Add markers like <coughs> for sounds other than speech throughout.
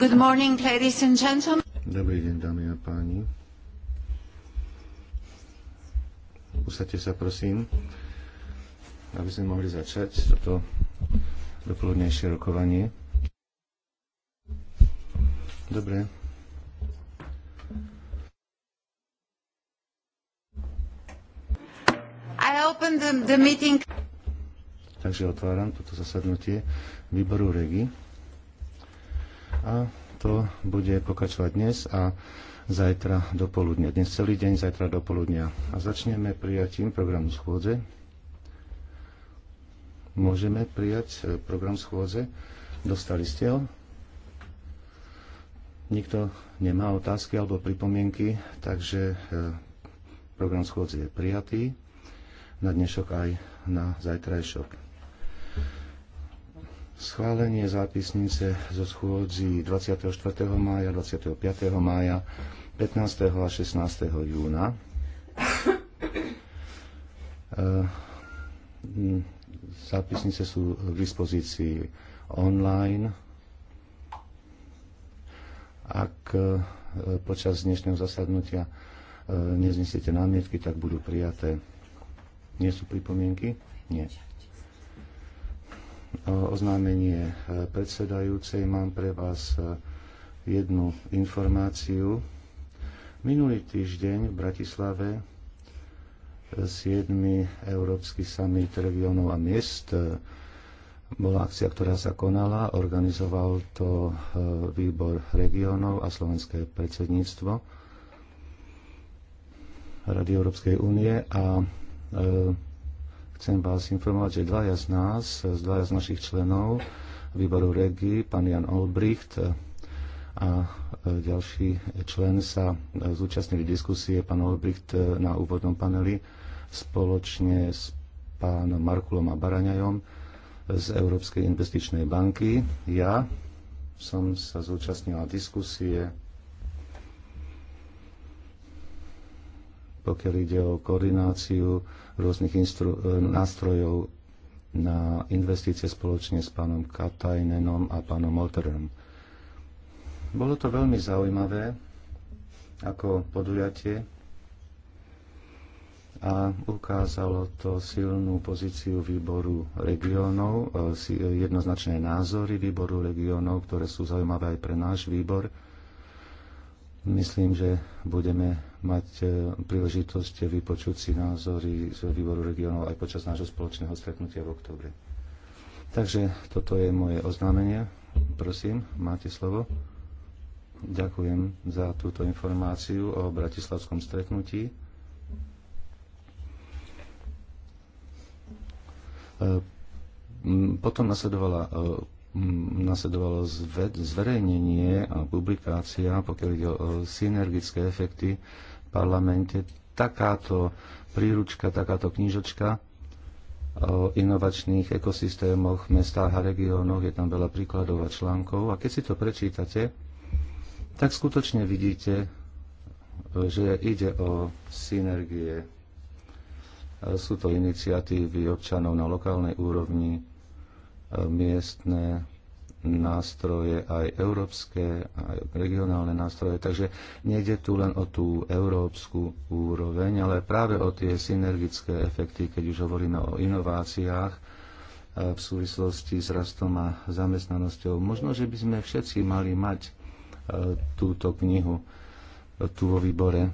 Good morning, ladies and gentlemen. Dobrý deň, dámy a páni. Usadte sa, prosím, aby sme mohli začať toto dopoludnejšie rokovanie. Dobre. I open the, the meeting. Takže otváram toto zasadnutie výboru REGI a to bude pokračovať dnes a zajtra do poludnia. Dnes celý deň, zajtra do poludnia. A začneme prijatím programu schôdze. Môžeme prijať e, program schôdze? Dostali ste ho? Nikto nemá otázky alebo pripomienky, takže e, program schôdze je prijatý na dnešok aj na zajtrajšok. Schválenie zápisnice zo schôdzi 24. mája, 25. mája, 15. a 16. júna. Eh, zápisnice sú k dispozícii online. Ak eh, počas dnešného zasadnutia eh, neznesiete námietky, tak budú prijaté. Nie sú pripomienky? Nie oznámenie eh, predsedajúcej mám pre vás eh, jednu informáciu. Minulý týždeň v Bratislave 7. Eh, Európsky summit regionov a miest bola akcia, ktorá sa konala. Organizoval to výbor regionov a slovenské predsedníctvo Rady Európskej únie a Chcem vás informovať, že dvaja z nás, dvaja z našich členov výboru REGI, pán Jan Olbricht a e, ďalší člen sa e, zúčastnili diskusie, pán Olbricht e, na úvodnom paneli spoločne s pánom Markulom a Baraňajom z Európskej investičnej banky. Ja som sa zúčastnila diskusie pokiaľ ide o koordináciu rôznych e, nástrojov na investície spoločne s pánom Katajnenom a pánom Molterom. Bolo to veľmi zaujímavé ako podujatie a ukázalo to silnú pozíciu výboru regionov, e, jednoznačné názory výboru regionov, ktoré sú zaujímavé aj pre náš výbor. Myslím, že budeme mať e, príležitosť vypočuť si názory z výboru regionov aj počas nášho spoločného stretnutia v oktobre. Takže toto je moje oznámenie. Prosím, máte slovo. Ďakujem za túto informáciu o bratislavskom stretnutí. E, potom nasledovala e, Mm, nasledovalo zverejnenie a publikácia, pokiaľ ide o synergické efekty v parlamente, takáto príručka, takáto knižočka o inovačných ekosystémoch, mestách a regiónoch, je tam veľa príkladov a článkov. A keď si to prečítate, tak skutočne vidíte, že ide o synergie. Sú to iniciatívy občanov na lokálnej úrovni, miestne nástroje, aj európske, aj regionálne nástroje. Takže nejde tu len o tú európsku úroveň, ale práve o tie synergické efekty, keď už hovoríme o inováciách e, v súvislosti s rastom a zamestnanosťou. Možno, že by sme všetci mali mať e, túto knihu tu vo výbore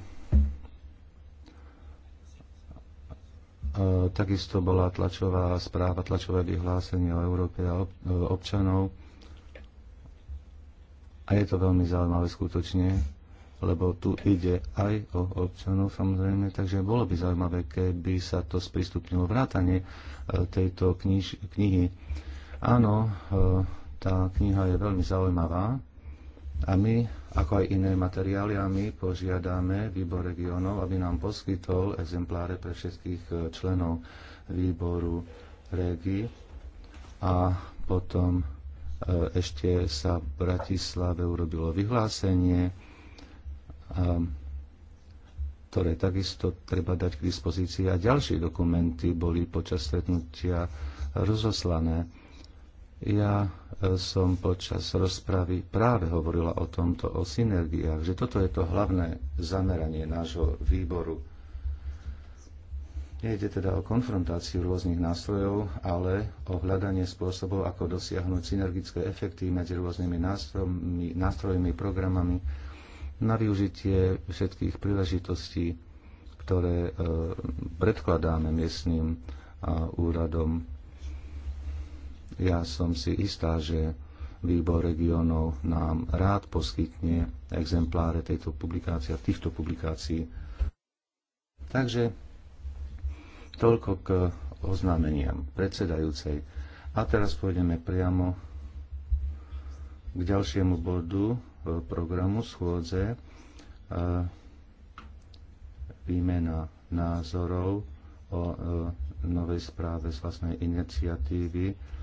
E, takisto bola tlačová správa, tlačové vyhlásenie o Európe a e, občanov. A je to veľmi zaujímavé skutočne, lebo tu ide aj o občanov samozrejme, takže bolo by zaujímavé, keby sa to sprístupnilo vrátanie e, tejto kniž, knihy. Áno, tá kniha je veľmi zaujímavá a my ako aj iné materiály a my požiadame výbor regionov, aby nám poskytol exempláre pre všetkých e, členov výboru regi a potom e, ešte sa v Bratislave urobilo vyhlásenie, e, ktoré takisto treba dať k dispozícii a ďalšie dokumenty boli počas stretnutia rozoslané. Ja e, som počas rozpravy práve hovorila o tomto, o synergiách, že toto je to hlavné zameranie nášho výboru. Nejde teda o konfrontáciu rôznych nástrojov, ale o hľadanie spôsobov, ako dosiahnuť synergické efekty medzi rôznymi nástrojmi, nástrojmi programami na využitie všetkých príležitostí, ktoré e, predkladáme miestnym e, úradom ja som si istá, že výbor regionov nám rád poskytne exempláre tejto publikácie a týchto publikácií. Takže toľko k oznámeniam predsedajúcej. A teraz pôjdeme priamo k ďalšiemu bodu e, programu schôdze e, výmena názorov o e, novej správe z vlastnej iniciatívy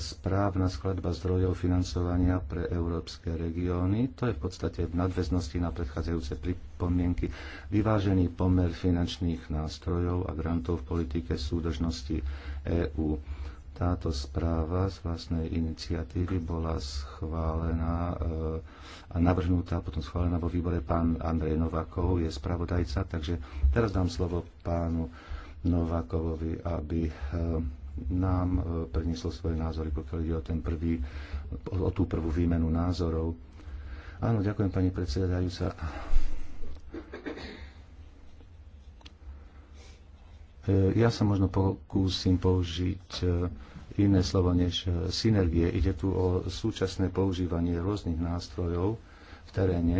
správna skladba zdrojov financovania pre európske regióny. To je v podstate v nadväznosti na predchádzajúce pripomienky. Vyvážený pomer finančných nástrojov a grantov v politike súdržnosti EÚ. Táto správa z vlastnej iniciatívy bola schválená e, a navrhnutá, potom schválená vo výbore pán Andrej Novakov, je spravodajca, takže teraz dám slovo pánu Novakovovi, aby e, nám e, predniesol svoje názory, pokiaľ ide o, ten prvý, o, o tú prvú výmenu názorov. Áno, ďakujem pani predsedajúca. E, ja sa možno pokúsim použiť e, iné slovo než synergie. Ide tu o súčasné používanie rôznych nástrojov v teréne.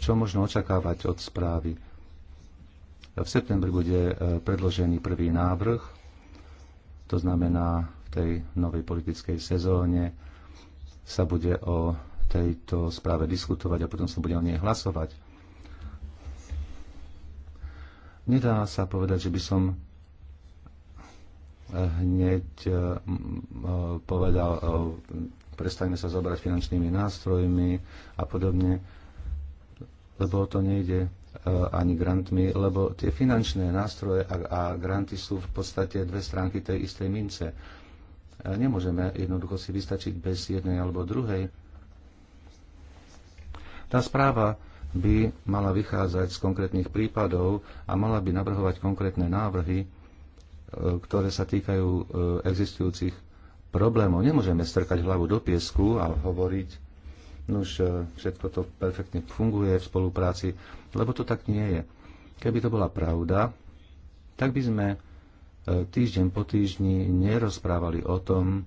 Čo možno očakávať od správy? V septembri bude e, predložený prvý návrh, to znamená v tej novej politickej sezóne sa bude o tejto správe diskutovať a potom sa bude o nej hlasovať. Nedá sa povedať, že by som e, hneď e, povedal, prestaňme sa zobrať finančnými nástrojmi a podobne, lebo o to nejde. Eh, ani grantmi, lebo tie finančné nástroje a, a granty sú v podstate dve stránky tej istej mince. Eh, nemôžeme jednoducho si vystačiť bez jednej alebo druhej. Tá správa by mala vychádzať z konkrétnych prípadov a mala by navrhovať konkrétne návrhy, eh, ktoré sa týkajú existujúcich problémov. Nemôžeme strkať hlavu do piesku a hovoriť, Nuž, e, všetko to perfektne funguje v spolupráci, lebo to tak nie je. Keby to bola pravda, tak by sme e, týždeň po týždni nerozprávali o tom,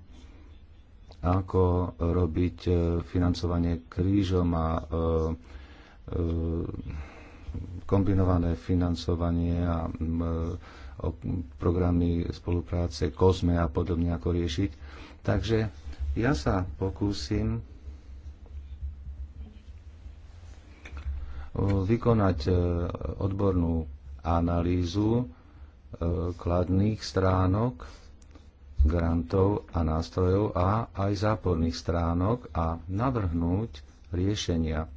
ako robiť e, financovanie krížom a kombinované financovanie a programy spolupráce, kozme a podobne ako riešiť. Takže ja sa pokúsim vykonať e, odbornú analýzu e, kladných stránok grantov a nástrojov a aj záporných stránok a navrhnúť riešenia.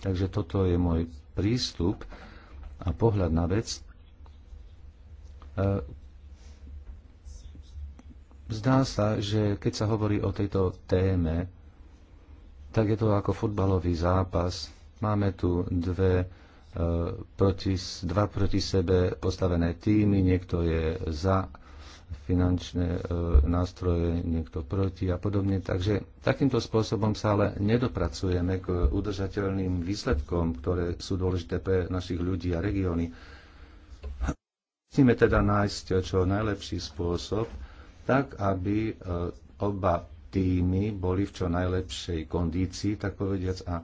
Takže toto je môj prístup a pohľad na vec, e, Zdá sa, že keď sa hovorí o tejto téme, tak je to ako futbalový zápas. Máme tu dve e, proti, dva proti sebe postavené týmy, niekto je za finančné e, nástroje, niekto proti a podobne. Takže takýmto spôsobom sa ale nedopracujeme k udržateľným výsledkom, ktoré sú dôležité pre našich ľudí a regióny. Musíme teda nájsť čo najlepší spôsob, tak aby e, oba týmy boli v čo najlepšej kondícii, tak povediac, a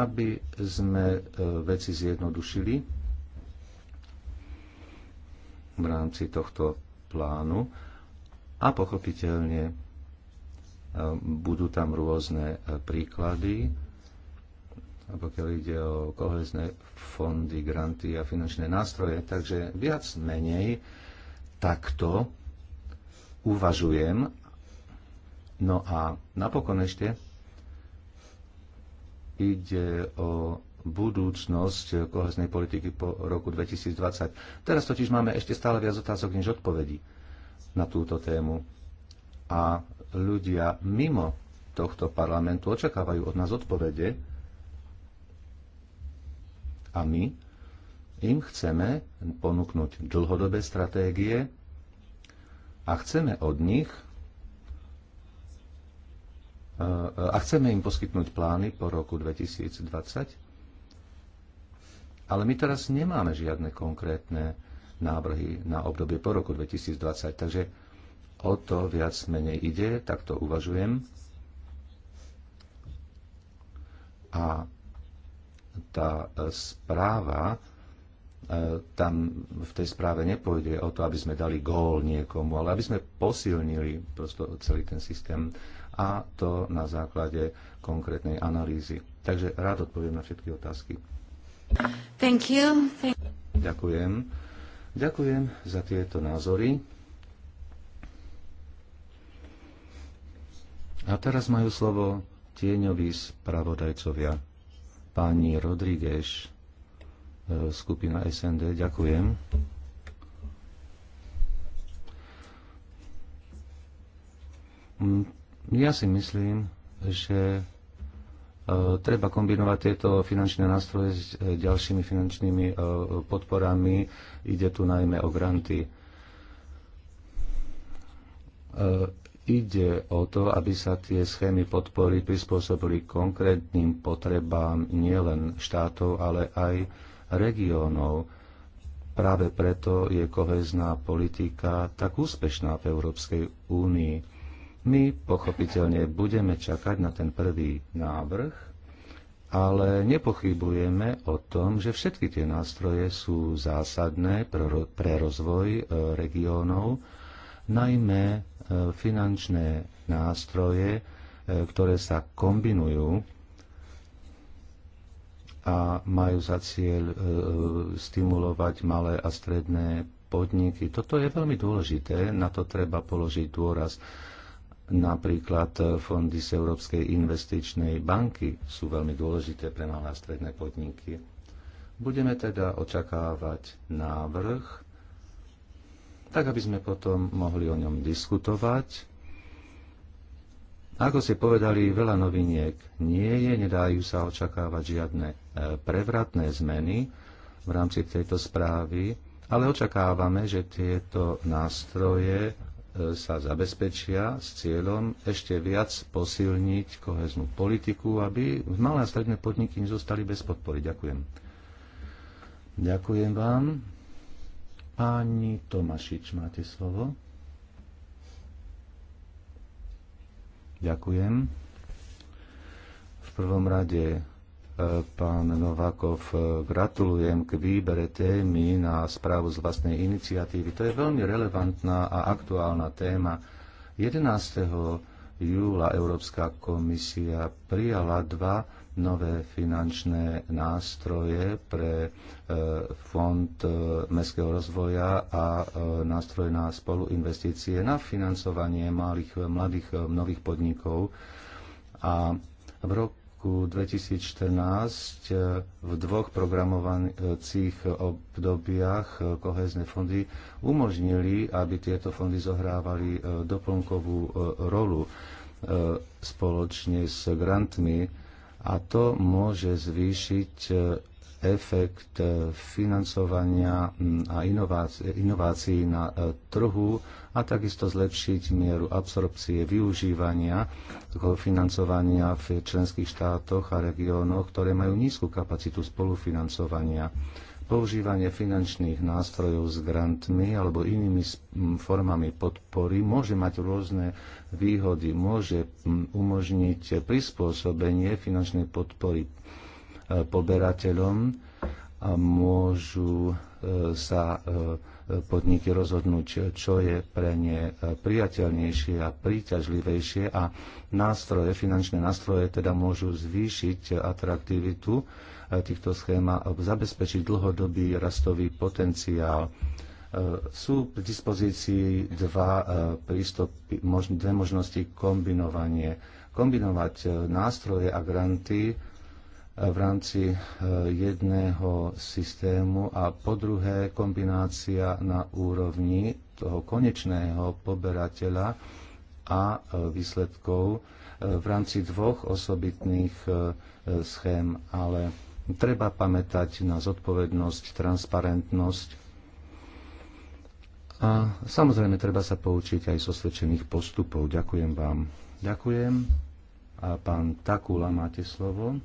aby sme e, veci zjednodušili v rámci tohto plánu a pochopiteľne e, budú tam rôzne príklady, a pokiaľ ide o kohezné fondy, granty a finančné nástroje. Takže viac menej takto uvažujem. No a napokon ešte ide o budúcnosť kohesnej politiky po roku 2020. Teraz totiž máme ešte stále viac otázok než odpovedí na túto tému. A ľudia mimo tohto parlamentu očakávajú od nás odpovede a my im chceme ponúknuť dlhodobé stratégie, a chceme od nich e, e, a chceme im poskytnúť plány po roku 2020, ale my teraz nemáme žiadne konkrétne návrhy na obdobie po roku 2020, takže o to viac menej ide, tak to uvažujem. A tá e, správa E, tam v tej správe nepôjde o to, aby sme dali gól niekomu, ale aby sme posilnili celý ten systém a to na základe konkrétnej analýzy. Takže rád odpoviem na všetky otázky. Thank you. Thank... Ďakujem. Ďakujem za tieto názory. A teraz majú slovo tieňoví spravodajcovia. Pani Rodríguez skupina SND. Ďakujem. Mm, ja si myslím, že e, treba kombinovať tieto finančné nástroje s e, ďalšími finančnými e, podporami. Ide tu najmä o granty. Ide o to, aby sa tie schémy podpory prispôsobili konkrétnym potrebám nielen štátov, ale aj regiónov. Práve preto je kohezná politika tak úspešná v Európskej únii. My pochopiteľne budeme čakať na ten prvý návrh, ale nepochybujeme o tom, že všetky tie nástroje sú zásadné pre rozvoj e, regiónov, najmä e, finančné nástroje, e, ktoré sa kombinujú a majú za cieľ e, stimulovať malé a stredné podniky. Toto je veľmi dôležité, na to treba položiť dôraz. Napríklad e, fondy z Európskej investičnej banky sú veľmi dôležité pre malé a stredné podniky. Budeme teda očakávať návrh, tak aby sme potom mohli o ňom diskutovať ako si povedali veľa noviniek, nie je, nedajú sa očakávať žiadne e, prevratné zmeny v rámci tejto správy, ale očakávame, že tieto nástroje e, sa zabezpečia s cieľom ešte viac posilniť koheznú politiku, aby malé a stredné podniky nezostali bez podpory. Ďakujem. Ďakujem vám. Pani Tomašič, máte slovo. Ďakujem. V prvom rade e, pán Novakov, e, gratulujem k výbere témy na správu z vlastnej iniciatívy. To je veľmi relevantná a aktuálna téma. 11. júla Európska komisia prijala dva nové finančné nástroje pre e, Fond e, mestského rozvoja a e, nástroj na spoluinvestície na financovanie malých, mladých nových podnikov. A v roku 2014 v dvoch programovacích obdobiach kohezné fondy umožnili, aby tieto fondy zohrávali doplnkovú rolu spoločne s grantmi a to môže zvýšiť e, efekt e, financovania a inovácií na e, trhu a takisto zlepšiť mieru absorpcie využívania financovania v členských štátoch a regiónoch, ktoré majú nízku kapacitu spolufinancovania. Používanie finančných nástrojov s grantmi alebo inými formami podpory môže mať rôzne výhody, môže umožniť prispôsobenie finančnej podpory e, poberateľom a môžu e, sa e, podniky rozhodnúť, čo je pre ne priateľnejšie a príťažlivejšie a nástroje, finančné nástroje teda môžu zvýšiť atraktivitu týchto schém a zabezpečiť dlhodobý rastový potenciál. E, sú k dispozícii dva e, prístupy, dve možnosti kombinovanie. Kombinovať e, nástroje a granty v rámci jedného systému a po druhé kombinácia na úrovni toho konečného poberateľa a výsledkov v rámci dvoch osobitných schém, ale Treba pamätať na zodpovednosť, transparentnosť. A samozrejme, treba sa poučiť aj z osvedčených postupov. Ďakujem vám. Ďakujem. A pán Takula, máte slovo.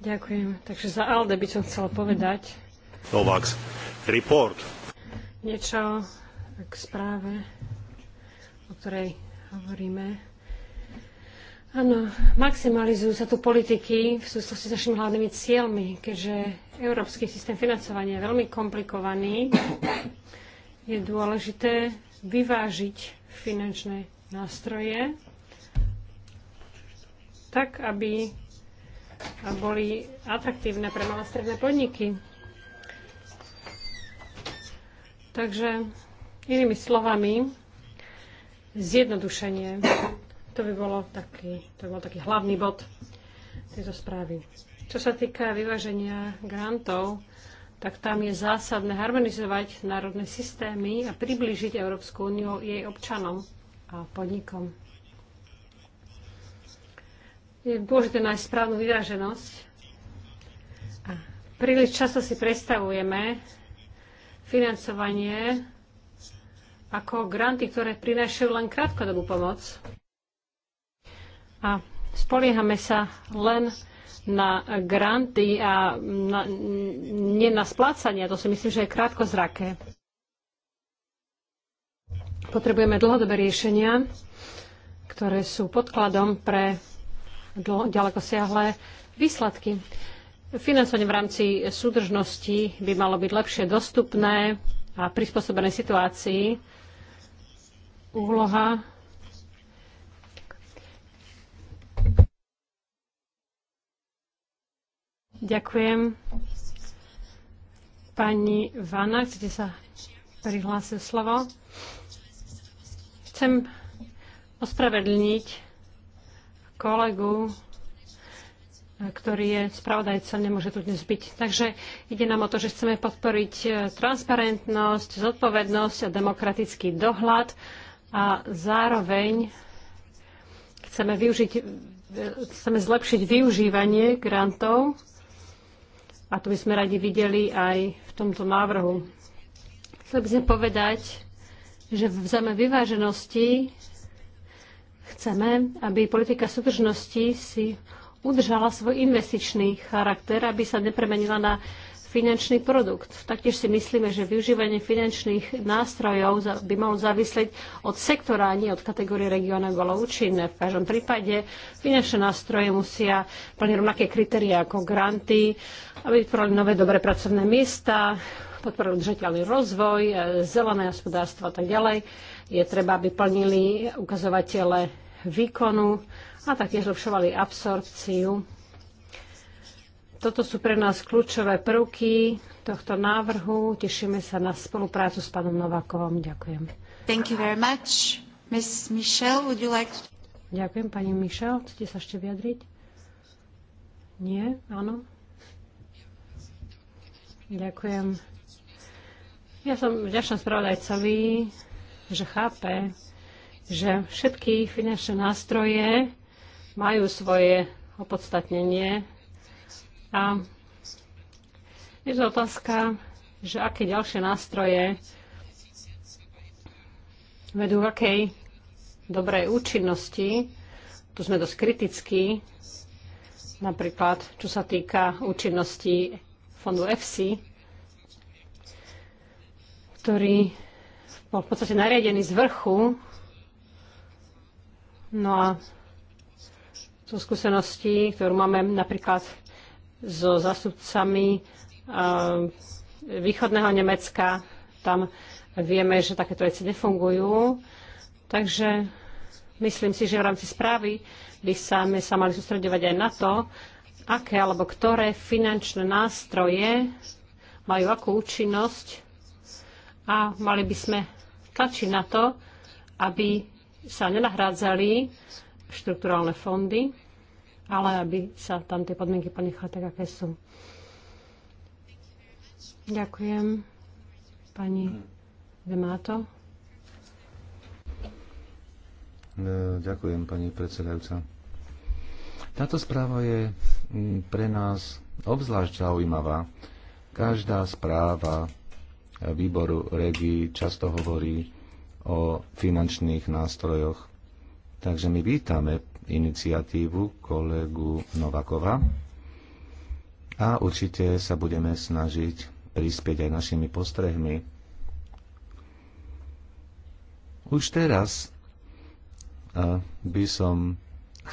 Ďakujem. Takže za Alde by som chcela povedať. Novax. Report. Niečo k správe, o ktorej hovoríme Áno, maximalizujú sa tu politiky v súvislosti s našimi hlavnými cieľmi, keďže európsky systém financovania je veľmi komplikovaný. Je dôležité vyvážiť finančné nástroje tak, aby boli atraktívne pre malé stredné podniky. Takže inými slovami, zjednodušenie to by, bolo taký, to by bol taký hlavný bod tejto správy. Čo sa týka vyváženia grantov, tak tam je zásadné harmonizovať národné systémy a priblížiť Európsku úniu jej občanom a podnikom. Je dôležité nájsť správnu vyváženosť. A príliš často si predstavujeme financovanie ako granty, ktoré prinášajú len krátkodobú pomoc a spoliehame sa len na granty a na, nie na splácanie. To si myslím, že je krátkozraké. Potrebujeme dlhodobé riešenia, ktoré sú podkladom pre dlho, siahlé výsledky. Financovanie v rámci súdržnosti by malo byť lepšie dostupné a prispôsobené situácii. Úloha Ďakujem. Pani Vana, chcete sa prihlásiť slovo? Chcem ospravedlniť kolegu, ktorý je spravodajca, nemôže tu dnes byť. Takže ide nám o to, že chceme podporiť e, transparentnosť, zodpovednosť a demokratický dohľad a zároveň chceme, využiť, e, chceme zlepšiť využívanie grantov a to by sme radi videli aj v tomto návrhu. Chcel by sme povedať, že v zame vyváženosti chceme, aby politika súdržnosti si udržala svoj investičný charakter, aby sa nepremenila na finančný produkt. Taktiež si myslíme, že využívanie finančných nástrojov by malo závisleť od sektora, nie od kategórie regióna bolo účinné. V každom prípade finančné nástroje musia plniť rovnaké kritéria ako granty, aby vytvorili nové dobré pracovné miesta, podporili udržateľný rozvoj, e, zelené hospodárstvo a tak ďalej. Je treba, aby plnili ukazovatele výkonu a taktiež zlepšovali absorpciu toto sú pre nás kľúčové prvky tohto návrhu. Tešíme sa na spoluprácu s pánom Novákovom. Ďakujem. Thank you very much. Ms. Michelle, would you like to... Ďakujem, pani Michel. Chcete sa ešte vyjadriť? Nie? Áno? Ďakujem. Ja som vďačná spravodajcovi, že chápe, že všetky finančné nástroje majú svoje opodstatnenie a je to otázka, že aké ďalšie nástroje vedú v akej dobrej účinnosti. Tu sme dosť kritickí, napríklad čo sa týka účinnosti fondu EFSI, ktorý bol v podstate nariadený z vrchu. No a zo skúseností, ktorú máme napríklad so zastupcami východného Nemecka. Tam vieme, že takéto veci nefungujú. Takže myslím si, že v rámci správy by sa, my sa mali sústredovať aj na to, aké alebo ktoré finančné nástroje majú akú účinnosť a mali by sme tlačiť na to, aby sa nenahrádzali štruktúrálne fondy, ale aby sa tam tie podmienky ponechali tak, aké sú. Ďakujem. Pani Demáto. E, ďakujem, pani predsedajúca. Táto správa je mm, pre nás obzvlášť zaujímavá. Každá správa výboru regí často hovorí o finančných nástrojoch. Takže my vítame iniciatívu kolegu Novakova a určite sa budeme snažiť prispieť aj našimi postrehmi. Už teraz by som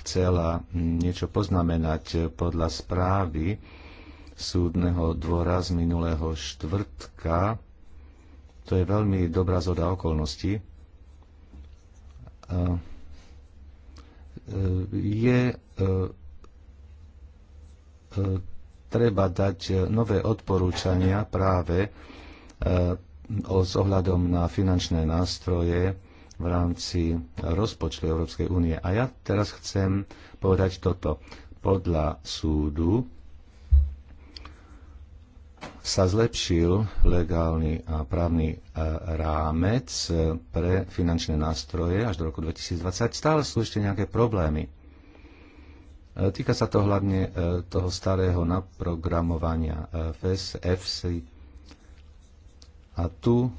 chcela niečo poznamenať podľa správy súdneho dvora z minulého štvrtka. To je veľmi dobrá zoda okolností je e, e, treba dať nové odporúčania práve e, s ohľadom na finančné nástroje v rámci rozpočtu Európskej únie. A ja teraz chcem povedať toto. Podľa súdu sa zlepšil legálny a právny e, rámec e, pre finančné nástroje až do roku 2020, stále sú ešte nejaké problémy. E, týka sa to hlavne toho starého naprogramovania FES, FC. A tu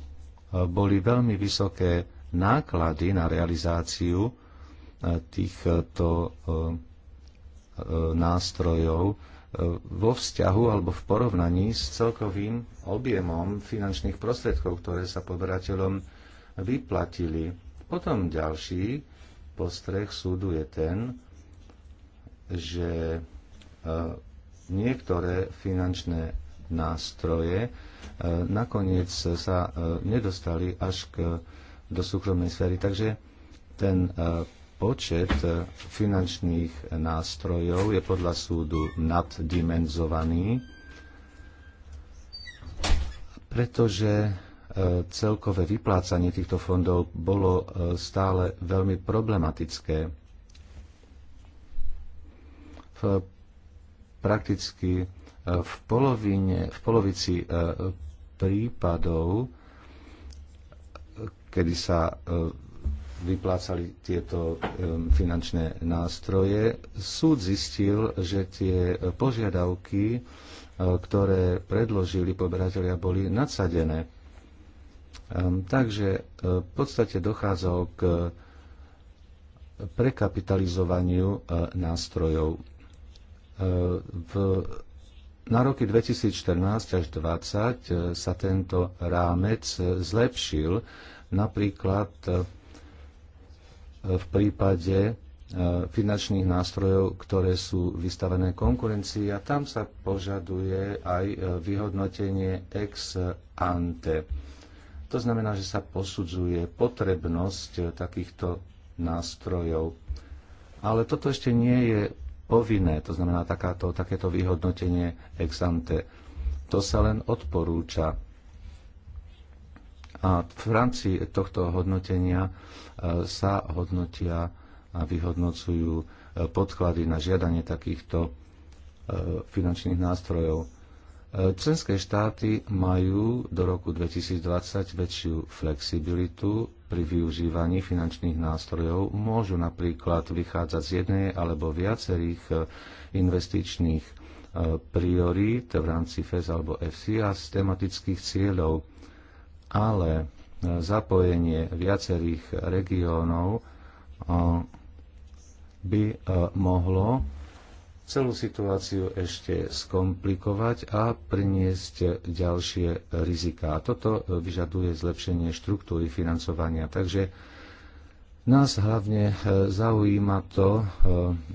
boli veľmi vysoké náklady na realizáciu týchto nástrojov vo vzťahu alebo v porovnaní s celkovým objemom finančných prostriedkov, ktoré sa poberateľom vyplatili. Potom ďalší postreh súdu je ten, že e, niektoré finančné nástroje e, nakoniec sa e, nedostali až k, do súkromnej sféry. Takže ten počet e, finančných nástrojov je podľa súdu naddimenzovaný, pretože e, celkové vyplácanie týchto fondov bolo e, stále veľmi problematické. V, prakticky v, polovine, v polovici prípadov, kedy sa vyplácali tieto finančné nástroje. Súd zistil, že tie požiadavky, e, ktoré predložili poberatelia, boli nadsadené. Takže e, v podstate dochádzalo k prekapitalizovaniu e, nástrojov. V, na roky 2014 až 2020 sa tento rámec zlepšil napríklad v prípade e, finančných nástrojov, ktoré sú vystavené konkurencii a tam sa požaduje aj e, vyhodnotenie ex ante. To znamená, že sa posudzuje potrebnosť e, takýchto nástrojov. Ale toto ešte nie je povinné, to znamená takáto, takéto vyhodnotenie ex ante. To sa len odporúča a v rámci tohto hodnotenia e, sa hodnotia a vyhodnocujú e, podklady na žiadanie takýchto e, finančných nástrojov. Členské štáty majú do roku 2020 väčšiu flexibilitu pri využívaní finančných nástrojov. Môžu napríklad vychádzať z jednej alebo viacerých investičných priorít v rámci FES alebo FC a z tematických cieľov ale e, zapojenie viacerých regiónov e, by e, mohlo celú situáciu ešte skomplikovať a priniesť ďalšie riziká. Toto vyžaduje zlepšenie štruktúry financovania. Takže nás hlavne zaujíma to,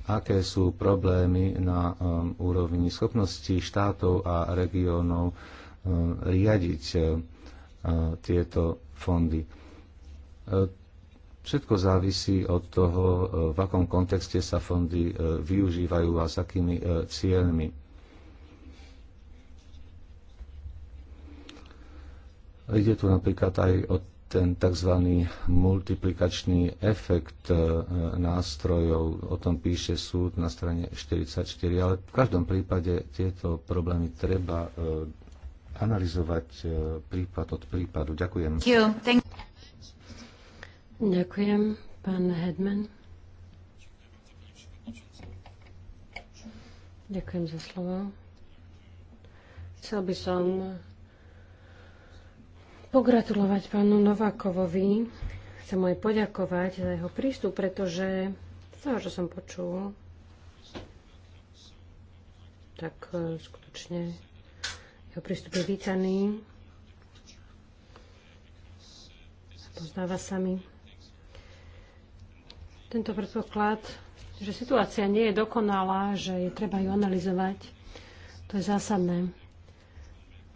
aké sú problémy na úrovni schopnosti štátov a regiónov riadiť tieto fondy. Všetko závisí od toho, v akom kontexte sa fondy využívajú a s akými cieľmi. Ide tu napríklad aj o ten tzv. multiplikačný efekt nástrojov. O tom píše súd na strane 44, ale v každom prípade tieto problémy treba analyzovať e, prípad od prípadu. Ďakujem. Ďakujem, pán Hedman. Ďakujem za slovo. Chcel by som pogratulovať pánu Novákovovi. Chcem aj poďakovať za jeho prístup, pretože z toho, čo som počul, tak e, skutočne prístup je vítaný. Poznáva sa mi tento predpoklad, že situácia nie je dokonalá, že je treba ju analyzovať. To je zásadné.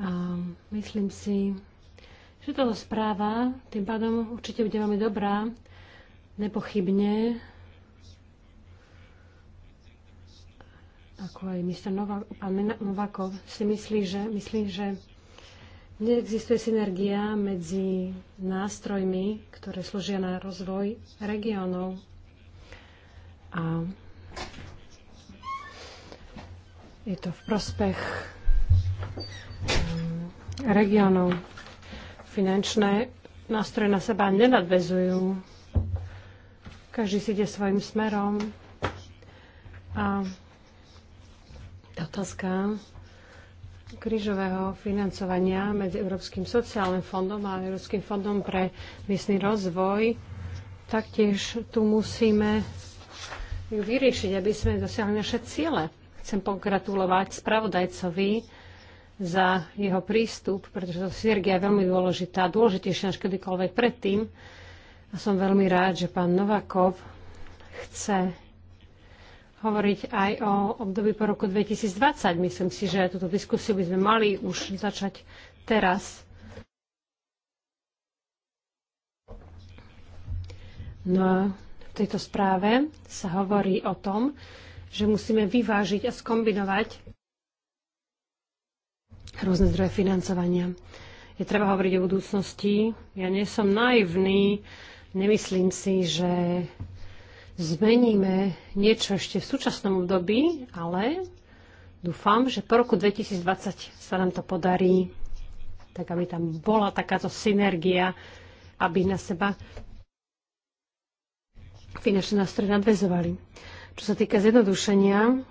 A myslím si, že táto správa tým pádom určite bude veľmi dobrá. Nepochybne ako aj Mr. Novak, pán Novakov, si myslí, že, myslí, že neexistuje synergia medzi nástrojmi, ktoré slúžia na rozvoj regiónov a je to v prospech um, regiónov. Finančné nástroje na seba nenadvezujú. Každý si ide svojim smerom a Otázka krížového financovania medzi Európskym sociálnym fondom a Európskym fondom pre miestny rozvoj. Taktiež tu musíme ju vyriešiť, aby sme dosiahli naše ciele. Chcem pogratulovať spravodajcovi za jeho prístup, pretože to synergia je veľmi dôležitá, dôležitejšia než kedykoľvek predtým. A som veľmi rád, že pán Novakov chce hovoriť aj o období po roku 2020. Myslím si, že túto diskusiu by sme mali už začať teraz. No a v tejto správe sa hovorí o tom, že musíme vyvážiť a skombinovať rôzne zdroje financovania. Je treba hovoriť o budúcnosti. Ja nie som naivný. Nemyslím si, že zmeníme niečo ešte v súčasnom období, ale dúfam, že po roku 2020 sa nám to podarí, tak aby tam bola takáto synergia, aby na seba finančné nástroje nadvezovali. Čo sa týka zjednodušenia,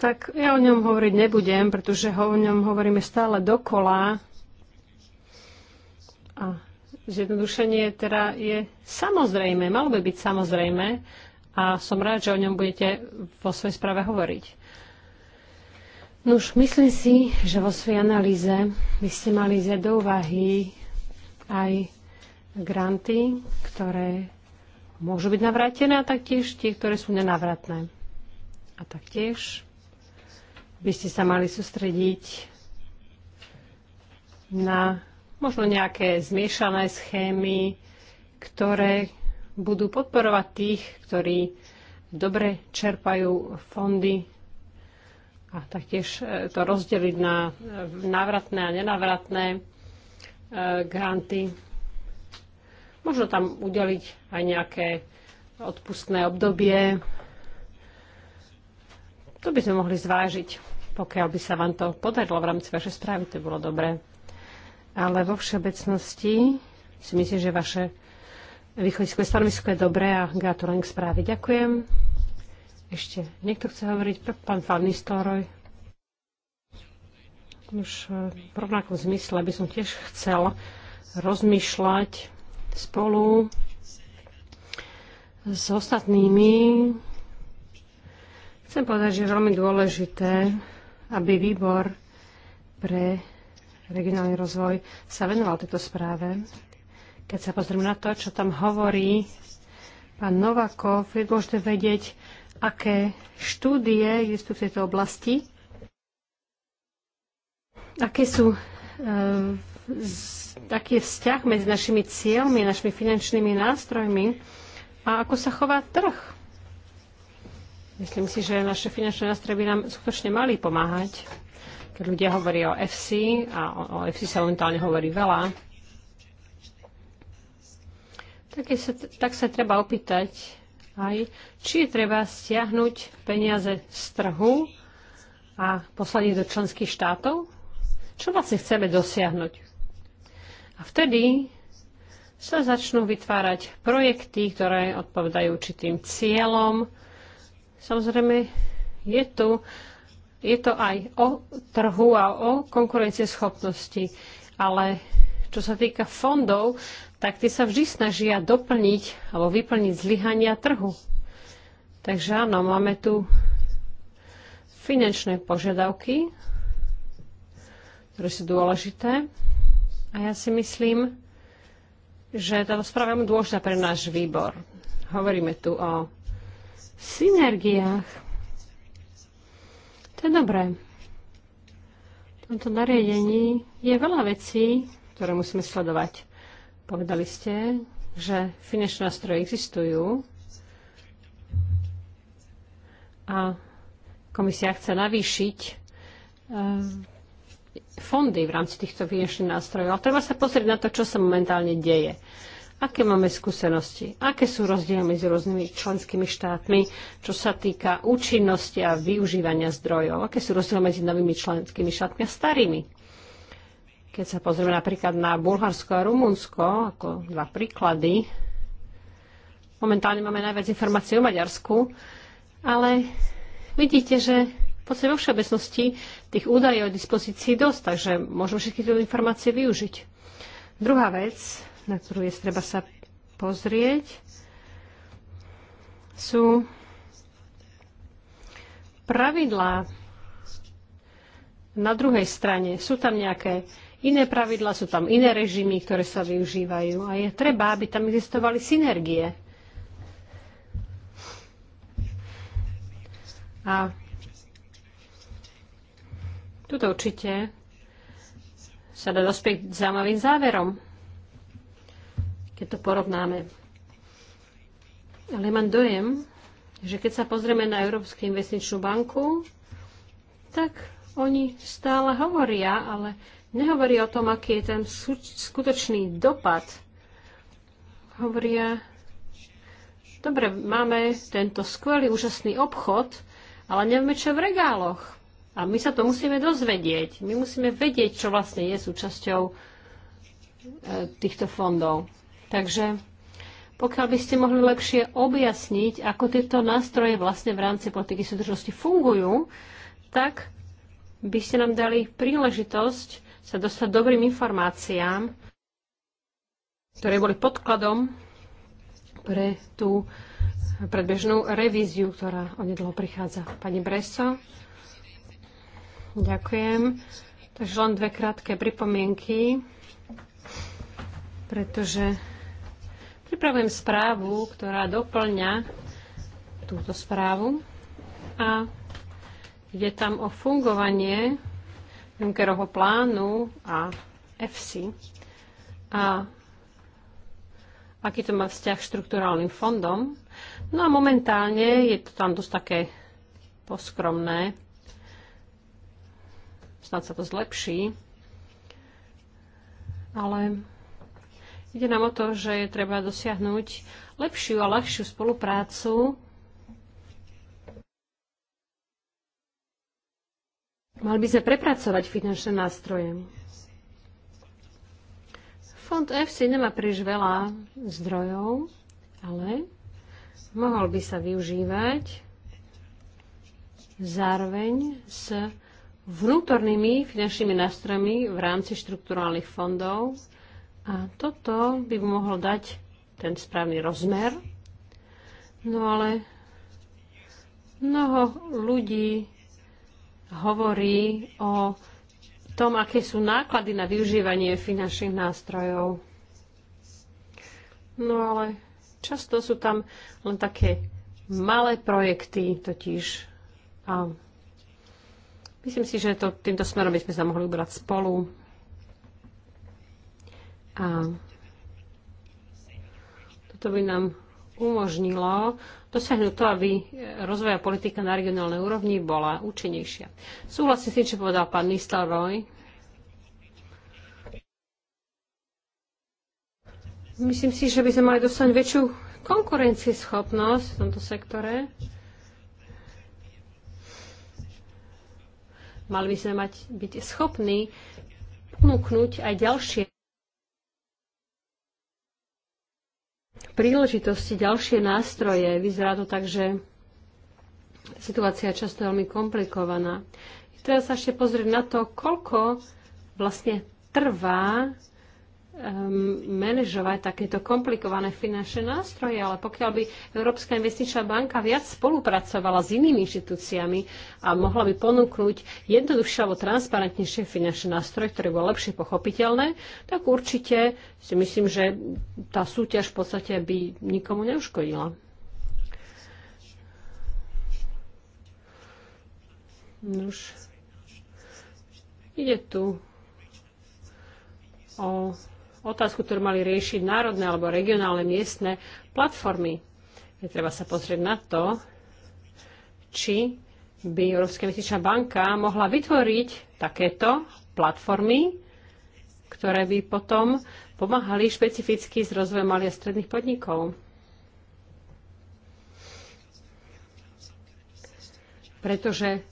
tak ja o ňom hovoriť nebudem, pretože ho, o ňom hovoríme stále dokola. A Zjednodušenie teda je samozrejme, malo by byť samozrejme a som rád, že o ňom budete vo svojej správe hovoriť. už myslím si, že vo svojej analýze by ste mali zjať do úvahy aj granty, ktoré môžu byť navrátené a taktiež tie, ktoré sú nenavratné. A taktiež by ste sa mali sústrediť na možno nejaké zmiešané schémy, ktoré budú podporovať tých, ktorí dobre čerpajú fondy a taktiež e, to rozdeliť na e, návratné a nenávratné e, granty. Možno tam udeliť aj nejaké odpustné obdobie. To by sme mohli zvážiť, pokiaľ by sa vám to podarilo v rámci vašej správy, to bolo dobré ale vo všeobecnosti si myslím, že vaše východiskové stanovisko je dobré a gratulujem k správe. Ďakujem. Ešte niekto chce hovoriť? Pán Storoj. Už eh, v rovnakom zmysle by som tiež chcel rozmýšľať spolu s ostatnými. Chcem povedať, že je veľmi dôležité, aby výbor pre regionálny rozvoj sa venoval tejto správe. Keď sa pozrieme na to, čo tam hovorí pán Novakov, je dôležité vedieť, aké štúdie sú v tejto oblasti, aké sú, e, je vzťah medzi našimi cieľmi, našimi finančnými nástrojmi a ako sa chová trh. Myslím si, že naše finančné nástroje by nám skutočne mali pomáhať keď ľudia hovorí o FC, a o FC sa momentálne hovorí veľa, tak, sa, tak sa treba opýtať aj, či je treba stiahnuť peniaze z trhu a poslať ich do členských štátov? Čo vlastne chceme dosiahnuť? A vtedy sa začnú vytvárať projekty, ktoré odpovedajú určitým cieľom. Samozrejme, je tu je to aj o trhu a o konkurencieschopnosti. Ale čo sa týka fondov, tak tie sa vždy snažia doplniť alebo vyplniť zlyhania trhu. Takže áno, máme tu finančné požiadavky, ktoré sú dôležité. A ja si myslím, že táto správa je dôležitá pre náš výbor. Hovoríme tu o synergiách to je dobré. V tomto nariadení je veľa vecí, ktoré musíme sledovať. Povedali ste, že finančné nástroje existujú a komisia chce navýšiť eh, fondy v rámci týchto finančných nástrojov. Ale treba sa pozrieť na to, čo sa momentálne deje aké máme skúsenosti, aké sú rozdiely medzi rôznymi členskými štátmi, čo sa týka účinnosti a využívania zdrojov, aké sú rozdiely medzi novými členskými štátmi a starými. Keď sa pozrieme napríklad na Bulharsko a Rumunsko, ako dva príklady, momentálne máme najviac informácií o Maďarsku, ale vidíte, že v podstate vo všeobecnosti tých údajov je dispozícii dosť, takže môžeme všetky tie informácie využiť. Druhá vec, na ktorú je treba sa pozrieť, sú pravidlá na druhej strane. Sú tam nejaké iné pravidlá, sú tam iné režimy, ktoré sa využívajú a je treba, aby tam existovali synergie. A tuto určite sa dá dospieť zaujímavým záverom keď to porovnáme. Ale mám dojem, že keď sa pozrieme na Európsku investičnú banku, tak oni stále hovoria, ale nehovorí o tom, aký je ten skutočný dopad. Hovoria, dobre, máme tento skvelý, úžasný obchod, ale nevieme, čo je v regáloch. A my sa to musíme dozvedieť. My musíme vedieť, čo vlastne je súčasťou e, týchto fondov. Takže pokiaľ by ste mohli lepšie objasniť, ako tieto nástroje vlastne v rámci politiky súdržnosti fungujú, tak by ste nám dali príležitosť sa dostať dobrým informáciám, ktoré boli podkladom pre tú predbežnú revíziu, ktorá onedlho prichádza. Pani Breso, ďakujem. Takže len dve krátke pripomienky, pretože Pripravujem správu, ktorá doplňa túto správu a je tam o fungovanie Junckerovho plánu a EFSI a aký to má vzťah štruktúrálnym fondom. No a momentálne je to tam dosť také poskromné. Snad sa to zlepší. Ale Ide nám o to, že je treba dosiahnuť lepšiu a ľahšiu spoluprácu Mali by sme prepracovať finančné nástroje. Fond FC nemá príliš veľa zdrojov, ale mohol by sa využívať zároveň s vnútornými finančnými nástrojmi v rámci štrukturálnych fondov, a toto by mohol dať ten správny rozmer. No ale mnoho ľudí hovorí o tom, aké sú náklady na využívanie finančných nástrojov. No ale často sú tam len také malé projekty totiž. A myslím si, že to, týmto smerom by sme sa mohli ubrať spolu. A toto by nám umožnilo dosiahnuť to, aby rozvoja politika na regionálnej úrovni bola účinnejšia. Súhlasím s tým, čo povedal pán Nistelrooy. Myslím si, že by sme mali dostať väčšiu konkurencieschopnosť v tomto sektore. Mali by sme mať, byť schopní ponúknuť aj ďalšie príležitosti, ďalšie nástroje. Vyzerá to tak, že situácia je často veľmi komplikovaná. Treba sa ešte pozrieť na to, koľko vlastne trvá um, manažovať takéto komplikované finančné nástroje, ale pokiaľ by Európska investičná banka viac spolupracovala s inými inštitúciami a mohla by ponúknuť jednoduchšie alebo transparentnejšie finančné nástroje, ktoré bolo lepšie pochopiteľné, tak určite si myslím, že tá súťaž v podstate by nikomu neuškodila. Nož. Ide tu o otázku, ktorú mali riešiť národné alebo regionálne miestne platformy. Je treba sa pozrieť na to, či by Európska investičná banka mohla vytvoriť takéto platformy, ktoré by potom pomáhali špecificky s rozvojom malých a stredných podnikov. Pretože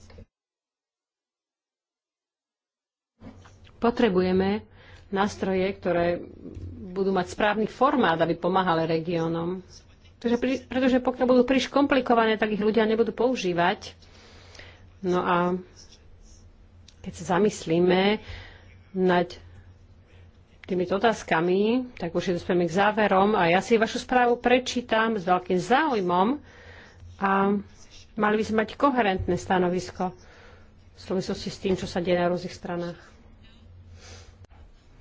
potrebujeme nástroje, ktoré budú mať správny formát, aby pomáhali regiónom. Pretože, pretože pokiaľ budú príliš komplikované, tak ich ľudia nebudú používať. No a keď sa zamyslíme nad týmito otázkami, tak už je k záverom a ja si vašu správu prečítam s veľkým záujmom a mali by sme mať koherentné stanovisko v súvislosti s tým, čo sa deje na rôznych stranách.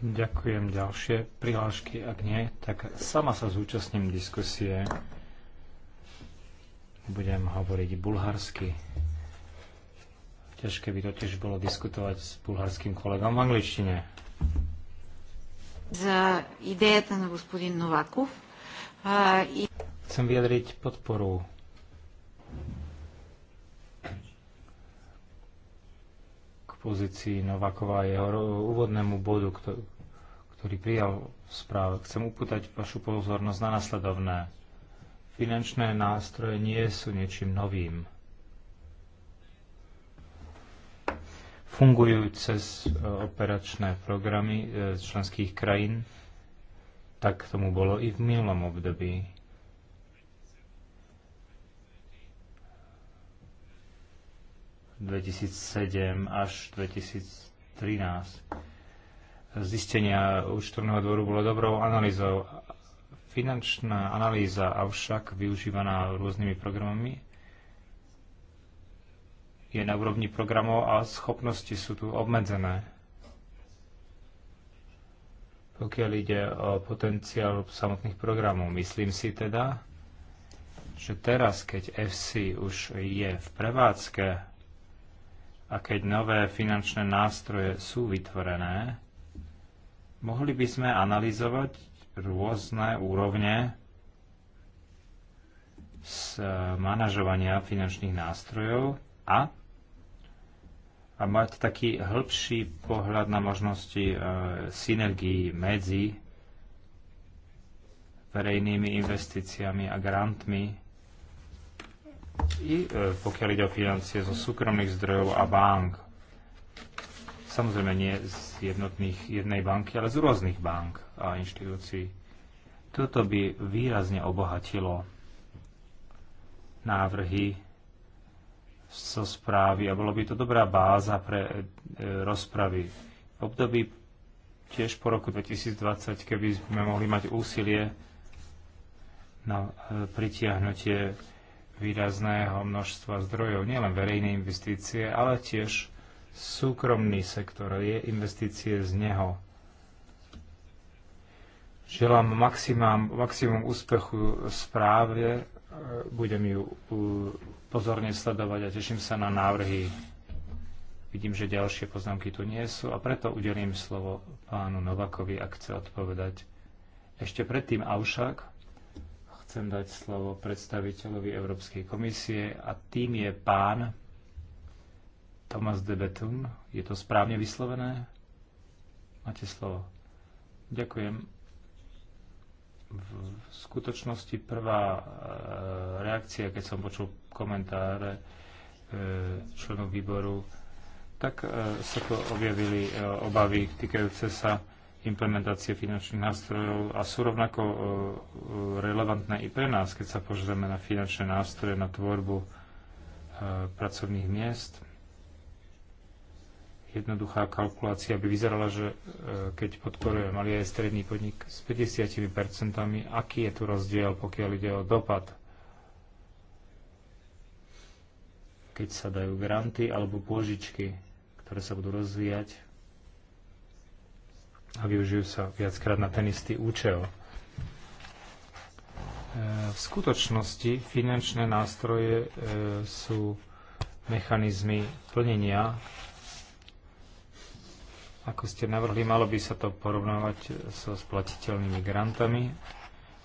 Ďakujem. Ďalšie prihlášky, ak nie, tak sama sa zúčastním diskusie. Budem hovoriť bulharsky. Ťažké by to tiež bolo diskutovať s bulharským kolegom v angličtine. Za ideje ten gospodin Novakov. Chcem vyjadriť podporu k pozícii Novakova a jeho úvodnému bodu, ktorý ktorý prijal v správe, chcem upútať vašu pozornosť na nasledovné. Finančné nástroje nie sú niečím novým. Fungujú cez e, operačné programy e, členských krajín. Tak tomu bolo i v minulom období. ...2007 až 2013 zistenia účtovného dvoru bolo dobrou analýzou. Finančná analýza avšak využívaná rôznymi programami je na úrovni programov a schopnosti sú tu obmedzené. Pokiaľ ide o potenciál samotných programov, myslím si teda, že teraz, keď FC už je v prevádzke a keď nové finančné nástroje sú vytvorené, Mohli by sme analyzovať rôzne úrovne z e, manažovania finančných nástrojov a a mať taký hĺbší pohľad na možnosti e, synergii medzi verejnými investíciami a grantmi i e, pokiaľ ide o financie zo súkromných zdrojov a bank. Samozrejme nie z jednotných jednej banky, ale z rôznych bank a inštitúcií. Toto by výrazne obohatilo návrhy so správy a bolo by to dobrá báza pre e, rozpravy. V období tiež po roku 2020, keby sme mohli mať úsilie na e, pritiahnutie výrazného množstva zdrojov, nielen verejné investície, ale tiež súkromný sektor, je investície z neho. Želám maximum, maximum úspechu správe, e, budem ju pozorne sledovať a teším sa na návrhy. Vidím, že ďalšie poznámky tu nie sú a preto udelím slovo pánu Novakovi, ak chce odpovedať. Ešte predtým avšak chcem dať slovo predstaviteľovi Európskej komisie a tým je pán Thomas de Betum. Je to správne vyslovené? Máte slovo. Ďakujem. V skutočnosti prvá e, reakcia, keď som počul komentáre e, členov výboru, tak e, sa tu objavili obavy týkajúce sa implementácie finančných nástrojov a sú rovnako relevantné i pre nás, keď sa požreme na finančné nástroje, na tvorbu pracovných miest jednoduchá kalkulácia by vyzerala, že e, keď podporuje malý aj stredný podnik s 50%, aký je tu rozdiel, pokiaľ ide o dopad? Keď sa dajú granty alebo pôžičky, ktoré sa budú rozvíjať a využijú sa viackrát na ten istý účel. E, v skutočnosti finančné nástroje e, sú mechanizmy plnenia ako ste navrhli, malo by sa to porovnávať so splatiteľnými grantami,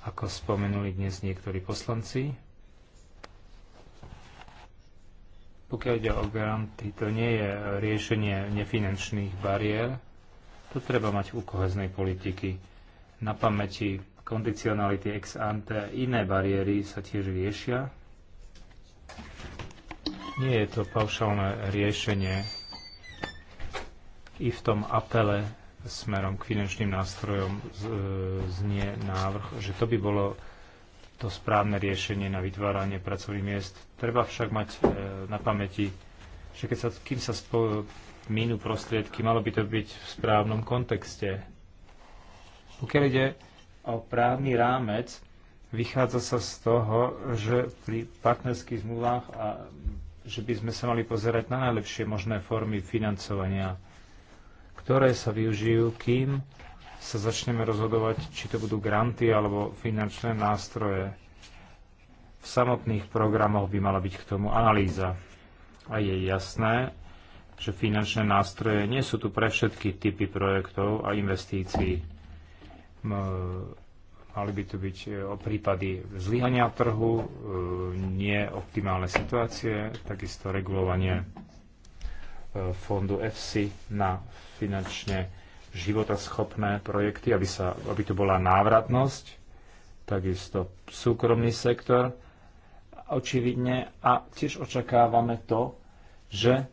ako spomenuli dnes niektorí poslanci. Pokiaľ ide o granty, to nie je riešenie nefinančných bariér. To treba mať u koheznej politiky na pamäti. Kondicionality ex ante, iné bariéry sa tiež riešia. Nie je to paušálne riešenie i v tom apele smerom k finančným nástrojom e, znie návrh, že to by bolo to správne riešenie na vytváranie pracovných miest. Treba však mať e, na pamäti, že keď sa, kým sa minú prostriedky, malo by to byť v správnom kontexte. Pokiaľ ide o právny rámec, vychádza sa z toho, že pri partnerských zmluvách a že by sme sa mali pozerať na najlepšie možné formy financovania ktoré sa využijú, kým sa začneme rozhodovať, či to budú granty alebo finančné nástroje. V samotných programoch by mala byť k tomu analýza. A je jasné, že finančné nástroje nie sú tu pre všetky typy projektov a investícií. Mali by tu byť e, o prípady zlyhania trhu, e, optimálne situácie, takisto regulovanie fondu EFSI na finančne životaschopné projekty, aby, sa, aby tu bola návratnosť, takisto súkromný sektor, očividne. A tiež očakávame to, že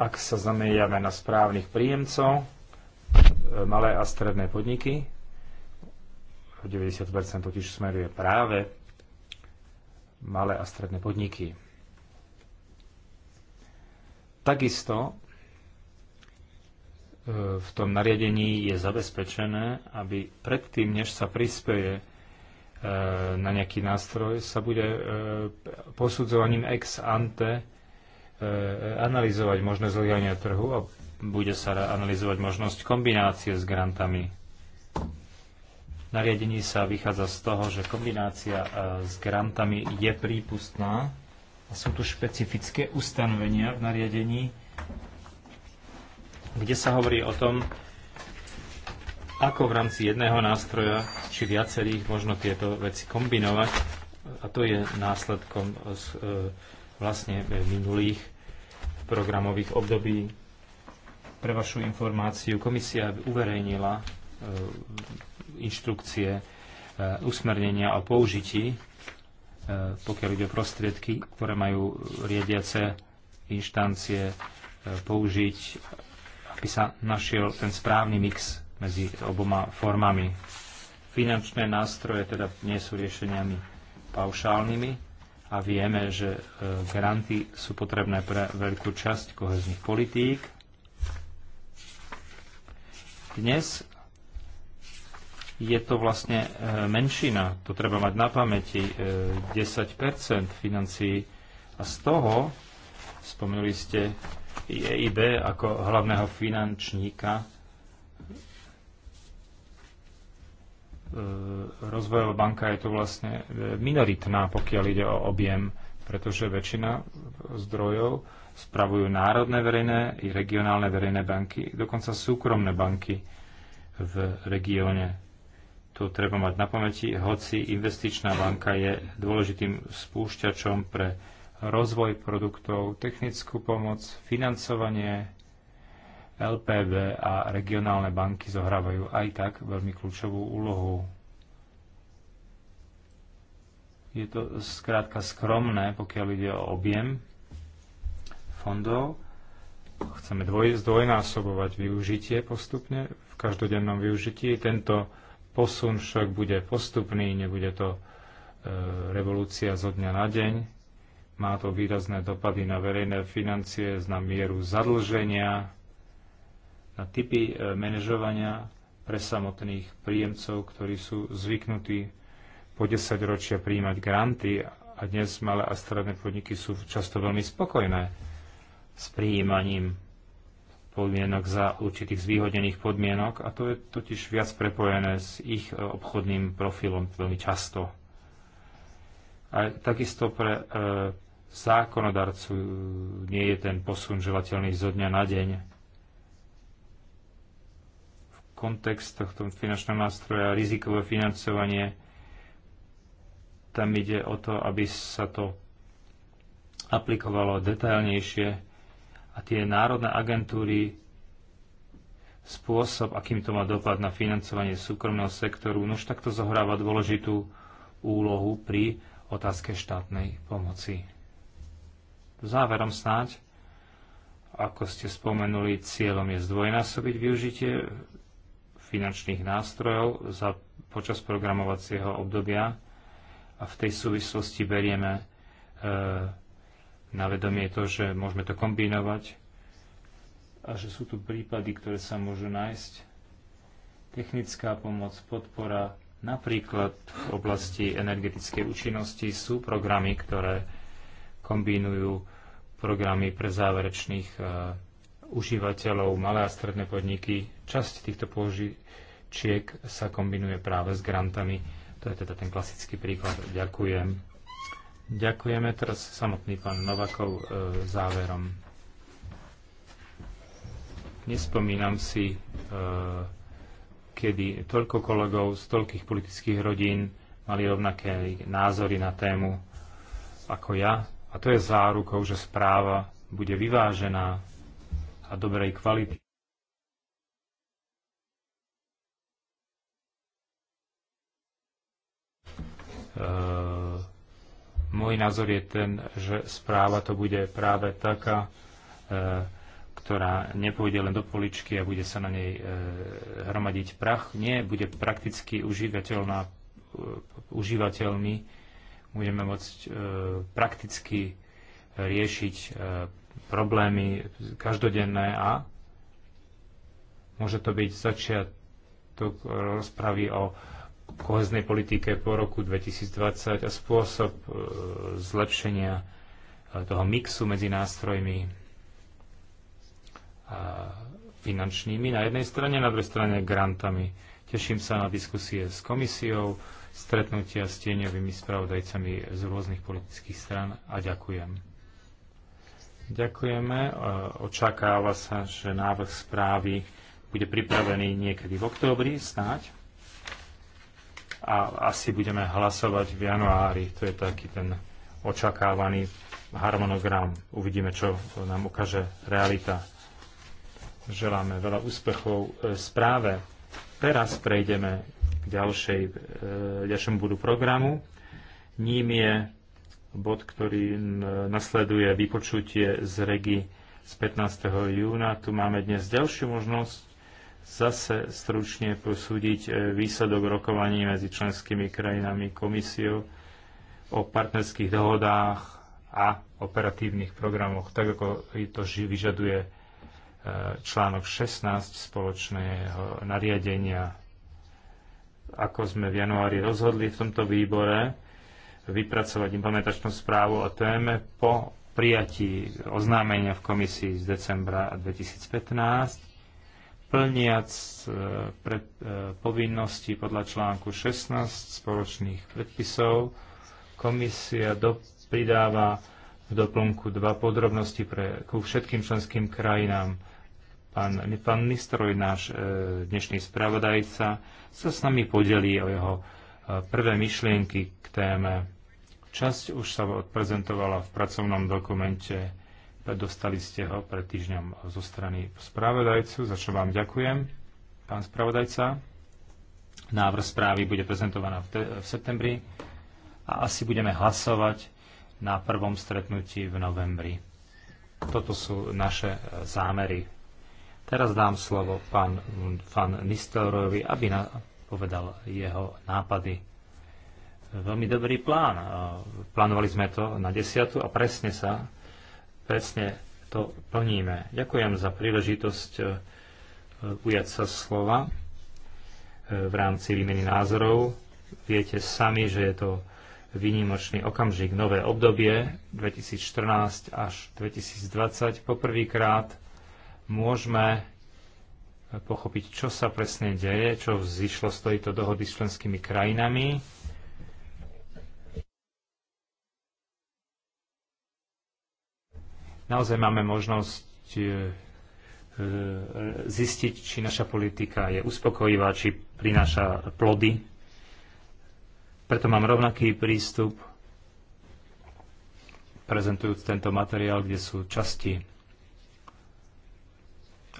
ak sa zameriame na správnych príjemcov, e, malé a stredné podniky, 90% totiž smeruje práve malé a stredné podniky. Takisto e, v tom nariadení je zabezpečené, aby predtým, než sa prispieje e, na nejaký nástroj, sa bude e, posudzovaním ex ante analyzovať možné zlyhania trhu a bude sa analyzovať možnosť kombinácie s grantami. Nariadení sa vychádza z toho, že kombinácia s grantami je prípustná sú tu špecifické ustanovenia v nariadení, kde sa hovorí o tom, ako v rámci jedného nástroja či viacerých možno tieto veci kombinovať. A to je následkom z, e, vlastne minulých programových období. Pre vašu informáciu komisia uverejnila e, inštrukcie e, usmernenia o použití E, pokiaľ ide o prostriedky, ktoré majú riadiace inštancie e, použiť, aby sa našiel ten správny mix medzi oboma formami. Finančné nástroje teda nie sú riešeniami paušálnymi a vieme, že e, granty sú potrebné pre veľkú časť kohezných politík. Dnes je to vlastne e, menšina. To treba mať na pamäti. 10 e, financií a z toho spomínali ste EIB ako hlavného finančníka e, rozvojová banka je to vlastne minoritná, pokiaľ ide o objem, pretože väčšina zdrojov spravujú národné verejné i regionálne verejné banky, dokonca súkromné banky v regióne. To treba mať na pamäti, hoci investičná banka je dôležitým spúšťačom pre rozvoj produktov, technickú pomoc, financovanie, LPB a regionálne banky zohrávajú aj tak veľmi kľúčovú úlohu. Je to skrátka skromné, pokiaľ ide o objem fondov. Chceme dvoj, zdvojnásobovať využitie postupne v každodennom využití. Tento Posun však bude postupný, nebude to e, revolúcia zo dňa na deň. Má to výrazné dopady na verejné financie, na mieru zadlženia, na typy e, manažovania pre samotných príjemcov, ktorí sú zvyknutí po 10 ročia príjmať granty a dnes malé a stredné podniky sú často veľmi spokojné s príjmaním podmienok za určitých zvýhodnených podmienok a to je totiž viac prepojené s ich e, obchodným profilom veľmi často. A takisto pre e, zákonodarcu e, nie je ten posun želateľný zo dňa na deň. V kontext tohto finančného nástroja rizikové financovanie tam ide o to, aby sa to aplikovalo detailnejšie a tie národné agentúry spôsob, akým to má dopad na financovanie súkromného sektoru, nož takto zohráva dôležitú úlohu pri otázke štátnej pomoci. Záverom snáď, ako ste spomenuli, cieľom je zdvojnásobiť využitie finančných nástrojov za počas programovacieho obdobia a v tej súvislosti berieme e, na vedomie to, že môžeme to kombinovať a že sú tu prípady, ktoré sa môžu nájsť. Technická pomoc, podpora, napríklad v oblasti energetickej účinnosti sú programy, ktoré kombinujú programy pre záverečných uh, užívateľov, malé a stredné podniky. Časť týchto požičiek sa kombinuje práve s grantami. To je teda ten klasický príklad. Ďakujem. Ďakujeme teraz samotný pán Novakov e, záverom. Nespomínam si, e, kedy toľko kolegov z toľkých politických rodín mali rovnaké názory na tému ako ja. A to je zárukou, že správa bude vyvážená a dobrej kvality. E, môj názor je ten, že správa to bude práve taká, e, ktorá nepôjde len do poličky a bude sa na nej e, hromadiť prach. Nie, bude prakticky užívateľná e, užívateľmi. Budeme môcť prakticky riešiť problémy každodenné a môže to byť začiatok rozpravy o koheznej politike po roku 2020 a spôsob e, zlepšenia e, toho mixu medzi nástrojmi a finančnými na jednej strane, na druhej strane grantami. Teším sa na diskusie s komisiou, stretnutia s tieňovými spravodajcami z rôznych politických stran a ďakujem. Ďakujeme. E, očakáva sa, že návrh správy bude pripravený niekedy v októbri, snáď a asi budeme hlasovať v januári. To je taký ten očakávaný harmonogram. Uvidíme, čo nám ukáže realita. Želáme veľa úspechov správe. Teraz prejdeme k ďalšej, e, ďalšiemu budu programu. Ním je bod, ktorý nasleduje vypočutie z regi z 15. júna. Tu máme dnes ďalšiu možnosť zase stručne posúdiť e, výsledok rokovaní medzi členskými krajinami, komisiou o partnerských dohodách a operatívnych programoch, tak ako to vyžaduje e, článok 16 spoločného nariadenia. Ako sme v januári rozhodli v tomto výbore, vypracovať implementačnú správu o téme po prijatí oznámenia v komisii z decembra 2015 plniac e, pred, e, povinnosti podľa článku 16 spoločných predpisov, komisia do, pridáva v doplnku dva podrobnosti pre, ku všetkým členským krajinám. Pán, pán Nistroj, náš e, dnešný spravodajca, sa s nami podelí o jeho e, prvé myšlienky k téme. Časť už sa odprezentovala v pracovnom dokumente Dostali ste ho pred týždňom zo strany spravodajcu, za čo vám ďakujem, pán spravodajca. Návrh správy bude prezentovaná v, v septembri a asi budeme hlasovať na prvom stretnutí v novembri. Toto sú naše e, zámery. Teraz dám slovo pán, pán Nistelrojovi, aby na, povedal jeho nápady. Veľmi dobrý plán. E, plánovali sme to na desiatu a presne sa presne to plníme. Ďakujem za príležitosť e, ujať sa slova e, v rámci výmeny názorov. Viete sami, že je to výnimočný okamžik, nové obdobie 2014 až 2020. Poprvýkrát môžeme e, pochopiť, čo sa presne deje, čo vzýšlo z tejto dohody s členskými krajinami naozaj máme možnosť e, e, zistiť, či naša politika je uspokojivá, či prináša plody. Preto mám rovnaký prístup, prezentujúc tento materiál, kde sú časti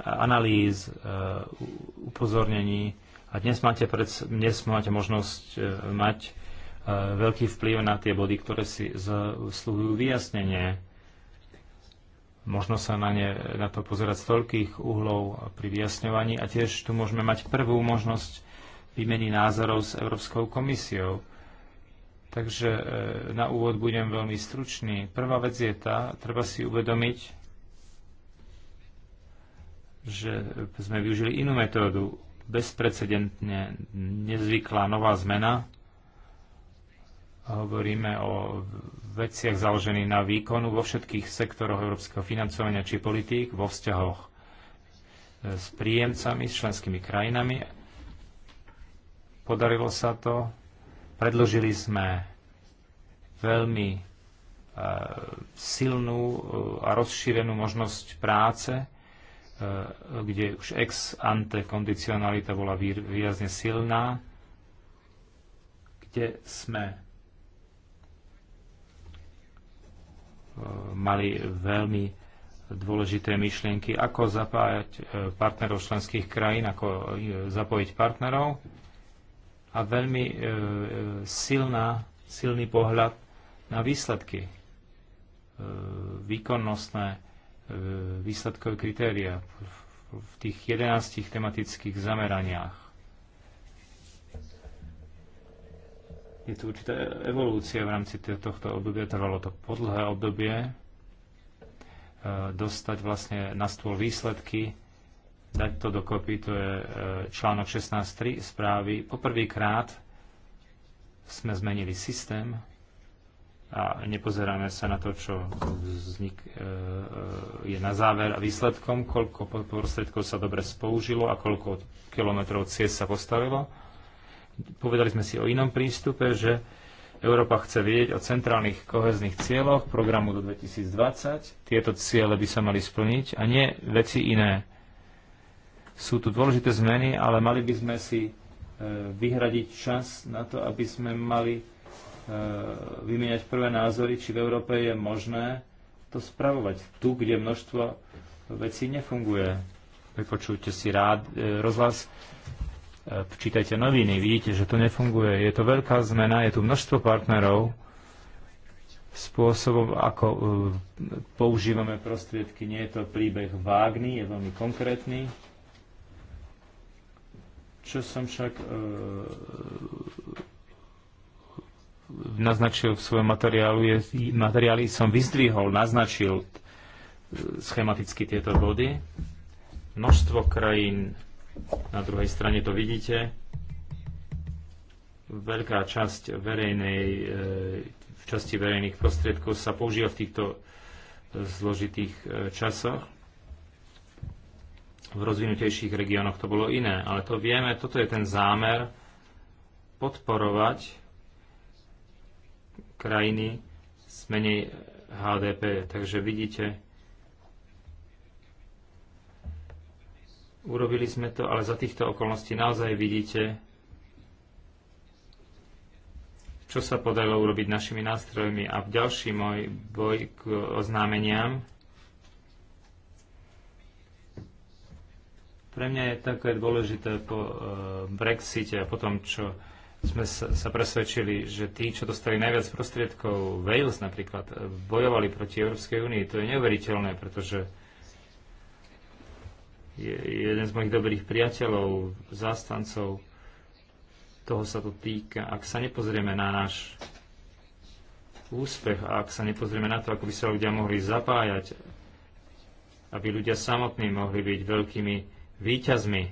analýz, e, upozornení. A dnes máte, pred, dnes máte možnosť mať veľký vplyv na tie body, ktoré si zaslúhujú vyjasnenie Možno sa na, ne, na to pozerať z toľkých uhlov pri vyjasňovaní a tiež tu môžeme mať prvú možnosť výmeny názorov s Európskou komisiou. Takže e, na úvod budem veľmi stručný. Prvá vec je tá, treba si uvedomiť, že sme využili inú metódu, bezprecedentne nezvyklá nová zmena Hovoríme o veciach založených na výkonu vo všetkých sektoroch európskeho financovania či politík, vo vzťahoch e, s príjemcami, s členskými krajinami. Podarilo sa to. Predložili sme veľmi e, silnú e, a rozšírenú možnosť práce, kde už ex ante kondicionalita bola výrazne silná, kde sme mali veľmi dôležité myšlienky, ako zapájať e, partnerov členských krajín, ako e, zapojiť partnerov a veľmi e, silná, silný pohľad na výsledky, výkonnostné výsledkové kritéria v tých 11 tematických zameraniach. je tu určitá evolúcia v rámci tohto obdobia, trvalo to podlhé obdobie, e, dostať vlastne na stôl výsledky, dať to dokopy, to je e, článok 16.3 správy. Poprvýkrát sme zmenili systém a nepozeráme sa na to, čo vznik, e, je na záver a výsledkom, koľko prostriedkov sa dobre spoužilo a koľko kilometrov ciest sa postavilo Povedali sme si o inom prístupe, že Európa chce vedieť o centrálnych kohezných cieľoch programu do 2020. Tieto ciele by sa mali splniť a nie veci iné. Sú tu dôležité zmeny, ale mali by sme si e, vyhradiť čas na to, aby sme mali e, vymieňať prvé názory, či v Európe je možné to spravovať tu, kde množstvo vecí nefunguje. Vypočujte si rád e, rozhlas E, čítajte noviny, vidíte, že to nefunguje. Je to veľká zmena, je tu množstvo partnerov, spôsobom, ako e, používame prostriedky. Nie je to príbeh vágný, je veľmi konkrétny. Čo som však e, naznačil v svojom materiálu, je, materiály som vyzdvihol, naznačil e, schematicky tieto body. Množstvo krajín na druhej strane to vidíte. Veľká časť verejnej, e, v časti verejných prostriedkov sa používa v týchto e, zložitých e, časoch. V rozvinutejších regiónoch to bolo iné, ale to vieme, toto je ten zámer podporovať krajiny s menej HDP. Takže vidíte, Urobili sme to, ale za týchto okolností naozaj vidíte, čo sa podarilo urobiť našimi nástrojmi. A v ďalší môj boj k oznámeniam. Pre mňa je také dôležité po e, Brexite a po tom, čo sme sa presvedčili, že tí, čo dostali najviac prostriedkov, Wales napríklad, e, bojovali proti Európskej únii. To je neuveriteľné, pretože je jeden z mojich dobrých priateľov, zástancov. Toho sa to týka. Ak sa nepozrieme na náš úspech a ak sa nepozrieme na to, ako by sa ľudia mohli zapájať, aby ľudia samotní mohli byť veľkými výťazmi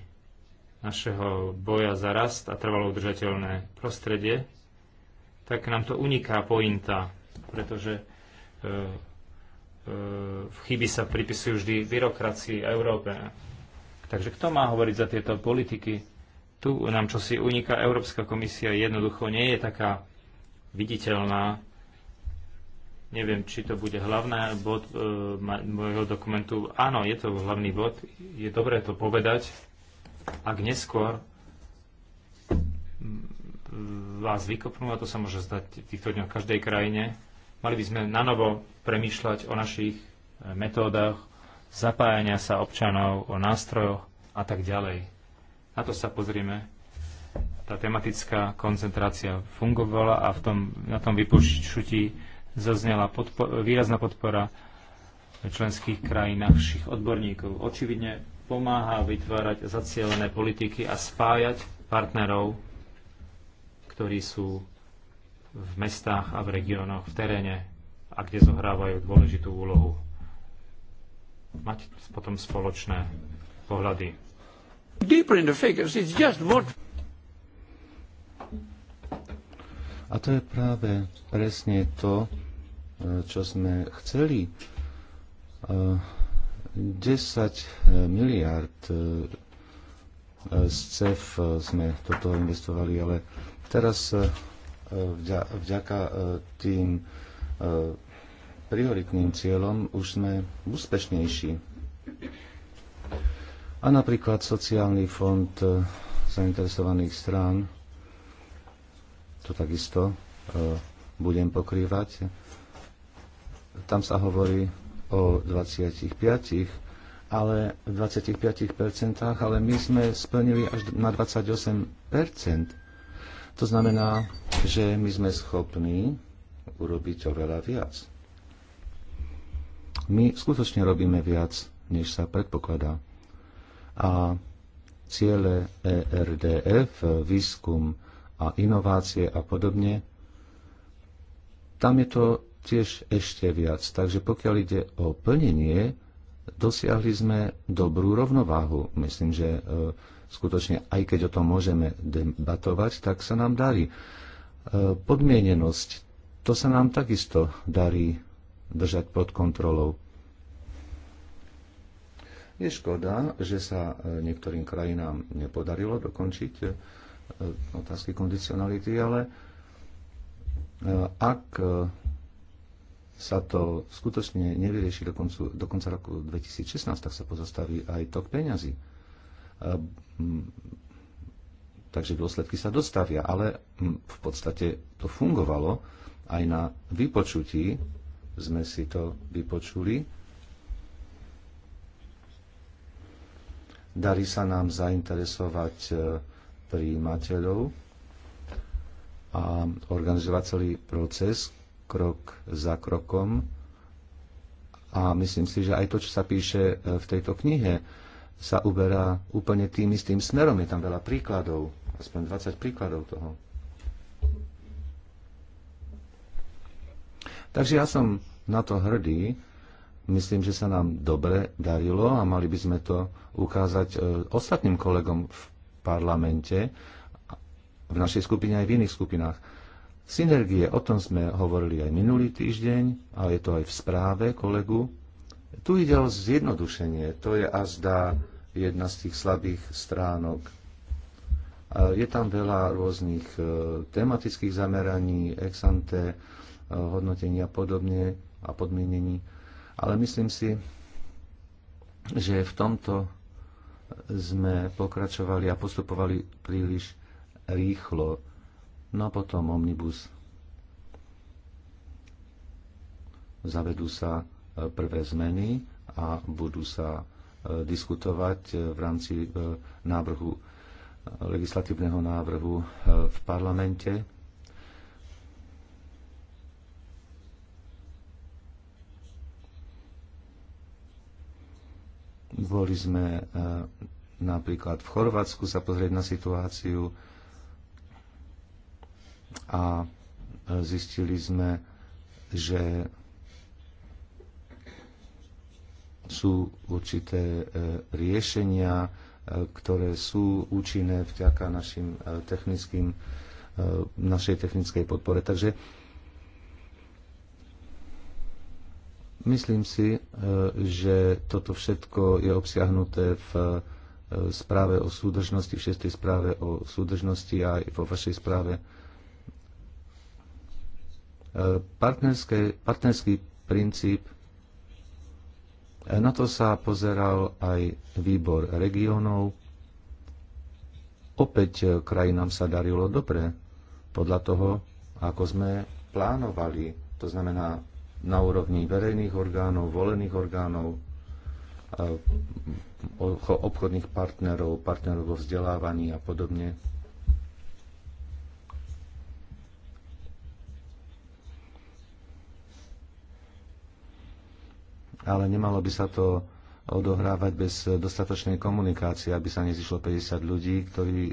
našeho boja za rast a trvalo udržateľné prostredie, tak nám to uniká pointa, pretože e, e, chyby sa pripisujú vždy byrokracii Európe. Takže kto má hovoriť za tieto politiky? Tu nám čo si uniká, Európska komisia jednoducho nie je taká viditeľná. Neviem, či to bude hlavný bod e, môjho dokumentu. Áno, je to hlavný bod. Je dobré to povedať. Ak neskôr vás vykopnú, a to sa môže zdať v týchto dňoch v každej krajine, mali by sme na novo premýšľať o našich e, metódach, zapájania sa občanov, o nástrojoch a tak ďalej. Na to sa pozrieme. Tá tematická koncentrácia fungovala a v tom, na tom vypočutí zaznela podpo- výrazná podpora členských krajín našich odborníkov. Očividne pomáha vytvárať zacielené politiky a spájať partnerov, ktorí sú v mestách a v regiónoch, v teréne a kde zohrávajú dôležitú úlohu mať potom spoločné pohľady. A to je práve presne to, e, čo sme chceli. 10 e, e, miliard z CEF sme do toho investovali, ale teraz vďaka tým prioritným cieľom už sme úspešnejší. A napríklad sociálny fond e, zainteresovaných strán, to takisto e, budem pokrývať. Tam sa hovorí o 25 ale v 25%, ale my sme splnili až na 28%. To znamená, že my sme schopní urobiť oveľa viac my skutočne robíme viac, než sa predpokladá. A ciele ERDF, výskum a inovácie a podobne, tam je to tiež ešte viac. Takže pokiaľ ide o plnenie, dosiahli sme dobrú rovnováhu. Myslím, že e, skutočne, aj keď o tom môžeme debatovať, tak sa nám darí. E, podmienenosť, to sa nám takisto darí držať pod kontrolou. Je škoda, že sa e, niektorým krajinám nepodarilo dokončiť e, otázky kondicionality, ale e, ak sa to skutočne nevyrieši do, koncu, do konca roku 2016, tak sa pozastaví aj tok peňazí. Takže dôsledky sa dostavia, ale v podstate to fungovalo aj na vypočutí sme si to vypočuli. Darí sa nám zainteresovať e, príjimateľov a organizovať celý proces krok za krokom. A myslím si, že aj to, čo sa píše e, v tejto knihe, sa uberá úplne tým istým smerom. Je tam veľa príkladov, aspoň 20 príkladov toho. Takže ja som na to hrdý. Myslím, že sa nám dobre darilo a mali by sme to ukázať e, ostatným kolegom v parlamente, v našej skupine aj v iných skupinách. Synergie, o tom sme hovorili aj minulý týždeň a je to aj v správe kolegu. Tu ide o zjednodušenie, to je azda jedna z tých slabých stránok. Je tam veľa rôznych e, tematických zameraní, ex ante, Eh, hodnotení a podobne a podmienení. Ale myslím si, že v tomto sme pokračovali a postupovali príliš rýchlo. No a potom omnibus. Zavedú sa eh, prvé zmeny a budú sa eh, diskutovať v rámci návrhu, legislatívneho návrhu v parlamente Boli sme eh, napríklad v Chorvátsku sa pozrieť na situáciu a eh, zistili sme, že sú určité eh, riešenia, ktoré sú účinné vďaka našim technickým, našej technickej podpore. Takže Myslím si, e, že toto všetko je obsiahnuté v e, správe o súdržnosti, v šestej správe o súdržnosti a aj vo vašej správe. E, partnerské, partnerský princíp, na to sa pozeral aj výbor regiónov. Opäť krajinám sa darilo dobre podľa toho, ako sme plánovali. To znamená, na úrovni verejných orgánov, volených orgánov, obchodných partnerov, partnerov vo vzdelávaní a podobne. Ale nemalo by sa to odohrávať bez dostatočnej komunikácie, aby sa nezišlo 50 ľudí, ktorý, e,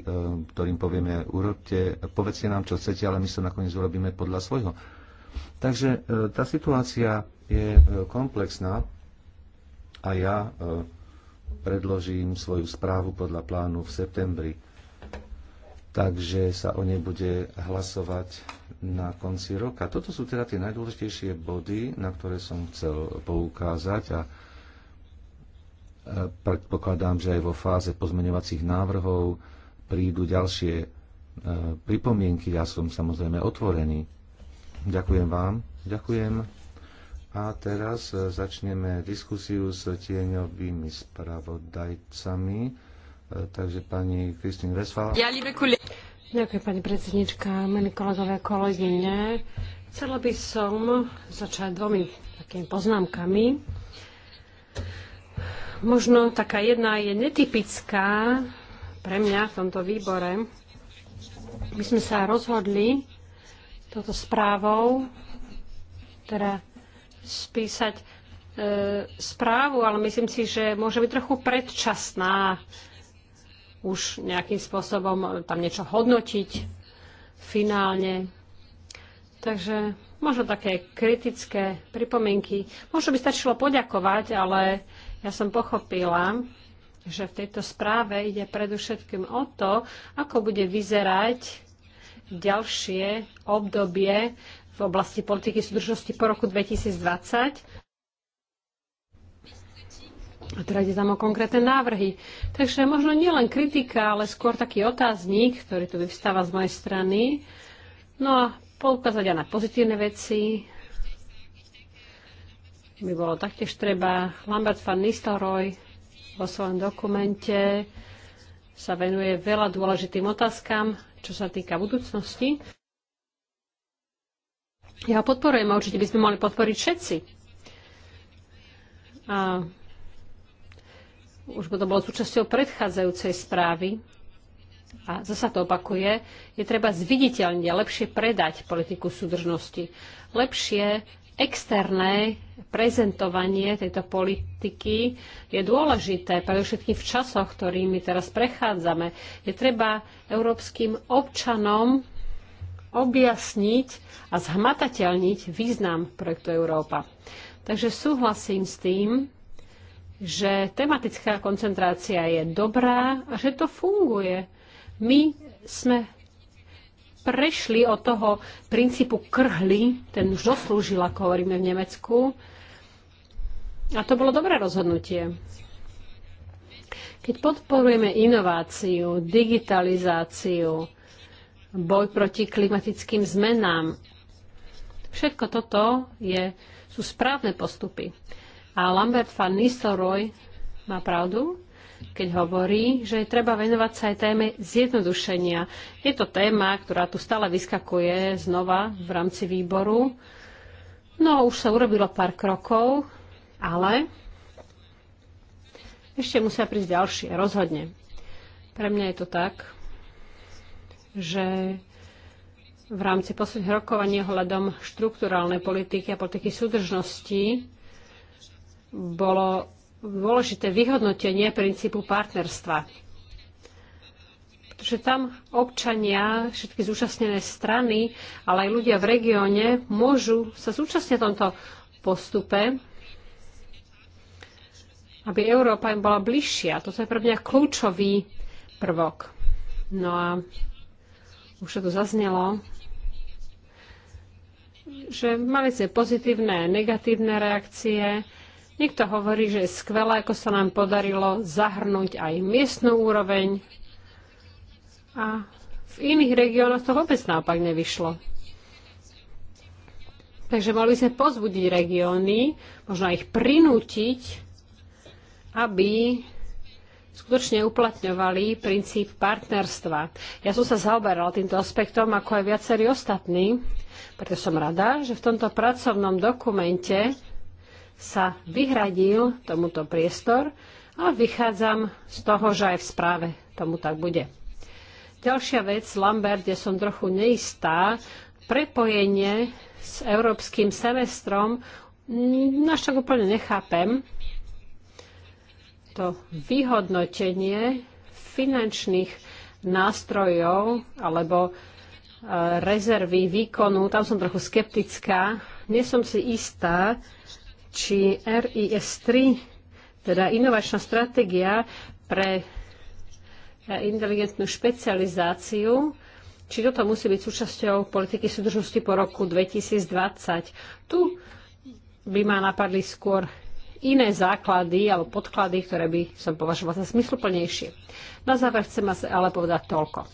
ktorým povieme, urobte, povedzte nám, čo chcete, ale my sa nakoniec urobíme podľa svojho. Takže e, tá situácia je e, komplexná a ja e, predložím svoju správu podľa plánu v septembri. Takže sa o nej bude hlasovať na konci roka. Toto sú teda tie najdôležitejšie body, na ktoré som chcel poukázať a predpokladám, že aj vo fáze pozmeňovacích návrhov prídu ďalšie pripomienky. Ja som samozrejme otvorený Ďakujem vám. Ďakujem. A teraz e, začneme diskusiu s tieňovými spravodajcami. E, takže pani Kristýn Vesval. Ja, Ďakujem, pani predsednička, milí kolegové, kolegyne. Chcela by som začať dvomi takými poznámkami. Možno taká jedna je netypická pre mňa v tomto výbore. My sme sa rozhodli, touto správou, teda spísať e, správu, ale myslím si, že môže byť trochu predčasná už nejakým spôsobom e, tam niečo hodnotiť finálne. Takže možno také kritické pripomienky. Možno by stačilo poďakovať, ale ja som pochopila, že v tejto správe ide predovšetkým o to, ako bude vyzerať ďalšie obdobie v oblasti politiky súdržnosti po roku 2020. A teraz je tam o konkrétne návrhy. Takže možno nielen kritika, ale skôr taký otáznik, ktorý tu vyvstáva z mojej strany. No a poukázať aj na pozitívne veci by bolo taktiež treba. Lambert van Nistelrooy vo svojom dokumente sa venuje veľa dôležitým otázkam, čo sa týka budúcnosti. Ja ho podporujem a určite by sme mali podporiť všetci. A už by to bolo súčasťou predchádzajúcej správy. A zase to opakuje, je treba zviditeľne lepšie predať politiku súdržnosti. Lepšie externé prezentovanie tejto politiky je dôležité, predovšetkým v časoch, ktorými teraz prechádzame. Je treba európskym občanom objasniť a zhmatateľniť význam projektu Európa. Takže súhlasím s tým, že tematická koncentrácia je dobrá a že to funguje. My sme prešli od toho princípu krhly, ten už doslúžil, ako hovoríme v Nemecku. A to bolo dobré rozhodnutie. Keď podporujeme inováciu, digitalizáciu, boj proti klimatickým zmenám, všetko toto je, sú správne postupy. A Lambert van Nistelrooy má pravdu, keď hovorí, že je treba venovať sa aj téme zjednodušenia. Je to téma, ktorá tu stále vyskakuje znova v rámci výboru. No, už sa urobilo pár krokov, ale ešte musia prísť ďalšie, rozhodne. Pre mňa je to tak, že v rámci posledných rokovaní hľadom štruktúrálnej politiky a politiky súdržnosti bolo dôležité vyhodnotenie princípu partnerstva. Pretože tam občania, všetky zúčastnené strany, ale aj ľudia v regióne môžu sa zúčastniť v tomto postupe, aby Európa im bola bližšia. Toto je pre mňa kľúčový prvok. No a už sa tu zaznelo, že mali sme pozitívne a negatívne reakcie Niekto hovorí, že je skvelé, ako sa nám podarilo zahrnúť aj miestnú úroveň. A v iných regiónoch to vôbec naopak nevyšlo. Takže mali sme pozbudiť regióny, možno ich prinútiť, aby skutočne uplatňovali princíp partnerstva. Ja som sa zaoberala týmto aspektom, ako aj viacerí ostatní, preto som rada, že v tomto pracovnom dokumente sa vyhradil tomuto priestor a vychádzam z toho, že aj v správe tomu tak bude. Ďalšia vec, Lambert, kde som trochu neistá, prepojenie s európskym semestrom, náš tak úplne nechápem. To vyhodnotenie finančných nástrojov alebo e, rezervy výkonu, tam som trochu skeptická. Nie som si istá, či RIS3, teda inovačná stratégia pre e, inteligentnú špecializáciu, či toto musí byť súčasťou politiky súdržnosti po roku 2020. Tu by ma napadli skôr iné základy alebo podklady, ktoré by som považovala za smysluplnejšie. Na záver chcem ale povedať toľko.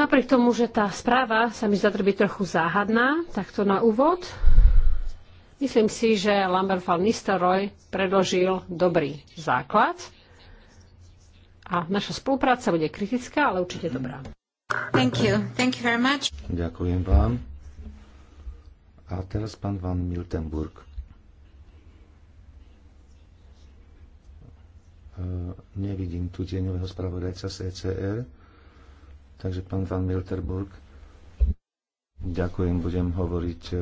Napriek tomu, že tá správa sa mi zdá trochu záhadná, takto na úvod, Myslím si, že Lambert van Nistelrooy predložil dobrý základ a naša spolupráca bude kritická, ale určite dobrá. Thank you. Thank you very much. Ďakujem vám. A teraz pán Van Miltenburg. E, nevidím tu tieňového spravodajca e CCR, takže pán Van Miltenburg. Ďakujem, budem hovoriť e,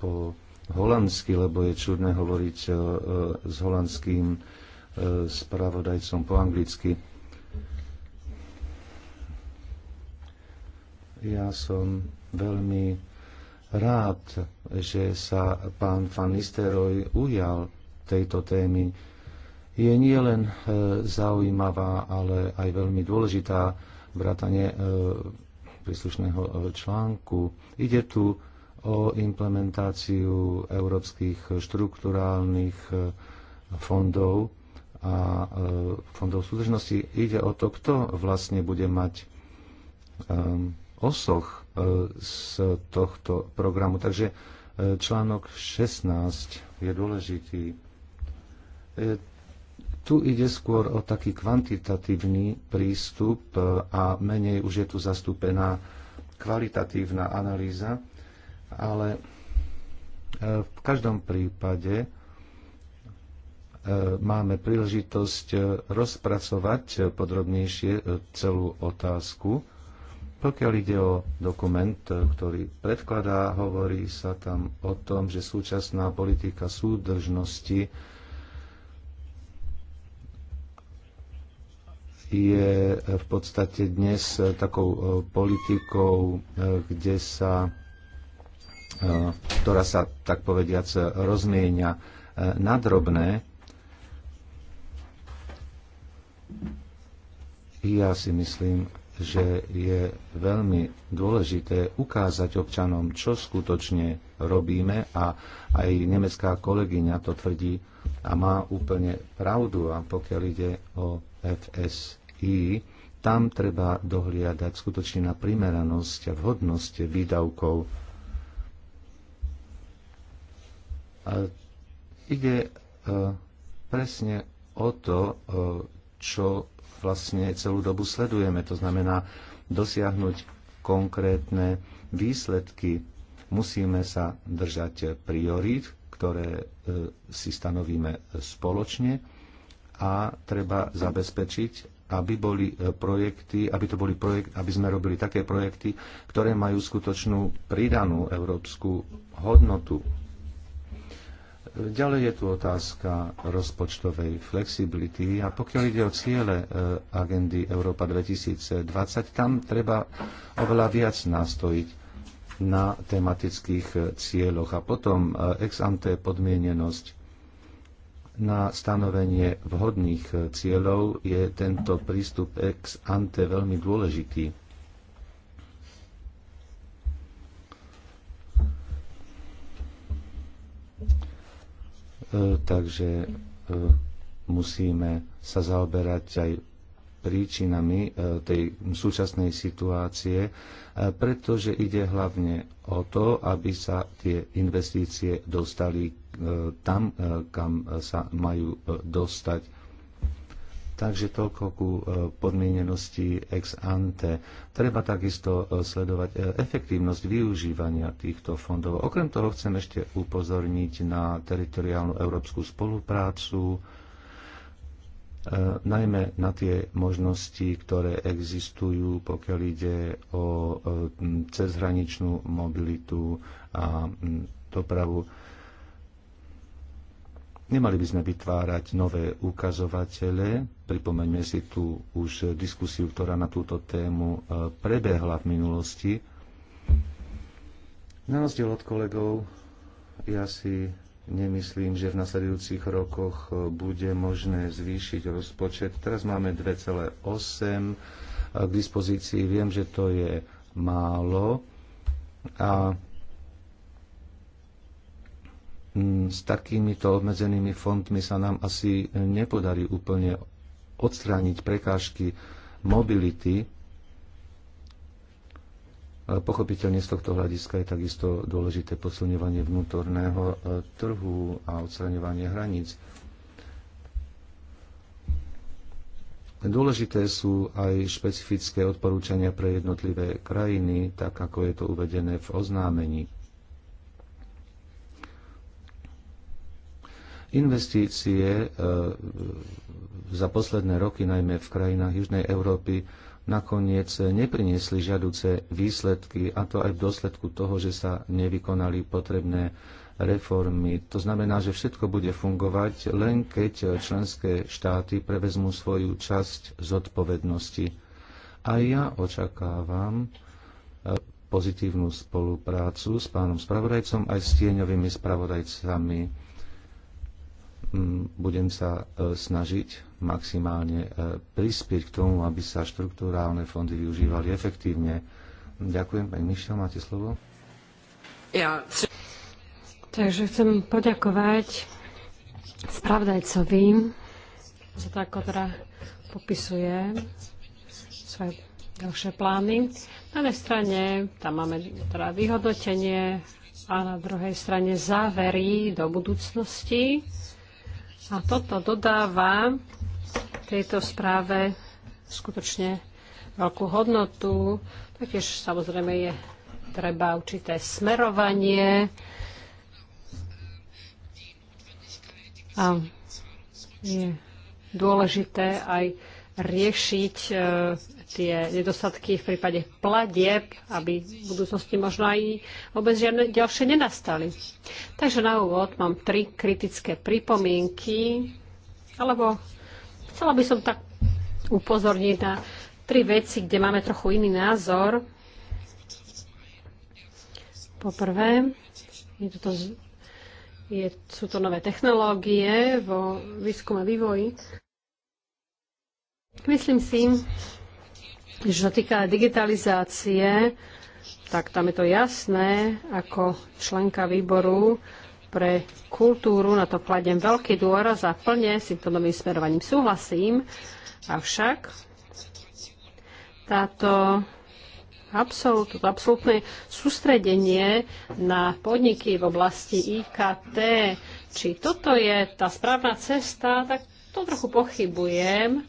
po holandsky, lebo je čudné hovoriť e, e, s holandským e, spravodajcom po anglicky. Ja som veľmi rád, že sa pán Van Nistelrooy ujal tejto témy. Je nielen zaujímavá, ale aj veľmi dôležitá vrátane príslušného článku. Ide tu o implementáciu európskych štruktúrálnych e, fondov a e, fondov súdržnosti. Ide o to, kto vlastne bude mať e, osoch z tohto programu. Takže článok 16 je dôležitý. Tu ide skôr o taký kvantitatívny prístup a menej už je tu zastúpená kvalitatívna analýza ale e, v každom prípade e, máme príležitosť e, rozpracovať podrobnejšie celú otázku. Pokiaľ ide o dokument, ktorý predkladá, hovorí sa tam o tom, že súčasná politika súdržnosti je v podstate dnes takou politikou, kde sa E, ktorá sa tak povediac rozmieňa e, na drobné, ja si myslím, že je veľmi dôležité ukázať občanom, čo skutočne robíme a aj nemecká kolegyňa to tvrdí a má úplne pravdu a pokiaľ ide o FSI, tam treba dohliadať skutočne na primeranosť a vhodnosť výdavkov Ide e, presne o to, e, čo vlastne celú dobu sledujeme. To znamená dosiahnuť konkrétne výsledky. Musíme sa držať priorít, ktoré e, si stanovíme spoločne a treba zabezpečiť, aby boli projekty, aby, to boli projekt, aby sme robili také projekty, ktoré majú skutočnú pridanú európsku hodnotu Ďalej je tu otázka rozpočtovej flexibility a pokiaľ ide o ciele e, agendy Európa 2020, tam treba oveľa viac nastojiť na tematických e, cieľoch a potom e, ex ante podmienenosť na stanovenie vhodných cieľov je tento prístup ex ante veľmi dôležitý E, takže e, musíme sa zaoberať aj príčinami e, tej súčasnej situácie, pretože ide hlavne o to, aby sa tie investície dostali tam, kam sa majú dostať. Takže toľko ku e, podmienenosti ex ante. Treba takisto e, sledovať e, efektívnosť využívania týchto fondov. Okrem toho chcem ešte upozorniť na teritoriálnu európsku spoluprácu, najmä na tie možnosti, ktoré existujú, pokiaľ ide o cezhraničnú mobilitu a dopravu Nemali by sme vytvárať nové ukazovatele. Pripomeňme si tu už diskusiu, ktorá na túto tému e, prebehla v minulosti. Na rozdiel od kolegov, ja si nemyslím, že v nasledujúcich rokoch e, bude možné zvýšiť rozpočet. Teraz máme 2,8 e, k dispozícii. Viem, že to je málo a Mm, s takýmito obmedzenými fondmi sa nám asi nepodarí úplne odstrániť prekážky mobility. Pochopiteľne z tohto hľadiska je takisto dôležité posilňovanie vnútorného e, trhu a odstraňovanie hraníc. Dôležité sú aj špecifické odporúčania pre jednotlivé krajiny, tak ako je to uvedené v oznámení. Investície e, za posledné roky, najmä v krajinách Južnej Európy, nakoniec nepriniesli žiaduce výsledky, a to aj v dôsledku toho, že sa nevykonali potrebné reformy. To znamená, že všetko bude fungovať len keď členské štáty prevezmú svoju časť zodpovednosti. A ja očakávam e, pozitívnu spoluprácu s pánom spravodajcom aj s tieňovými spravodajcami Mm, budem sa e, snažiť maximálne e, prispieť k tomu, aby sa štruktúrálne fondy využívali efektívne. Ďakujem, pani Mišel, máte slovo? Ja. Takže chcem poďakovať spravdajcovi za to, ako teda popisuje svoje ďalšie plány. Na jednej strane tam máme teda vyhodnotenie a na druhej strane závery do budúcnosti. A toto dodáva tejto správe skutočne veľkú hodnotu. Taktiež samozrejme je treba určité smerovanie a je dôležité aj riešiť e, tie nedostatky v prípade pladieb, aby v budúcnosti možno aj vôbec žiadne ďalšie nenastali. Takže na úvod mám tri kritické pripomienky, alebo chcela by som tak upozorniť na tri veci, kde máme trochu iný názor. Poprvé, je toto, je, sú to nové technológie vo výskume vývoji. Myslím si, čo sa týka digitalizácie, tak tam je to jasné, ako členka výboru pre kultúru, na to kladem veľký dôraz a plne s týmto novým smerovaním súhlasím. Avšak táto absolút, toto absolútne sústredenie na podniky v oblasti IKT, či toto je tá správna cesta, tak to trochu pochybujem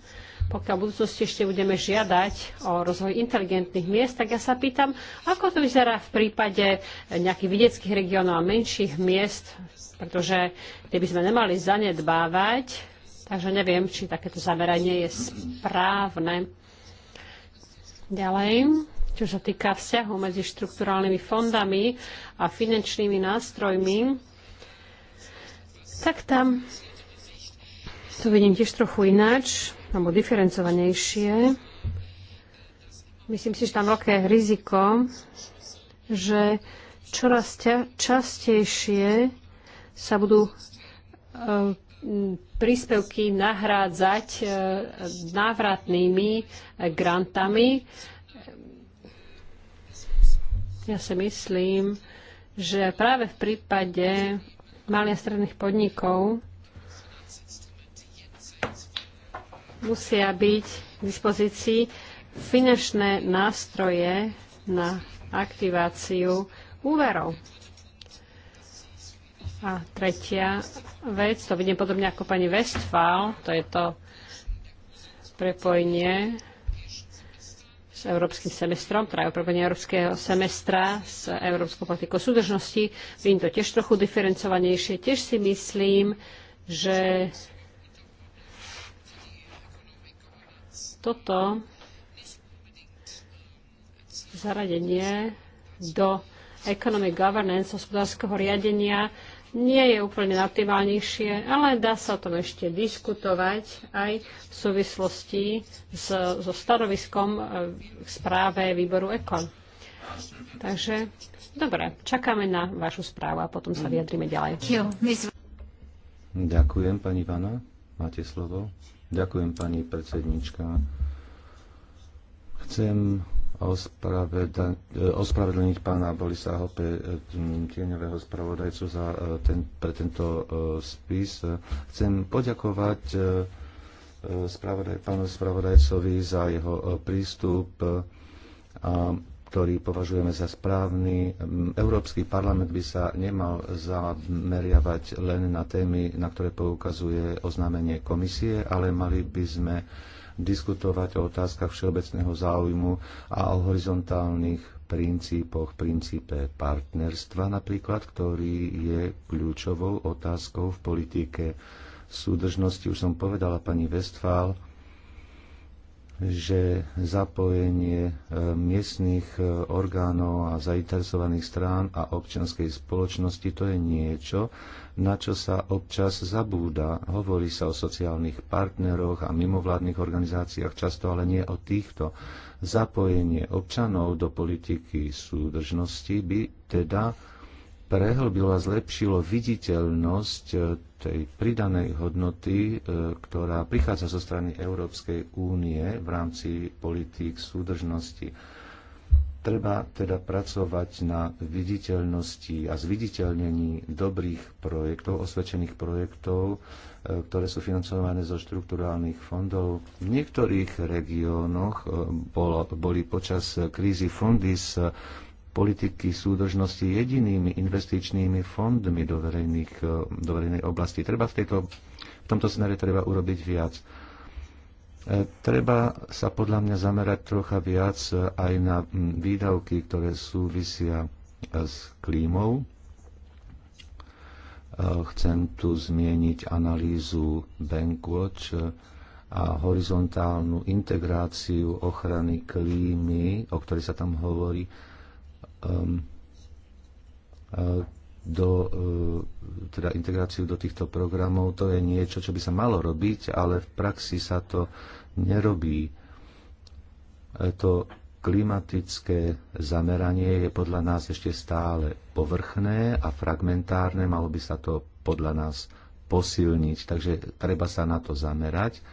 pokiaľ v budúcnosti ešte budeme žiadať o rozvoj inteligentných miest, tak ja sa pýtam, ako to vyzerá v prípade nejakých vidieckých regiónov a menších miest, pretože tie by sme nemali zanedbávať, takže neviem, či takéto zameranie je správne. Ďalej, čo sa týka vzťahu medzi štrukturálnymi fondami a finančnými nástrojmi, tak tam to vidím tiež trochu ináč alebo diferencovanejšie. Myslím si, že tam veľké riziko, že čoraz častejšie sa budú e, príspevky nahrádzať e, návratnými e, grantami. Ja si myslím, že práve v prípade malých a stredných podnikov musia byť k dispozícii finančné nástroje na aktiváciu úverov. A tretia vec, to vidím podobne ako pani Westphal, to je to prepojenie s európskym semestrom, teda prepojenie európskeho semestra s európskou politikou súdržnosti. Vidím to tiež trochu diferencovanejšie. Tiež si myslím, že toto zaradenie do economic governance, hospodárskeho riadenia, nie je úplne optimálnejšie, ale dá sa o tom ešte diskutovať aj v súvislosti s, so stanoviskom k e, správe výboru ECO. Takže, dobre, čakáme na vašu správu a potom sa mhm. vyjadrime ďalej. Ďakujem, pani Vana. Máte slovo. Ďakujem, pani predsednička. Chcem ospravedlniť pána Bolisa Hope, eh, mm, tieňového spravodajcu, za eh, ten, pre tento eh, spis. Chcem poďakovať spravodaj, pánu spravodajcovi za jeho prístup, ktorý považujeme za správny. Mm, Európsky parlament by sa nemal zameriavať len na témy, na ktoré poukazuje oznámenie komisie, ale mali by sme diskutovať o otázkach všeobecného záujmu a o horizontálnych princípoch, princípe partnerstva napríklad, ktorý je kľúčovou otázkou v politike súdržnosti. Už som povedala pani Westphal že zapojenie e, miestných e, orgánov a zainteresovaných strán a občianskej spoločnosti to je niečo, na čo sa občas zabúda. Hovorí sa o sociálnych partneroch a mimovládnych organizáciách, často ale nie o týchto. Zapojenie občanov do politiky súdržnosti by teda prehlbilo a zlepšilo viditeľnosť e, tej pridanej hodnoty, e, ktorá prichádza zo strany Európskej únie v rámci politík súdržnosti. Treba teda pracovať na viditeľnosti a zviditeľnení dobrých projektov, osvedčených projektov, e, ktoré sú financované zo štrukturálnych fondov. V niektorých regiónoch boli počas krízy fondy z politiky súdržnosti jedinými investičnými fondmi do, verejných, e, do verejnej oblasti. Treba v, tejto, v tomto smere treba urobiť viac. E, treba sa podľa mňa zamerať trocha viac e, aj na výdavky, ktoré súvisia s klímou. Chcem tu zmieniť analýzu Bankwatch, a horizontálnu integráciu ochrany klímy, o ktorej sa tam hovorí, Um, do, uh, teda integráciu do týchto programov, to je niečo, čo by sa malo robiť, ale v praxi sa to nerobí. To klimatické zameranie je podľa nás ešte stále povrchné a fragmentárne, malo by sa to podľa nás posilniť, takže treba sa na to zamerať.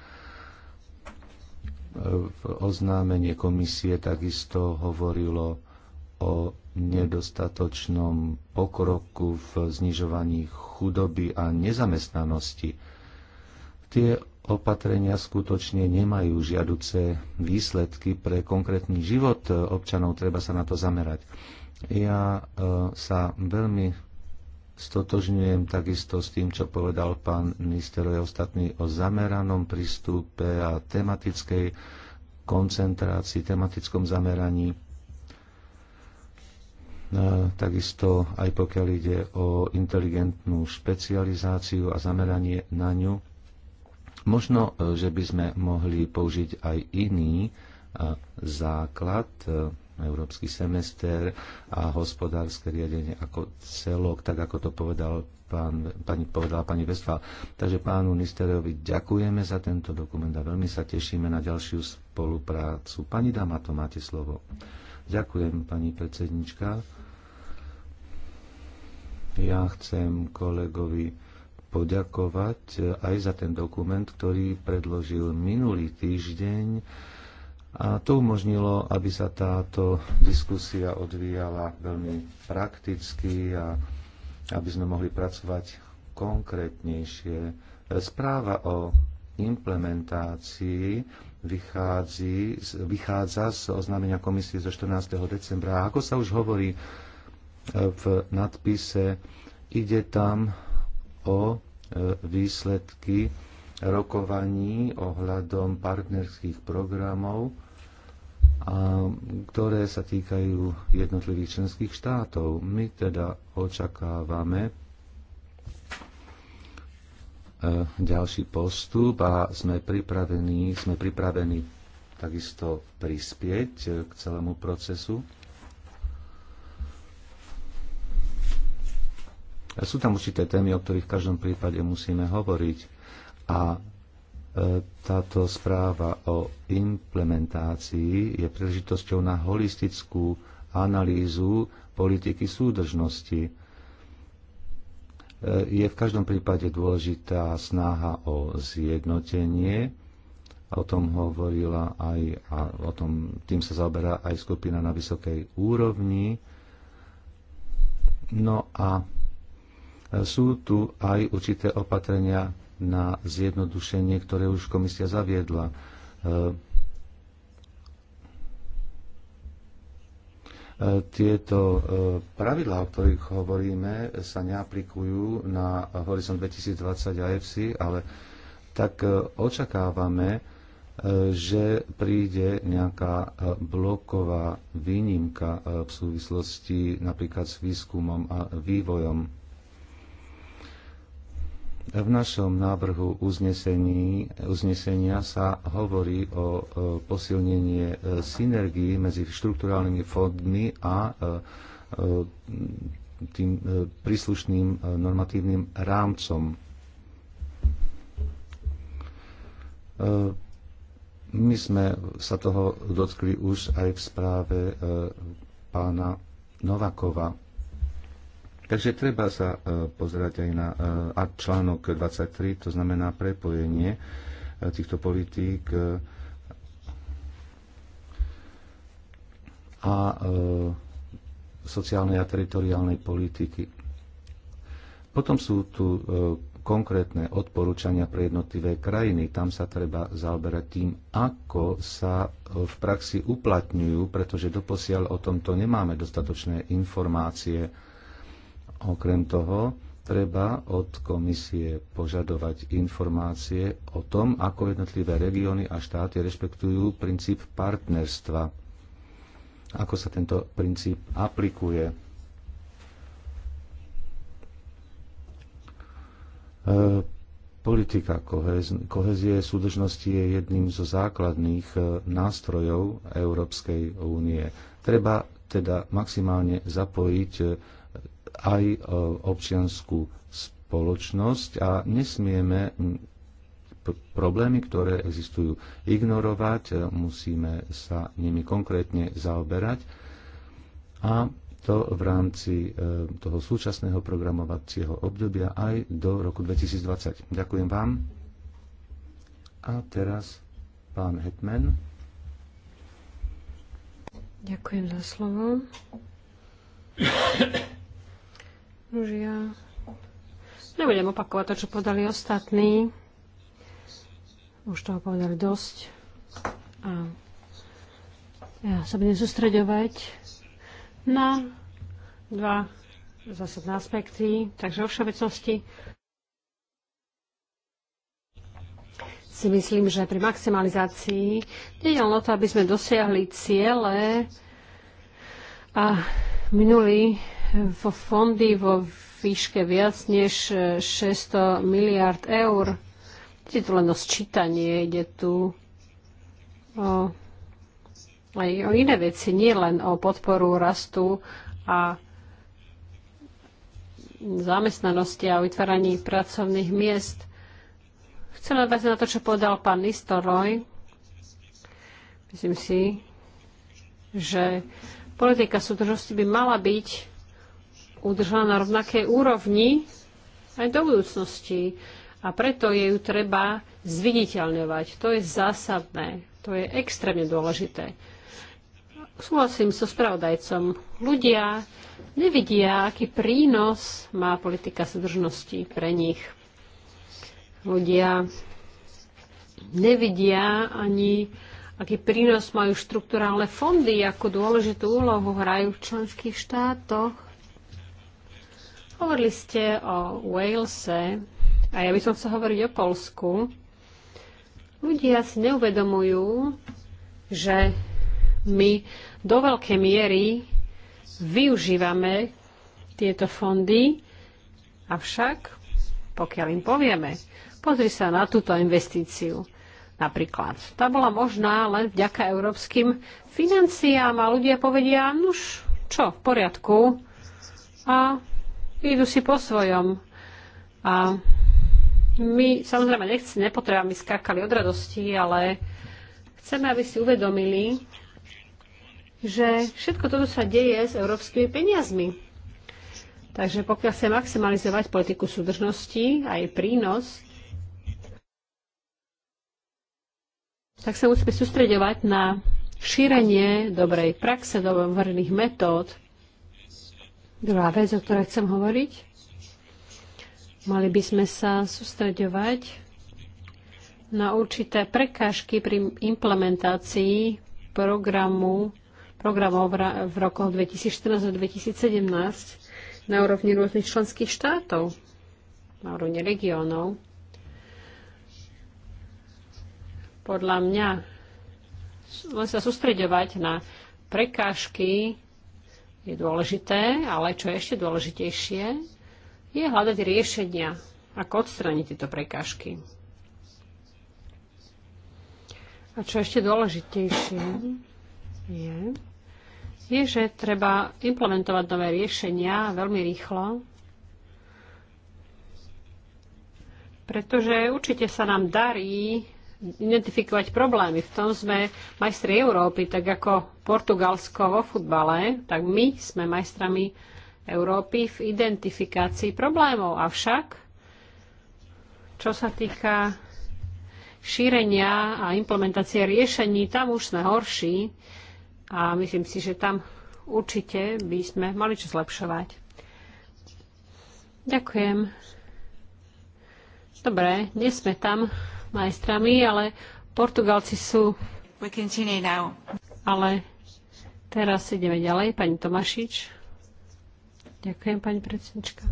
V oznámenie komisie takisto hovorilo o nedostatočnom pokroku v znižovaní chudoby a nezamestnanosti. Tie opatrenia skutočne nemajú žiaduce výsledky pre konkrétny život občanov, treba sa na to zamerať. Ja e, sa veľmi stotožňujem takisto s tým, čo povedal pán minister ostatný o zameranom prístupe a tematickej koncentrácii, tematickom zameraní takisto aj pokiaľ ide o inteligentnú špecializáciu a zameranie na ňu. Možno, e, že by sme mohli použiť aj iný e, základ, e, európsky semester a hospodárske riadenie ako celok, tak ako to povedal pán, pani, povedala pani Vestfál. Takže pánu Nisterovi ďakujeme za tento dokument a veľmi sa tešíme na ďalšiu spoluprácu. Pani Dama, to máte slovo. Ďakujem, pani predsednička. Ja chcem kolegovi poďakovať eh, aj za ten dokument, ktorý predložil minulý týždeň. A to umožnilo, aby sa táto diskusia odvíjala veľmi prakticky a aby sme mohli pracovať konkrétnejšie. Správa o implementácii vychádza z oznámenia komisie zo 14. decembra. A ako sa už hovorí, v nadpise. Ide tam o e, výsledky rokovaní ohľadom partnerských programov, a, ktoré sa týkajú jednotlivých členských štátov. My teda očakávame e, ďalší postup a sme pripravení, sme pripravení takisto prispieť e, k celému procesu. Sú tam určité témy, o ktorých v každom prípade musíme hovoriť a e, táto správa o implementácii je príležitosťou na holistickú analýzu politiky súdržnosti. E, je v každom prípade dôležitá snaha o zjednotenie, o tom hovorila aj, a o tom, tým sa zaoberá aj skupina na vysokej úrovni. No a sú tu aj určité opatrenia na zjednodušenie, ktoré už komisia zaviedla. E, e, tieto e, pravidlá, o ktorých hovoríme, sa neaplikujú na Horizon 2020 a EFSI, ale tak očakávame, že príde nejaká bloková výnimka v súvislosti napríklad s výskumom a vývojom v našom návrhu uznesení, uznesenia sa hovorí o posilnenie e, synergii medzi štrukturálnymi fondmi a e, e, tým príslušným normatívnym rámcom. My sme sa toho dotkli už aj v správe pána Novakova. Takže treba sa e, pozerať aj na e, článok 23, to znamená prepojenie e, týchto politík a sociálnej a teritoriálnej politiky. Potom sú tu konkrétne odporúčania pre jednotlivé krajiny. Tam sa treba zaoberať tým, ako sa v praxi uplatňujú, pretože doposiaľ o tomto nemáme dostatočné informácie. Okrem toho, treba od komisie požadovať informácie o tom, ako jednotlivé regióny a štáty rešpektujú princíp partnerstva, ako sa tento princíp aplikuje. E, politika kohezie súdržnosti je jedným zo základných e, nástrojov Európskej únie. Treba teda maximálne zapojiť e, aj e, občianskú spoločnosť a nesmieme problémy, ktoré existujú, ignorovať, e, musíme sa nimi konkrétne zaoberať a to v rámci e, toho súčasného programovacieho obdobia aj do roku 2020. Ďakujem vám. A teraz pán Hetman. Ďakujem za slovo. Už ja nebudem opakovať to, čo podali ostatní. Už toho povedali dosť. A ja sa budem sústreďovať na dva zásadné aspekty. Takže o všeobecnosti si myslím, že pri maximalizácii nie len o to, aby sme dosiahli ciele a minuli vo fondy vo výške viac než 600 e, miliard eur. Je tu len o sčítanie, ide tu o, aj o iné veci, nie len o podporu rastu a zamestnanosti a vytváraní pracovných miest. Chcem nadviazať na to, čo povedal pán Nistoroj. Myslím si, že politika súdržnosti by mala byť udržala na rovnakej úrovni aj do budúcnosti. A preto je ju treba zviditeľňovať. To je zásadné. To je extrémne dôležité. Súhlasím so spravodajcom. Ľudia nevidia, aký prínos má politika súdržnosti pre nich. Ľudia nevidia ani aký prínos majú štruktúrálne fondy, ako dôležitú úlohu hrajú v členských štátoch. Hovorili ste o Walese a ja by som chcel hovoriť o Polsku. Ľudia si neuvedomujú, že my do veľkej miery využívame tieto fondy, avšak pokiaľ im povieme, pozri sa na túto investíciu, napríklad. Tá bola možná len vďaka európskym financiám a ľudia povedia, nuž, čo, v poriadku. A idú si po svojom. A my samozrejme nechci, nepotrebujeme, aby skákali od radosti, ale chceme, aby si uvedomili, že všetko toto sa deje s európskymi peniazmi. Takže pokiaľ chce maximalizovať politiku súdržnosti a jej prínos, tak sa musíme sústredovať na šírenie dobrej praxe, dobrých metód, Druhá vec, o ktorej chcem hovoriť, mali by sme sa sústreďovať na určité prekážky pri implementácii programu, programov v rokoch 2014 a 2017 na úrovni rôznych členských štátov, na úrovni regiónov. Podľa mňa len sa sústreďovať na prekážky je dôležité, ale čo je ešte dôležitejšie, je hľadať riešenia, ako odstraniť tieto prekážky. A čo ešte dôležitejšie je, je, že treba implementovať nové riešenia veľmi rýchlo, pretože určite sa nám darí identifikovať problémy. V tom sme majstri Európy, tak ako Portugalsko vo futbale, tak my sme majstrami Európy v identifikácii problémov. Avšak, čo sa týka šírenia a implementácie riešení, tam už sme horší a myslím si, že tam určite by sme mali čo zlepšovať. Ďakujem. Dobre, dnes sme tam, majstrami, ale Portugalci sú... We continue now. Ale teraz ideme ďalej. Pani Tomašič. Ďakujem, pani predsednička.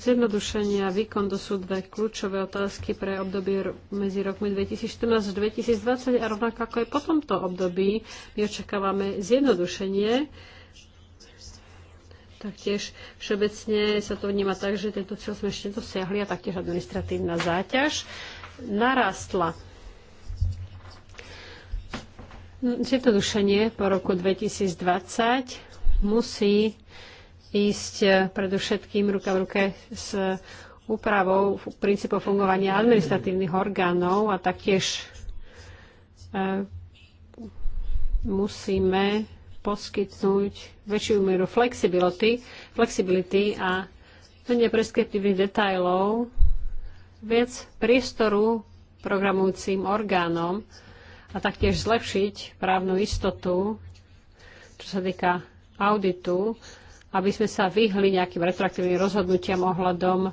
Zjednodušenia a výkon to sú dve kľúčové otázky pre obdobie medzi rokmi 2014 až 2020 a rovnako ako aj po tomto období my očakávame zjednodušenie Taktiež všeobecne sa to vníma tak, že tento cieľ sme ešte dosiahli a taktiež administratívna záťaž narastla. Zjednodušenie po roku 2020 musí ísť predovšetkým ruka v ruke s úpravou princípov fungovania administratívnych orgánov a taktiež e, musíme poskytnúť väčšiu mieru flexibility, flexibility a menej preskriptívnych detajlov, viac priestoru programujúcim orgánom a taktiež zlepšiť právnu istotu, čo sa týka auditu, aby sme sa vyhli nejakým retroaktívnym rozhodnutiam ohľadom uh,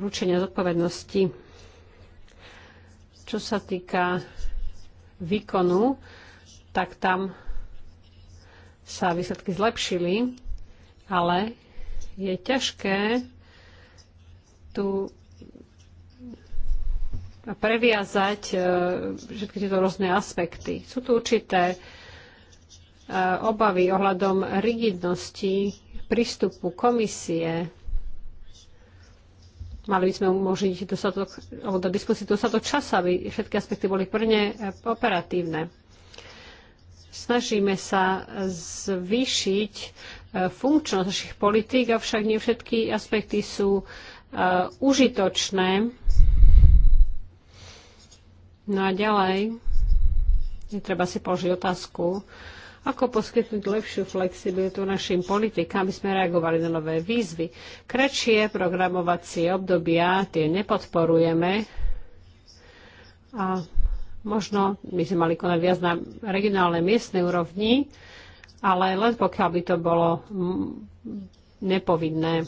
ručenia zodpovednosti. Čo sa týka výkonu, tak tam sa výsledky zlepšili, ale je ťažké tu previazať e, všetky tieto rôzne aspekty. Sú tu určité e, obavy ohľadom rigidnosti prístupu komisie. Mali by sme umožniť dostatok, alebo do diskusie dostatok času, aby všetky aspekty boli prvne e, operatívne. Snažíme sa zvýšiť e, funkčnosť našich politík, avšak nie všetky aspekty sú e, užitočné. No a ďalej, treba si položiť otázku, ako poskytnúť lepšiu flexibilitu našim politikám, aby sme reagovali na nové výzvy. Kratšie programovacie obdobia, tie nepodporujeme a Možno by sme mali konať viac na regionálnej miestnej úrovni, ale len pokiaľ by to bolo nepovinné.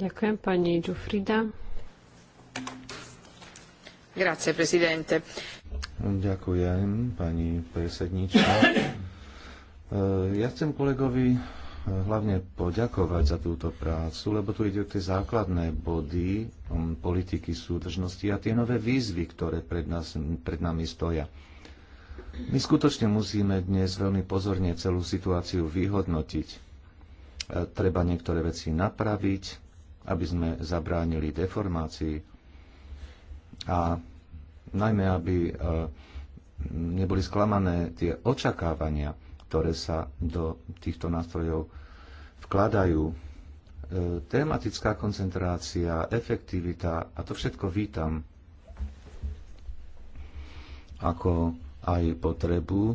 Ďakujem pani Giuffrida. Grazie, prezidente. Ďakujem, pani predsednička. E, ja chcem kolegovi hlavne poďakovať za túto prácu, lebo tu ide o tie základné body um, politiky súdržnosti a tie nové výzvy, ktoré pred, nás, pred nami stoja. My skutočne musíme dnes veľmi pozorne celú situáciu vyhodnotiť. E, treba niektoré veci napraviť, aby sme zabránili deformácii a najmä, aby e, neboli sklamané tie očakávania, ktoré sa do týchto nástrojov vkladajú. E, tematická koncentrácia, efektivita a to všetko vítam ako aj potrebu,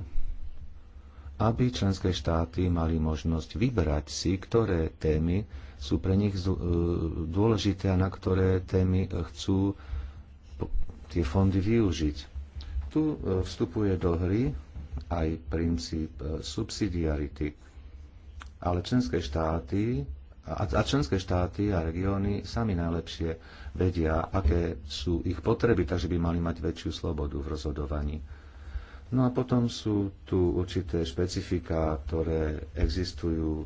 aby členské štáty mali možnosť vyberať si, ktoré témy sú pre nich e, dôležité a na ktoré témy chcú tie fondy využiť. Tu e, vstupuje do hry aj princíp e, subsidiarity. Ale členské štáty a členské štáty a regióny sami najlepšie vedia, aké sú ich potreby, takže by mali mať väčšiu slobodu v rozhodovaní. No a potom sú tu určité špecifika, ktoré existujú e,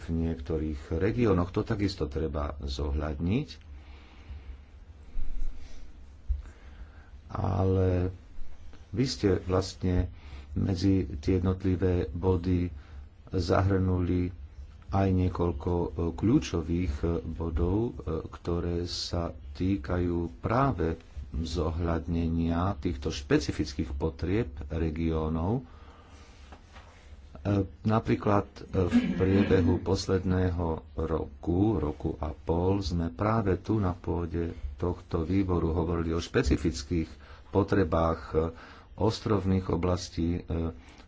v niektorých regiónoch. To takisto treba zohľadniť. Ale vy ste vlastne medzi tie jednotlivé body zahrnuli aj niekoľko e, kľúčových e, bodov, e, ktoré sa týkajú práve zohľadnenia týchto špecifických potrieb regiónov. Napríklad v priebehu posledného roku, roku a pol, sme práve tu na pôde tohto výboru hovorili o špecifických potrebách ostrovných oblastí, e,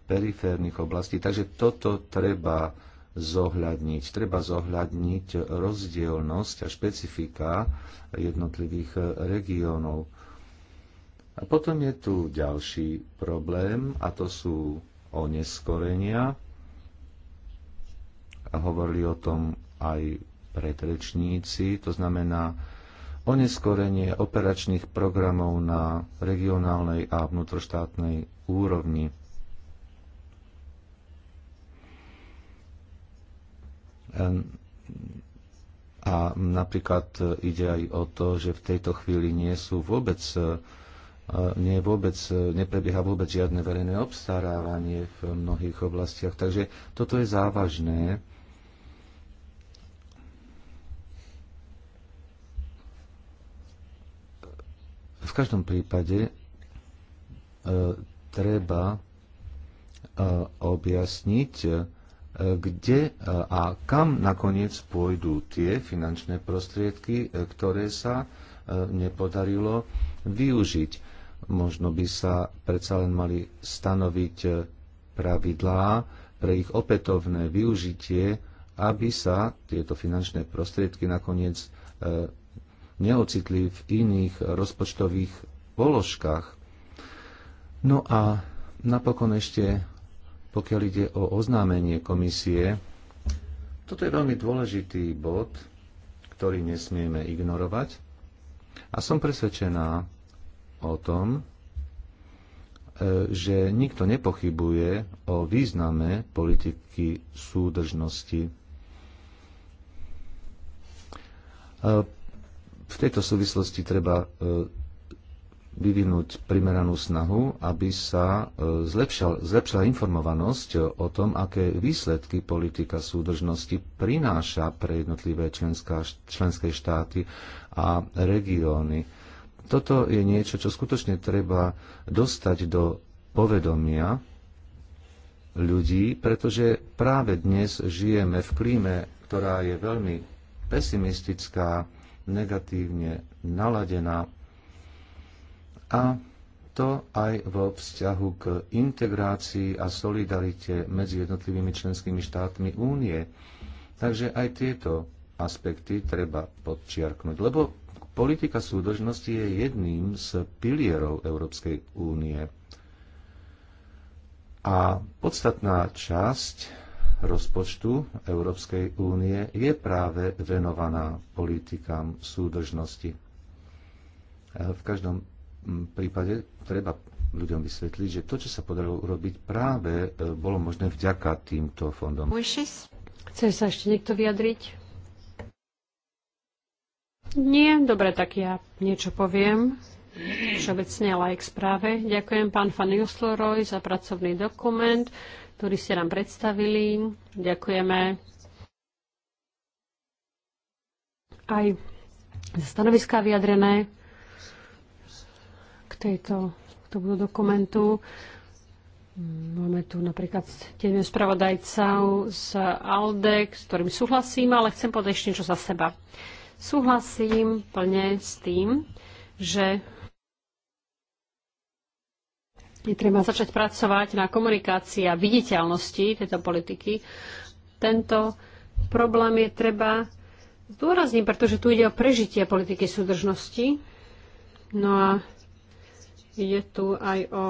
periférnych oblastí. Takže toto treba zohľadniť. Treba zohľadniť rozdielnosť a špecifika jednotlivých e, regiónov. A potom je tu ďalší problém a to sú oneskorenia. A hovorili o tom aj predrečníci, to znamená oneskorenie operačných programov na regionálnej a vnútroštátnej úrovni. A napríklad ide aj o to, že v tejto chvíli nie sú vôbec e, nie vôbec, e, neprebieha vôbec žiadne verejné obstarávanie v mnohých oblastiach. Takže toto je závažné V každom prípade e, treba e, objasniť, e, kde a kam nakoniec pôjdu tie finančné prostriedky, ktoré sa nepodarilo využiť. Možno by sa predsa len mali stanoviť pravidlá pre ich opätovné využitie, aby sa tieto finančné prostriedky nakoniec neocitli v iných rozpočtových položkách. No a napokon ešte, pokiaľ ide o oznámenie komisie, toto je veľmi dôležitý bod, ktorý nesmieme ignorovať. A som presvedčená o tom, e, že nikto nepochybuje o význame politiky súdržnosti. E, v tejto súvislosti treba e, vyvinúť primeranú snahu, aby sa e, zlepšal, zlepšila informovanosť o tom, aké výsledky politika súdržnosti prináša pre jednotlivé členská, členské štáty a regióny. Toto je niečo, čo skutočne treba dostať do povedomia ľudí, pretože práve dnes žijeme v klíme, ktorá je veľmi pesimistická, negatívne naladená. A to aj vo vzťahu k integrácii a solidarite medzi jednotlivými členskými štátmi únie. Takže aj tieto aspekty treba podčiarknúť, lebo politika súdržnosti je jedným z pilierov Európskej únie. A podstatná časť rozpočtu Európskej únie je práve venovaná politikám súdržnosti. V každom mm, prípade treba ľuďom vysvetliť, že to, čo sa podarilo urobiť, práve e, bolo možné vďaka týmto fondom. Chce sa ešte niekto vyjadriť? Nie, dobre, tak ja niečo poviem. Všeobecne like správe. Ďakujem pán Fanny Usloroj za pracovný dokument ktorý ste nám predstavili. Ďakujeme aj za stanoviská vyjadrené k, tejto, k tomu dokumentu. Máme tu napríklad tieňu spravodajca z ALDE, s ktorým súhlasím, ale chcem povedať ešte niečo za seba. Súhlasím plne s tým, že je treba začať pracovať na komunikácii a viditeľnosti tejto politiky. Tento problém je treba zdôrazniť, pretože tu ide o prežitie politiky súdržnosti. No a ide tu aj o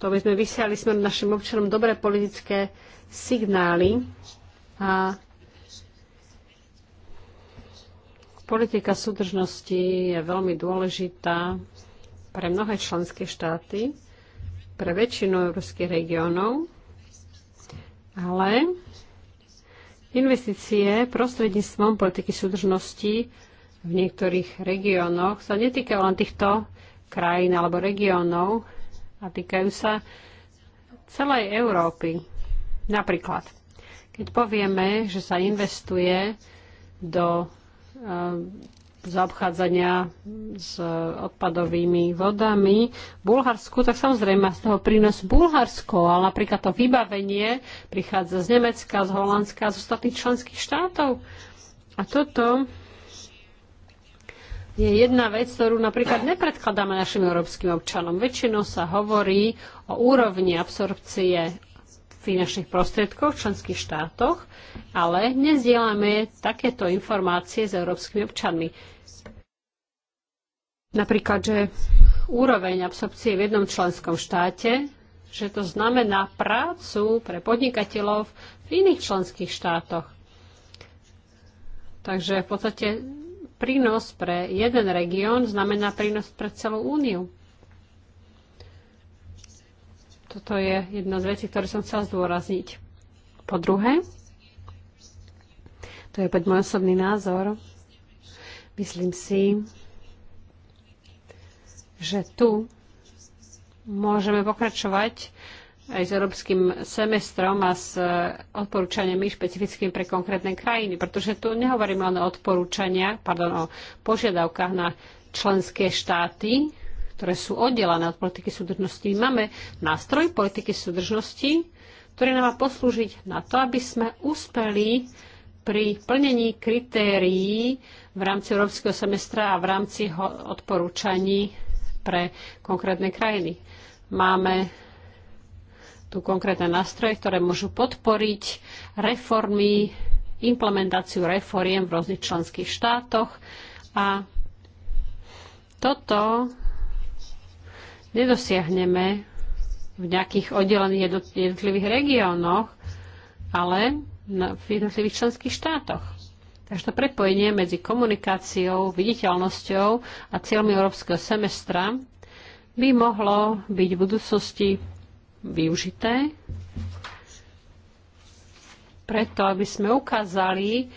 to, aby sme vysiali smer našim občanom dobré politické signály a politika súdržnosti je veľmi dôležitá pre mnohé členské štáty pre väčšinu európskych regiónov, ale investície prostredníctvom politiky súdržnosti v niektorých regiónoch sa netýkajú len týchto krajín alebo regiónov a týkajú sa celej Európy. Napríklad, keď povieme, že sa investuje do zaobchádzania s odpadovými vodami v Bulharsku, tak samozrejme z toho prínos Bulharsko, ale napríklad to vybavenie prichádza z Nemecka, z Holandska, z ostatných členských štátov. A toto je jedna vec, ktorú napríklad nepredkladáme našim európskym občanom. Väčšinou sa hovorí o úrovni absorpcie finančných prostriedkoch v členských štátoch, ale nezdielame takéto informácie s európskymi občanmi. Napríklad, že úroveň absorpcie v jednom členskom štáte, že to znamená prácu pre podnikateľov v iných členských štátoch. Takže v podstate prínos pre jeden región znamená prínos pre celú úniu. Toto je jedna z vecí, ktoré som chcela zdôrazniť. Po druhé, to je opäť môj osobný názor, myslím si, že tu môžeme pokračovať aj s európskym semestrom a s e, odporúčaniami špecifickým pre konkrétne krajiny, pretože tu nehovoríme len o odporúčaniach, pardon, o požiadavkách na členské štáty, ktoré sú oddelené od politiky súdržnosti. Máme nástroj politiky súdržnosti, ktorý nám má poslúžiť na to, aby sme uspeli pri plnení kritérií v rámci Európskeho semestra a v rámci odporúčaní pre konkrétne krajiny. Máme tu konkrétne nástroje, ktoré môžu podporiť reformy, implementáciu reforiem v rôznych členských štátoch a toto nedosiahneme v nejakých oddelených jednotlivých regiónoch, ale v jednotlivých členských štátoch. Takže to prepojenie medzi komunikáciou, viditeľnosťou a cieľmi európskeho semestra by mohlo byť v budúcnosti využité preto, aby sme ukázali,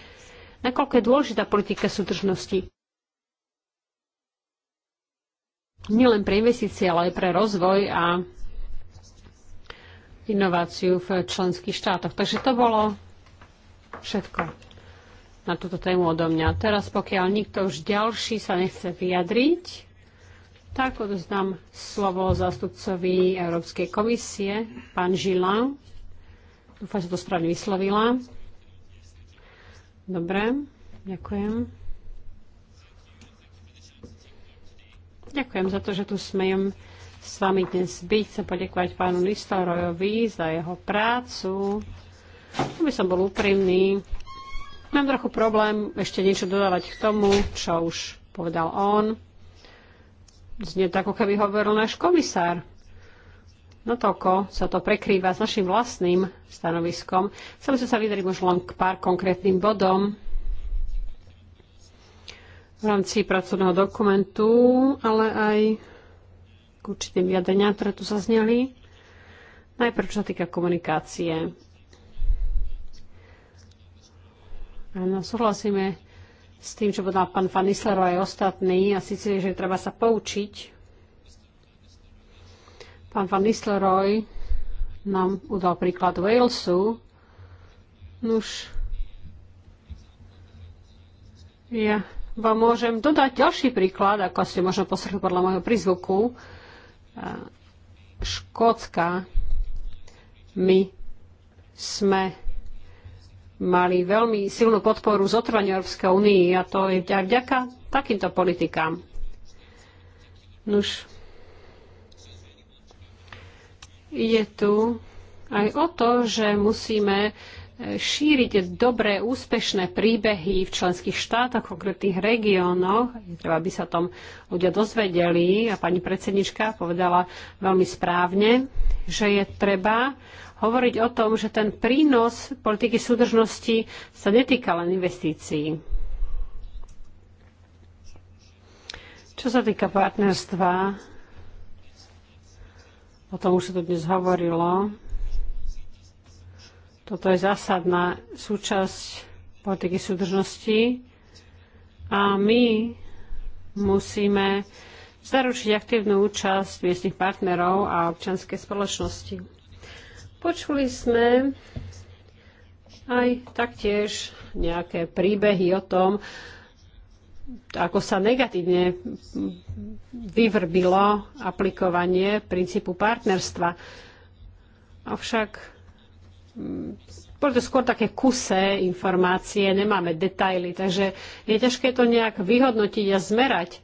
nakoľko je dôležitá politika súdržnosti. nielen pre investície, ale aj pre rozvoj a inováciu v členských štátoch. Takže to bolo všetko na túto tému odo mňa. Teraz, pokiaľ nikto už ďalší sa nechce vyjadriť, tak odoznám slovo zástupcovi Európskej komisie, pán Žila. Dúfam, že to správne vyslovila. Dobre, ďakujem. Ďakujem za to, že tu smiem s vami dnes byť. Chcem poďakovať pánu Nistorojovi za jeho prácu. Aby som bol úprimný, mám trochu problém ešte niečo dodávať k tomu, čo už povedal on. Znie tak, ako keby hovoril náš komisár. No toľko sa to prekrýva s našim vlastným stanoviskom. Chcem sa vyjadriť možno len k pár konkrétnym bodom v rámci pracovného dokumentu, ale aj k určitým vyjadreniam, ktoré tu zazneli. Najprv, čo sa týka komunikácie. Áno, súhlasíme s tým, čo povedal pán Fanislero aj ostatní, a síce, že treba sa poučiť. Pán Van Nistelrooy nám udal príklad Walesu. Nuž, ja vám môžem dodať ďalší príklad, ako ste možno posrchli podľa môjho prízvuku. E, Škótska. My sme mali veľmi silnú podporu zotrvania Európskej únii a to je vďaka takýmto politikám. Nuž, ide tu aj o to, že musíme šíriť dobré, úspešné príbehy v členských štátoch, v konkrétnych regiónoch. Treba by sa tom ľudia dozvedeli a pani predsednička povedala veľmi správne, že je treba hovoriť o tom, že ten prínos politiky súdržnosti sa netýka len investícií. Čo sa týka partnerstva, o tom už sa to dnes hovorilo, toto je zásadná súčasť politiky súdržnosti a my musíme zaručiť aktívnu účasť miestnych partnerov a občianskej spoločnosti. Počuli sme aj taktiež nejaké príbehy o tom, ako sa negatívne vyvrbilo aplikovanie princípu partnerstva. Avšak boli to skôr také kuse informácie, nemáme detaily, takže je ťažké to nejak vyhodnotiť a zmerať.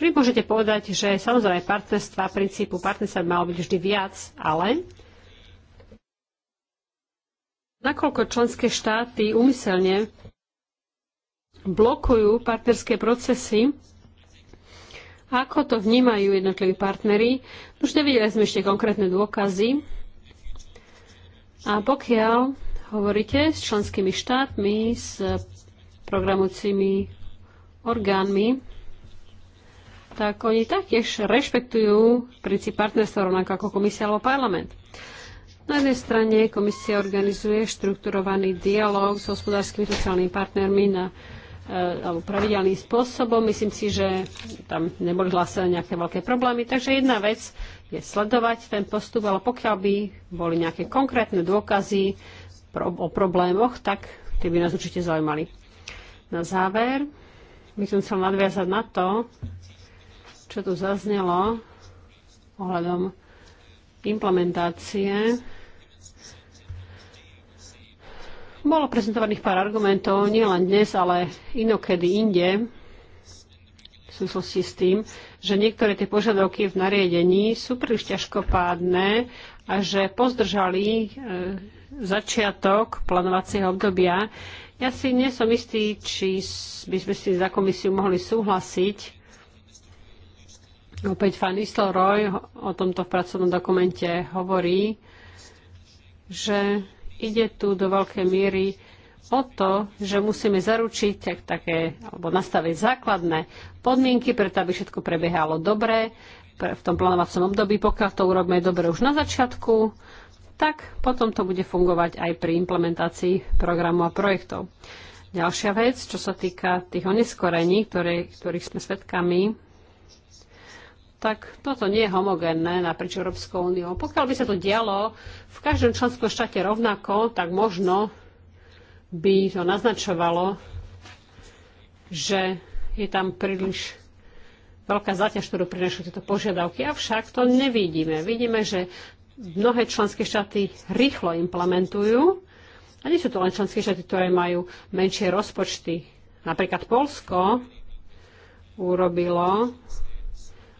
Vy môžete povedať, že samozrejme partnerstva, princípu partnerstva malo byť vždy viac, ale nakoľko členské štáty umyselne blokujú partnerské procesy, ako to vnímajú jednotliví partnery, už nevideli sme ešte konkrétne dôkazy, a pokiaľ hovoríte s členskými štátmi, s programujúcimi orgánmi, tak oni taktiež rešpektujú princíp partnerstva rovnako ako komisia alebo parlament. Na jednej strane komisia organizuje štrukturovaný dialog s hospodárskymi sociálnymi partnermi na e, alebo pravidelným spôsobom. Myslím si, že tam neboli hlásené nejaké veľké problémy. Takže jedna vec je sledovať ten postup, ale pokiaľ by boli nejaké konkrétne dôkazy pro, o problémoch, tak tie by nás určite zaujímali. Na záver by som chcel nadviazať na to, čo tu zaznelo ohľadom implementácie. Bolo prezentovaných pár argumentov, nielen dnes, ale inokedy inde, v súvislosti s tým, že niektoré tie požiadavky v nariadení sú príliš ťažkopádne a že pozdržali e, začiatok plánovacieho obdobia. Ja si nie som istý, či by sme si za komisiu mohli súhlasiť. Opäť pán Roy o tomto v pracovnom dokumente hovorí, že ide tu do veľkej miery o to, že musíme zaručiť tak, také, alebo nastaviť základné podmienky, preto aby všetko prebiehalo dobre pre, v tom plánovacom období. Pokiaľ to urobíme dobre už na začiatku, tak potom to bude fungovať aj pri implementácii programu a projektov. Ďalšia vec, čo sa týka tých oneskorení, ktoré, ktorých sme svedkami, tak toto nie je homogénne naprieč Európskou úniou. Pokiaľ by sa to dialo v každom členskom štáte rovnako, tak možno by to naznačovalo, že je tam príliš veľká záťaž, ktorú prinašajú tieto požiadavky. Avšak to nevidíme. Vidíme, že mnohé členské štáty rýchlo implementujú a nie sú to len členské štáty, ktoré majú menšie rozpočty. Napríklad Polsko urobilo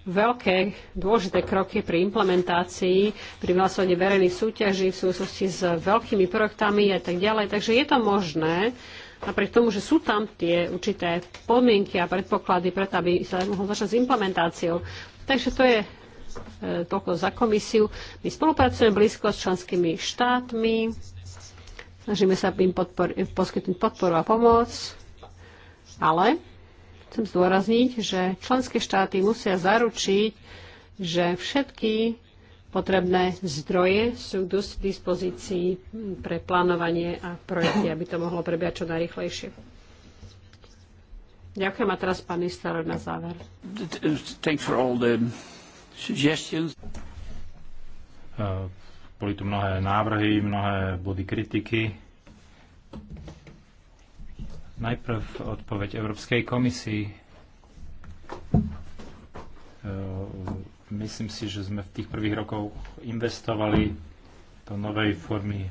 veľké dôležité kroky pri implementácii, pri vlastne verejných súťaží v súvislosti s veľkými projektami a tak ďalej. Takže je to možné, napriek tomu, že sú tam tie určité podmienky a predpoklady, preto aby sa mohlo začať s implementáciou. Takže to je e, toľko za komisiu. My spolupracujeme blízko s členskými štátmi, snažíme sa im podpor- poskytnúť podporu a pomoc, ale Chcem zdôrazniť, že členské štáty musia zaručiť, že všetky potrebné zdroje sú dosť k dispozícii pre plánovanie a projekty, aby to mohlo prebiať čo najrychlejšie. Ďakujem a teraz pán Starov na záver. Boli tu mnohé návrhy, mnohé body kritiky. Najprv odpoveď Európskej komisii. E, myslím si, že sme v tých prvých rokoch investovali do novej formy e,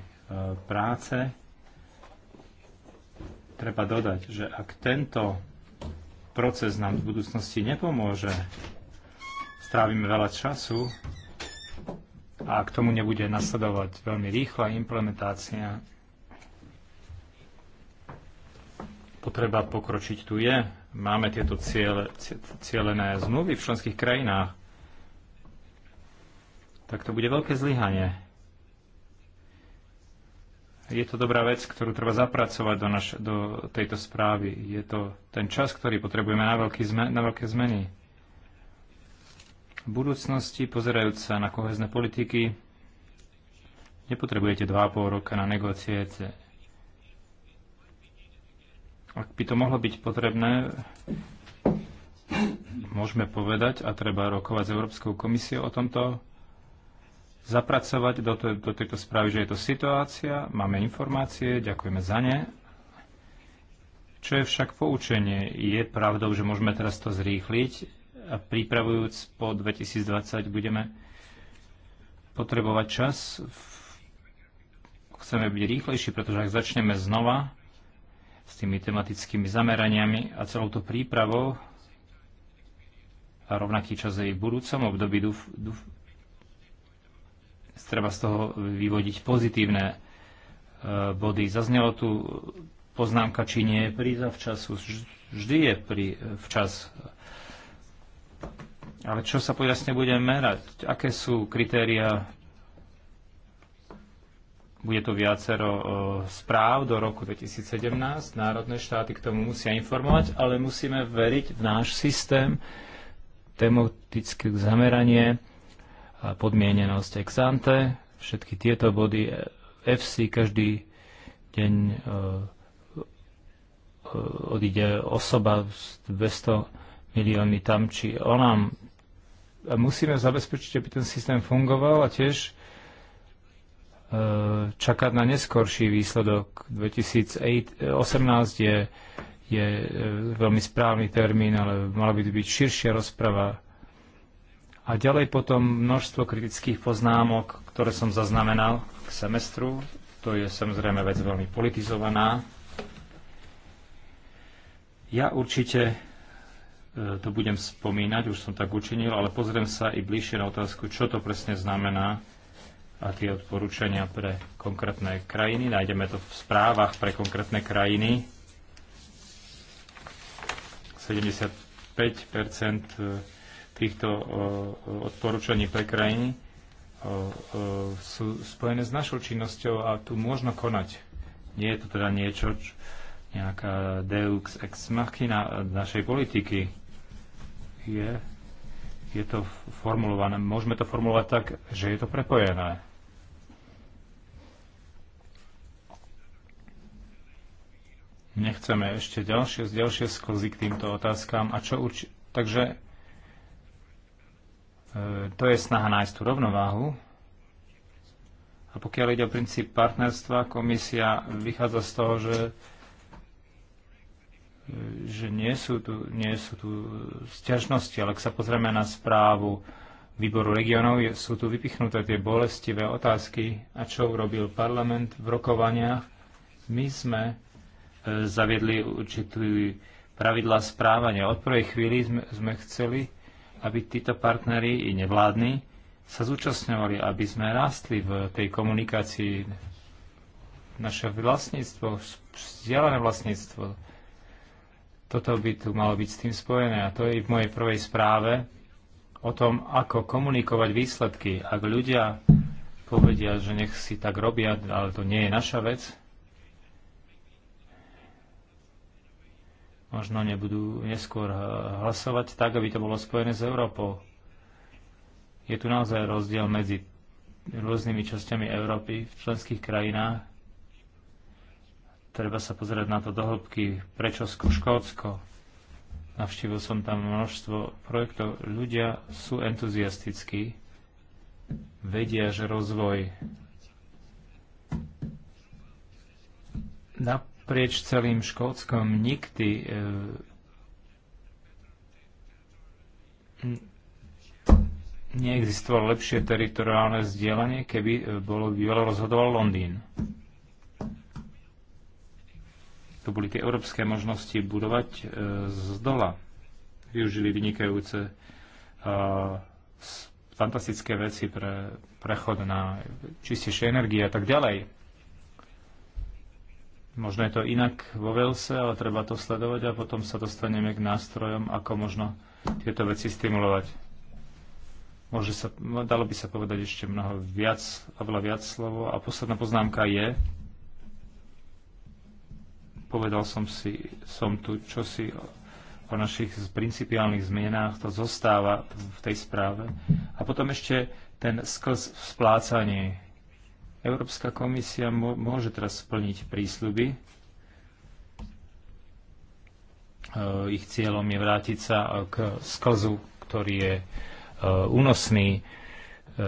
práce. Treba dodať, že ak tento proces nám v budúcnosti nepomôže, strávime veľa času a k tomu nebude nasledovať veľmi rýchla implementácia Potreba pokročiť tu je. Máme tieto ciele, cielené zmluvy v členských krajinách. Tak to bude veľké zlyhanie. Je to dobrá vec, ktorú treba zapracovať do, naš, do tejto správy. Je to ten čas, ktorý potrebujeme na, zme, na veľké zmeny. V budúcnosti, pozerajúc sa na kohezné politiky, nepotrebujete 2,5 roka na negociácie ak by to mohlo byť potrebné, môžeme povedať, a treba rokovať s Európskou komisiou o tomto, zapracovať do, te, do tejto správy, že je to situácia, máme informácie, ďakujeme za ne. Čo je však poučenie? Je pravdou, že môžeme teraz to zrýchliť a pripravujúc po 2020 budeme potrebovať čas. Chceme byť rýchlejší, pretože ak začneme znova, s tými tematickými zameraniami a celou to prípravou a rovnaký čas aj v budúcom období duf, duf, treba z toho vyvodiť pozitívne e, body. Zaznelo tu poznámka, či nie je príza času, Vždy je pri, e, včas. Ale čo sa pojasne bude merať? Aké sú kritéria bude tu viacero e, správ do roku 2017. Národné štáty k tomu musia informovať, ale musíme veriť v náš systém, tematické zameranie, podmienenosť ex ante, všetky tieto body e, FC každý deň e, odíde osoba s 200 miliónmi tam či onám. A musíme zabezpečiť, aby ten systém fungoval a tiež E, čakať na neskorší výsledok. 2018 je, je e, veľmi správny termín, ale mala by byť širšia rozprava. A ďalej potom množstvo kritických poznámok, ktoré som zaznamenal k semestru. To je samozrejme vec veľmi politizovaná. Ja určite e, to budem spomínať, už som tak učinil, ale pozriem sa i bližšie na otázku, čo to presne znamená a tie odporúčania pre konkrétne krajiny. Nájdeme to v správach pre konkrétne krajiny. 75 e, týchto e, odporúčaní pre krajiny e, sú spojené s našou činnosťou a tu možno konať. Nie je to teda niečo, nejaká deux ex machina našej politiky. Je, je to formulované, môžeme to formulovať tak, že je to prepojené. Nechceme ešte ďalšie, ďalšie sklzy k týmto otázkam. A čo urči... Takže e, to je snaha nájsť tú rovnováhu. A pokiaľ ide o princíp partnerstva, komisia vychádza z toho, že e, že nie sú tu, nie sú tu stiažnosti, ale ak sa pozrieme na správu výboru regionov, sú tu vypichnuté tie bolestivé otázky a čo urobil parlament v rokovaniach. My sme E, zaviedli určitú pravidlá správania. Od prvej chvíli sme, sme chceli, aby títo partnery i nevládni sa zúčastňovali, aby sme rástli v tej komunikácii naše vlastníctvo, vzdialené vlastníctvo. Toto by tu malo byť s tým spojené a to je v mojej prvej správe o tom, ako komunikovať výsledky. Ak ľudia povedia, že nech si tak robia, ale to nie je naša vec, možno nebudú neskôr eh, hlasovať tak, aby to bolo spojené s Európou. Je tu naozaj rozdiel medzi rôznymi časťami Európy v členských krajinách. Treba sa pozrieť na to dohlbky. Prečo Škótsko? Navštívil som tam množstvo projektov. Ľudia sú entuziastickí. Vedia, že rozvoj na naprieč celým Škótskom nikdy eh, neexistovalo lepšie teritoriálne vzdielanie, keby eh, bolo bývalo rozhodoval Londýn. To boli tie európske možnosti budovať e, z dola. Využili vynikajúce e, fantastické veci pre prechod na čistejšie energie a tak ďalej. Možno je to inak vo Velse, ale treba to sledovať a potom sa dostaneme k nástrojom, ako možno tieto veci stimulovať. Môže sa, dalo by sa povedať ešte mnoho viac, a veľa viac slovo. A posledná poznámka je, povedal som si, som tu čosi o, o našich principiálnych zmienách to zostáva v tej správe. A potom ešte ten sklz v splácaní. Európska komisia môže teraz splniť prísľuby. E, ich cieľom je vrátiť sa e, k sklzu, ktorý je e, únosný 2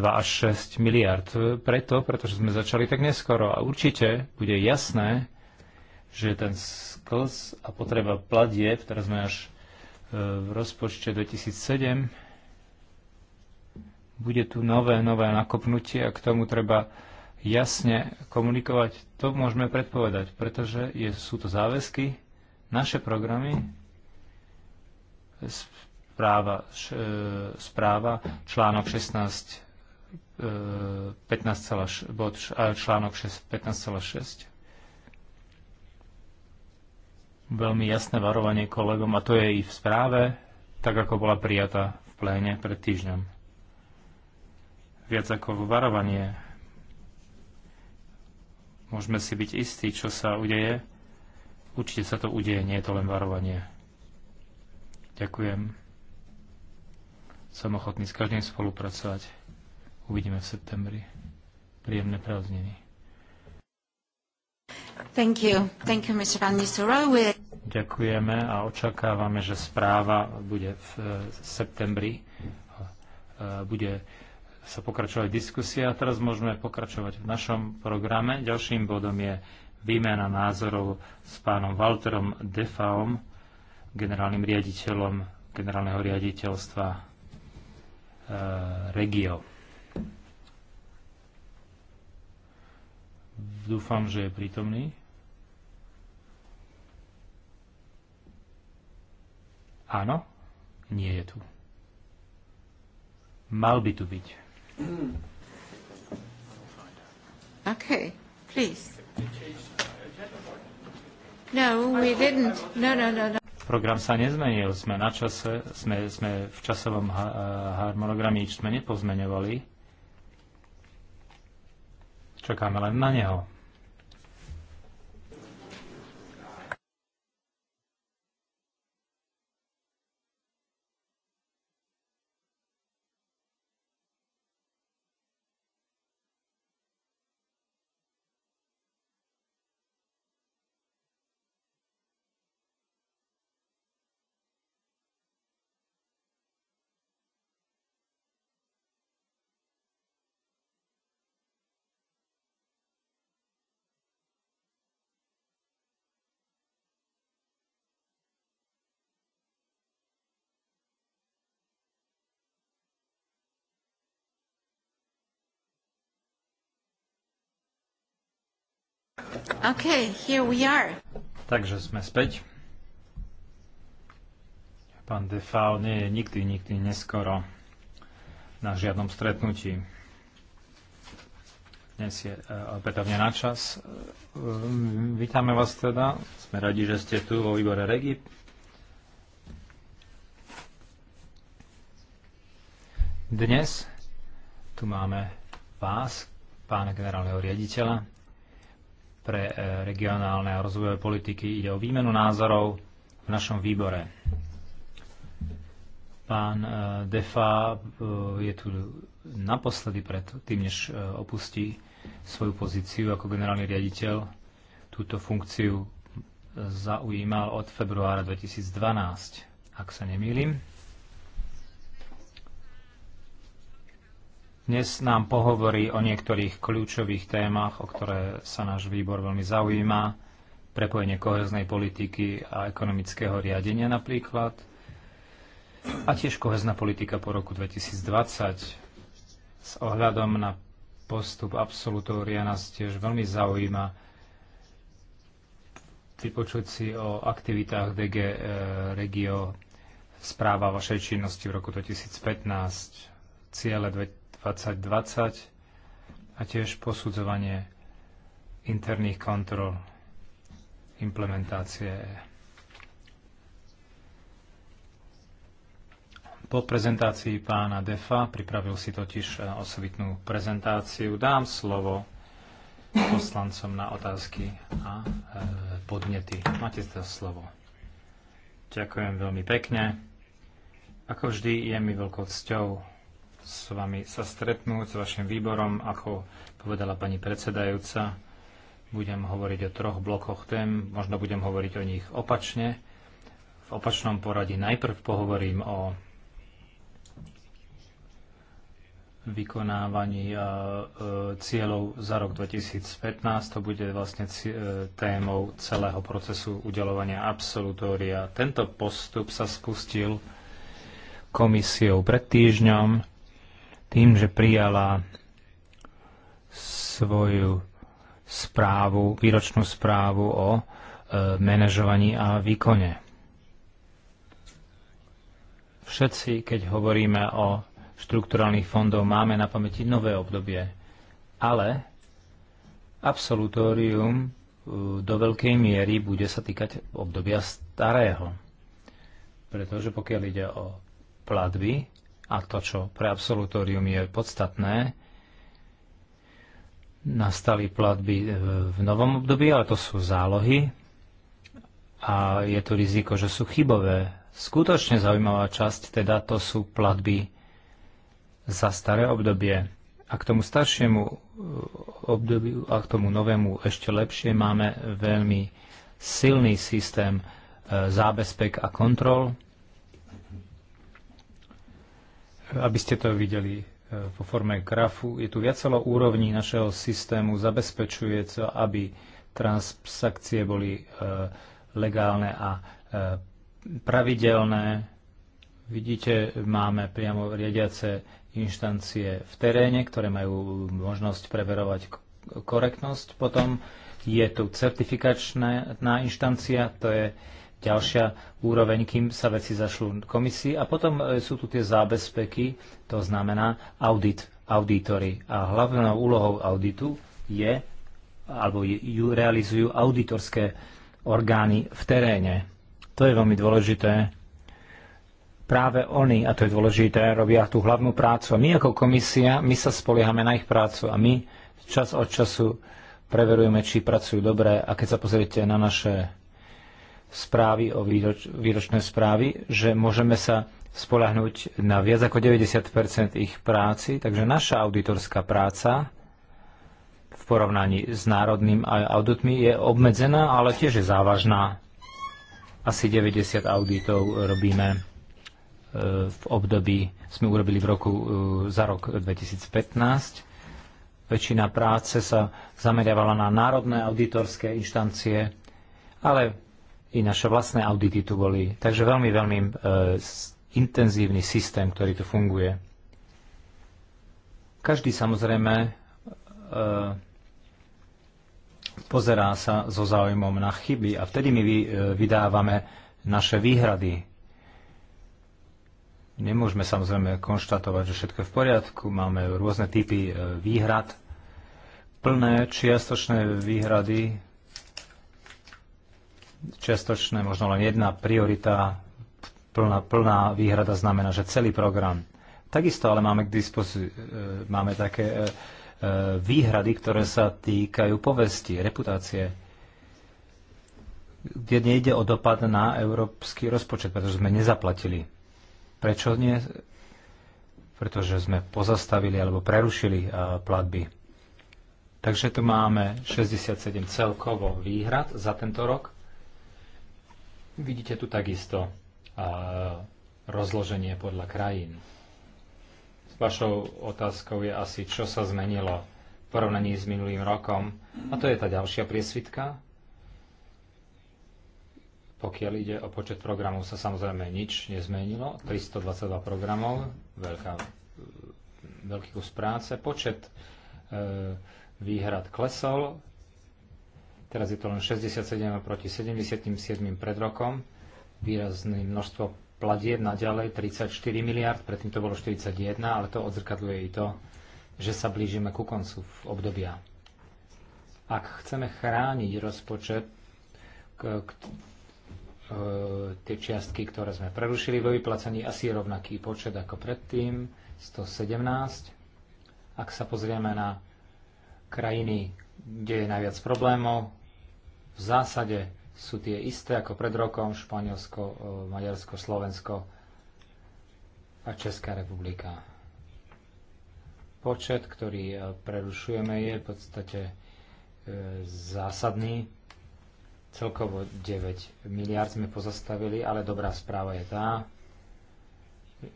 až 6 miliard. Preto, pretože sme začali tak neskoro. A určite bude jasné, že ten sklz a potreba platie, teraz sme až v rozpočte 2007, bude tu nové, nové nakopnutie a k tomu treba jasne komunikovať. To môžeme predpovedať, pretože je, sú to záväzky, naše programy, správa, š, e, správa článok 16 15, e, bod, e, článok 15,6 veľmi jasné varovanie kolegom a to je i v správe, tak ako bola prijatá v pléne pred týždňom viac ako varovanie. Môžeme si byť istí, čo sa udeje. Určite sa to udeje, nie je to len varovanie. Ďakujem. Som ochotný s každým spolupracovať. Uvidíme v septembri. Príjemné prázdniny. Thank you. Thank you, Mr. Van Ďakujeme a očakávame, že správa bude v eh, septembri. Eh, bude sa pokračovať diskusia. Teraz môžeme pokračovať v našom programe. Ďalším bodom je výmena názorov s pánom Walterom Defaom, generálnym riaditeľom generálneho riaditeľstva e, Regio. Dúfam, že je prítomný. Áno, nie je tu. Mal by tu byť. Okay, please. No, we didn't. No, no, no, no. Program sa nezmenil, sme na čase, sme, sme v časovom eh, harmonograme nič sme nepozmeňovali. Čakáme len na neho. Okay, here we are. Takže sme späť. Pán Defao nie je nikdy, nikdy neskoro na žiadnom stretnutí. Dnes je eh, opätovne na čas. Eh, vítame vás teda. Sme radi, že ste tu vo výbore Regi. Dnes tu máme vás, pána generálneho riaditeľa, pre e, regionálne a rozvojové politiky. Ide o výmenu názorov v našom výbore. Pán e, Defa e, je tu naposledy pred tým, než opustí svoju pozíciu ako generálny riaditeľ. Túto funkciu zaujímal od februára 2012, ak sa nemýlim. Dnes nám pohovorí o niektorých kľúčových témach, o ktoré sa náš výbor veľmi zaujíma. Prepojenie koheznej politiky a ekonomického riadenia napríklad. A tiež kohezná politika po roku 2020 s ohľadom na postup absolutória nás tiež veľmi zaujíma vypočuť si o aktivitách DG eh, Regio správa vašej činnosti v roku 2015, ciele 2020 a tiež posudzovanie interných kontrol implementácie. E. Po prezentácii pána Defa pripravil si totiž e, osobitnú prezentáciu. Dám slovo poslancom na otázky a e, podnety. Máte to slovo. Ďakujem veľmi pekne. Ako vždy je mi veľkou cťou s vami sa stretnúť, s vašim výborom. Ako povedala pani predsedajúca, budem hovoriť o troch blokoch tém, možno budem hovoriť o nich opačne. V opačnom poradí najprv pohovorím o vykonávaní e, e, cieľov za rok 2015. To bude vlastne e, témou celého procesu udelovania absolutória. Tento postup sa spustil komisiou pred týždňom tým, že prijala svoju správu, výročnú správu o e, manažovaní a výkone. Všetci, keď hovoríme o štrukturálnych fondoch máme na pamäti nové obdobie, ale absolutórium e, do veľkej miery bude sa týkať obdobia starého. Pretože pokiaľ ide o platby, a to, čo pre absolutórium je podstatné, nastali platby v novom období, ale to sú zálohy a je tu riziko, že sú chybové. Skutočne zaujímavá časť, teda to sú platby za staré obdobie. A k tomu staršiemu e, obdobiu a k tomu novému ešte lepšie máme veľmi silný systém e, zábezpek a kontrol. aby ste to videli e, vo forme grafu. Je tu viacelo úrovní našeho systému zabezpečuje, to, aby transakcie boli e, legálne a e, pravidelné. Vidíte, máme priamo riadiace inštancie v teréne, ktoré majú možnosť preverovať korektnosť. Potom je tu certifikačná inštancia, to je ďalšia úroveň, kým sa veci zašlú komisii. A potom e, sú tu tie zábezpeky, to znamená audit, auditory. A hlavnou úlohou auditu je, alebo ju realizujú auditorské orgány v teréne. To je veľmi dôležité. Práve oni, a to je dôležité, robia tú hlavnú prácu. A my ako komisia, my sa spoliehame na ich prácu a my čas od času preverujeme, či pracujú dobre a keď sa pozriete na naše správy o výroč, výročné správy, že môžeme sa spolahnúť na viac ako 90 ich práci, takže naša auditorská práca v porovnaní s národným auditmi je obmedzená, ale tiež je závažná. Asi 90 auditov robíme e, v období, sme urobili v roku, e, za rok 2015. Väčšina práce sa zameriavala na národné auditorské inštancie, ale i naše vlastné audity tu boli. Takže veľmi, veľmi e, intenzívny systém, ktorý tu funguje. Každý samozrejme e, pozerá sa so záujmom na chyby a vtedy my vy, e, vydávame naše výhrady. Nemôžeme samozrejme konštatovať, že všetko je v poriadku. Máme rôzne typy e, výhrad, plné čiastočné výhrady, čiastočné, možno len jedna priorita, plná, plná výhrada znamená, že celý program. Takisto ale máme k dispozícii, e, máme také e, e, výhrady, ktoré sa týkajú povesti, reputácie, kde nejde o dopad na európsky rozpočet, pretože sme nezaplatili. Prečo nie? Pretože sme pozastavili alebo prerušili platby. Takže tu máme 67 celkovo výhrad za tento rok Vidíte tu takisto rozloženie podľa krajín. Vašou otázkou je asi, čo sa zmenilo v porovnaní s minulým rokom. A to je tá ďalšia priesvitka. Pokiaľ ide o počet programov, sa samozrejme nič nezmenilo. 322 programov, veľká, veľký kus práce. Počet e, výhrad klesol, Teraz je to len 67 proti 77 pred rokom. Výrazné množstvo platieb naďalej, 34 miliard, predtým to bolo 41, ale to odzrkadluje i to, že sa blížime ku koncu v obdobia. Ak chceme chrániť rozpočet, k, k, e, tie čiastky, ktoré sme prerušili vo vyplacení, asi je rovnaký počet ako predtým, 117. Ak sa pozrieme na krajiny, kde je najviac problémov, v zásade sú tie isté ako pred rokom Španielsko, e, Maďarsko, Slovensko a Česká republika. Počet, ktorý e, prerušujeme, je v podstate e, zásadný. Celkovo 9 miliard sme pozastavili, ale dobrá správa je tá,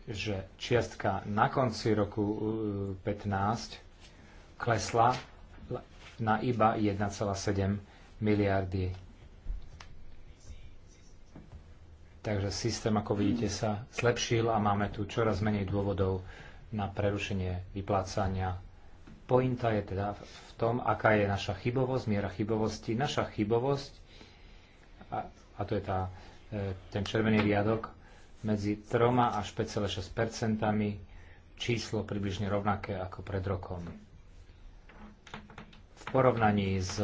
že čiastka na konci roku 15 klesla na iba 1,7 miliardy. Takže systém, ako vidíte, sa zlepšil a máme tu čoraz menej dôvodov na prerušenie vyplácania. Pointa je teda v tom, aká je naša chybovosť, miera chybovosti. Naša chybovosť, a, a to je tá, e, ten červený riadok, medzi 3 až 5,6 číslo približne rovnaké ako pred rokom. V porovnaní s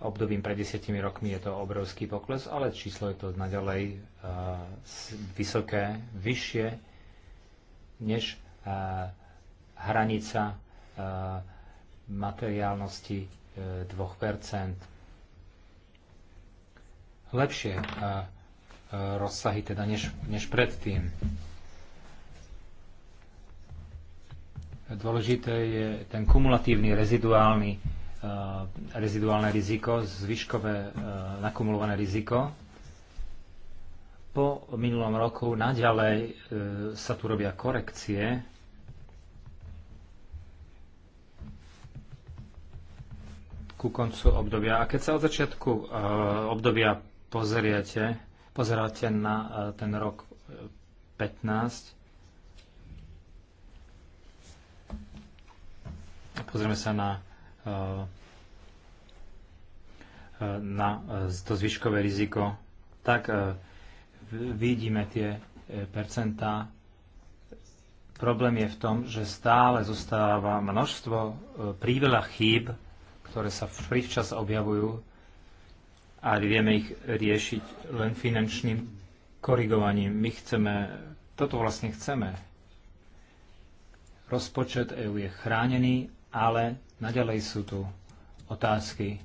obdobím pred desiatimi rokmi je to obrovský pokles, ale číslo je to naďalej eh, vysoké, vyššie než eh, hranica eh, materiálnosti 2%. Lepšie rozsahy teda než, než predtým. Dôležité je ten kumulatívny reziduálny Eh, reziduálne riziko, zvyškové eh, nakumulované riziko. Po minulom roku naďalej eh, sa tu robia korekcie. ku koncu obdobia. A keď sa od začiatku obdobia pozeriete, pozeráte na ten rok 15, pozrieme sa na Eh, na eh, to zvyškové riziko, tak eh, vidíme tie percentá. Problém je v tom, že stále zostáva množstvo príveľa chýb, ktoré sa včas objavujú a vieme ich riešiť len finančným korigovaním. My chceme, toto vlastne chceme. Rozpočet EU je chránený, ale Naďalej sú tu otázky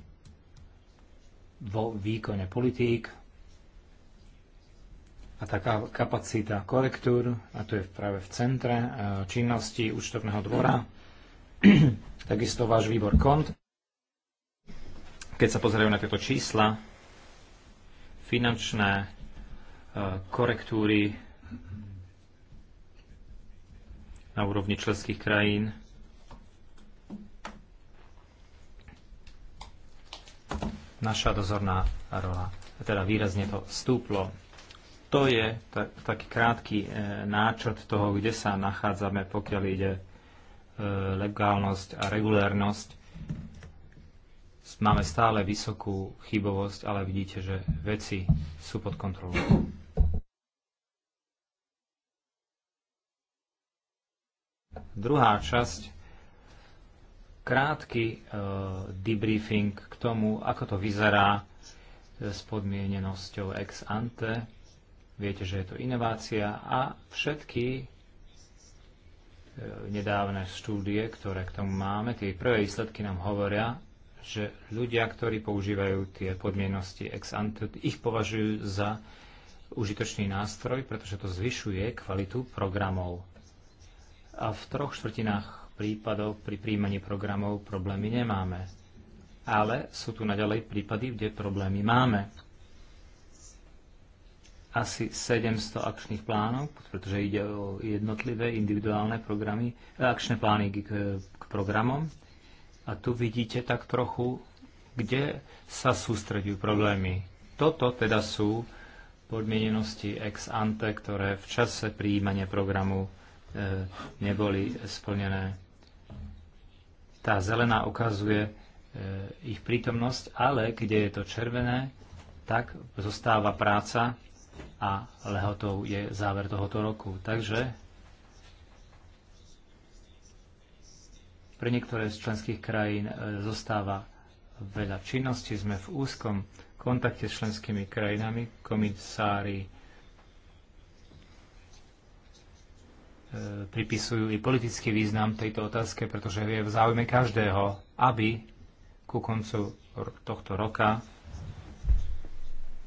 vo výkone politík a taká kapacita korektúr, a to je práve v centre e, činnosti účtovného dvora, <clears throat> takisto váš výbor kont. Keď sa pozerajú na tieto čísla, finančné e, korektúry na úrovni členských krajín Naša dozorná rola teda výrazne to stúplo. To je taký krátky e, náčrt toho, kde sa nachádzame, pokiaľ ide e, legálnosť a regulérnosť. Máme stále vysokú chybovosť, ale vidíte, že veci sú pod kontrolou. Druhá časť krátky e, debriefing k tomu, ako to vyzerá e, s podmienenosťou ex ante. Viete, že je to inovácia a všetky e, nedávne štúdie, ktoré k tomu máme, tie prvé výsledky nám hovoria, že ľudia, ktorí používajú tie podmienosti ex ante, ich považujú za užitočný nástroj, pretože to zvyšuje kvalitu programov. A v troch štvrtinách prípadov pri príjmaní programov problémy nemáme. Ale sú tu naďalej prípady, kde problémy máme. Asi 700 akčných plánov, pretože ide o jednotlivé individuálne programy, eh, akčné plány k, k programom. A tu vidíte tak trochu, kde sa sústredujú problémy. Toto teda sú podmienenosti ex ante, ktoré v čase príjmania programu eh, neboli splnené. Tá zelená ukazuje e, ich prítomnosť, ale kde je to červené, tak zostáva práca a lehotou je záver tohoto roku. Takže pre niektoré z členských krajín e, zostáva veľa činností. Sme v úzkom kontakte s členskými krajinami. Komisári pripisujú i politický význam tejto otázke, pretože je v záujme každého, aby ku koncu tohto roka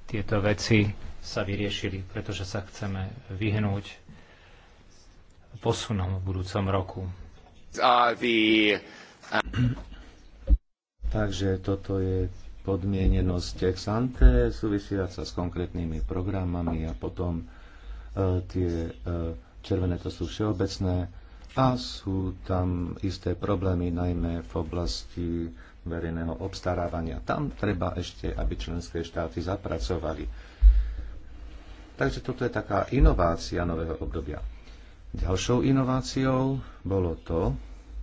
tieto veci sa vyriešili, pretože sa chceme vyhnúť posunom v budúcom roku. Takže toto je podmienenosť ex ante súvisiaca s konkrétnymi programami a potom uh, tie uh, červené to sú všeobecné a sú tam isté problémy, najmä v oblasti verejného obstarávania. Tam treba ešte, aby členské štáty zapracovali. Takže toto je taká inovácia nového obdobia. Ďalšou inováciou bolo to,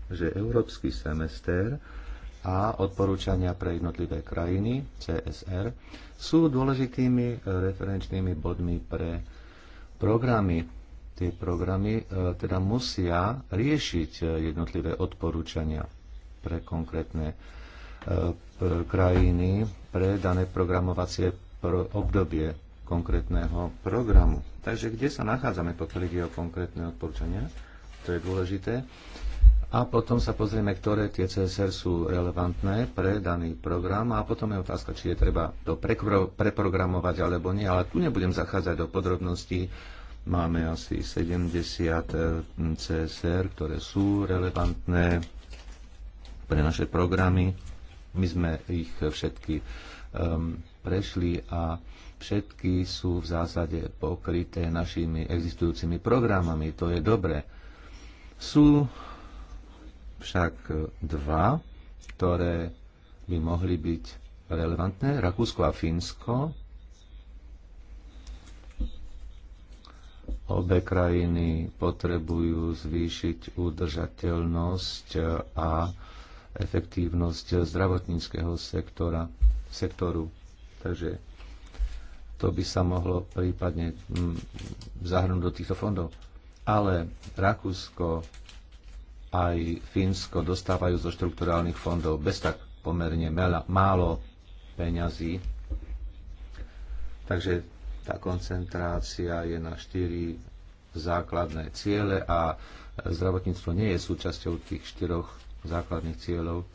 že európsky semester a odporúčania pre jednotlivé krajiny, CSR, sú dôležitými referenčnými bodmi pre programy tie programy e, teda musia riešiť e, jednotlivé odporúčania pre konkrétne e, krajiny pre dané programovacie obdobie konkrétneho programu. Takže kde sa nachádzame, pokiaľ ide o konkrétne odporúčania, to je dôležité. A potom sa pozrieme, ktoré tie CSR sú relevantné pre daný program a potom je otázka, či je treba to preprogramovať alebo nie, ale tu nebudem zachádzať do podrobností Máme asi 70 e, CSR, ktoré sú relevantné pre naše programy. My sme ich všetky um, prešli a všetky sú v zásade pokryté našimi existujúcimi programami. To je dobré. Sú však dva, ktoré by mohli byť relevantné, Rakúsko a Fínsko. Obe krajiny potrebujú zvýšiť udržateľnosť a efektívnosť zdravotníckého sektora, sektoru. Takže to by sa mohlo prípadne mm, zahrnúť do týchto fondov. Ale Rakúsko aj Fínsko dostávajú zo štrukturálnych fondov bez tak pomerne málo peňazí. Takže tá koncentrácia je na štyri základné ciele a zdravotníctvo nie je súčasťou tých štyroch základných cieľov.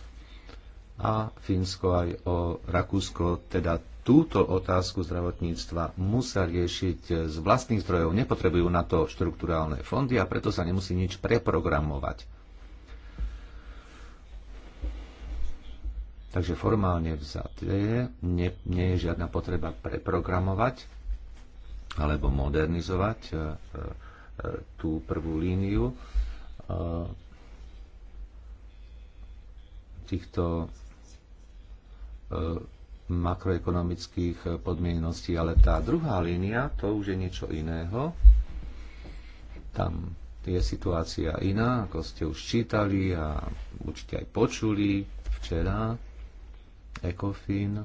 A Fínsko aj o Rakúsko teda túto otázku zdravotníctva musia riešiť z vlastných zdrojov. Nepotrebujú na to štruktúrálne fondy a preto sa nemusí nič preprogramovať. Takže formálne vzaté nie, nie je žiadna potreba preprogramovať alebo modernizovať e, e, tú prvú líniu e, týchto makroekonomických podmieností, ale tá druhá línia, to už je niečo iného. Tam je situácia iná, ako ste už čítali a určite aj počuli včera. ECOFIN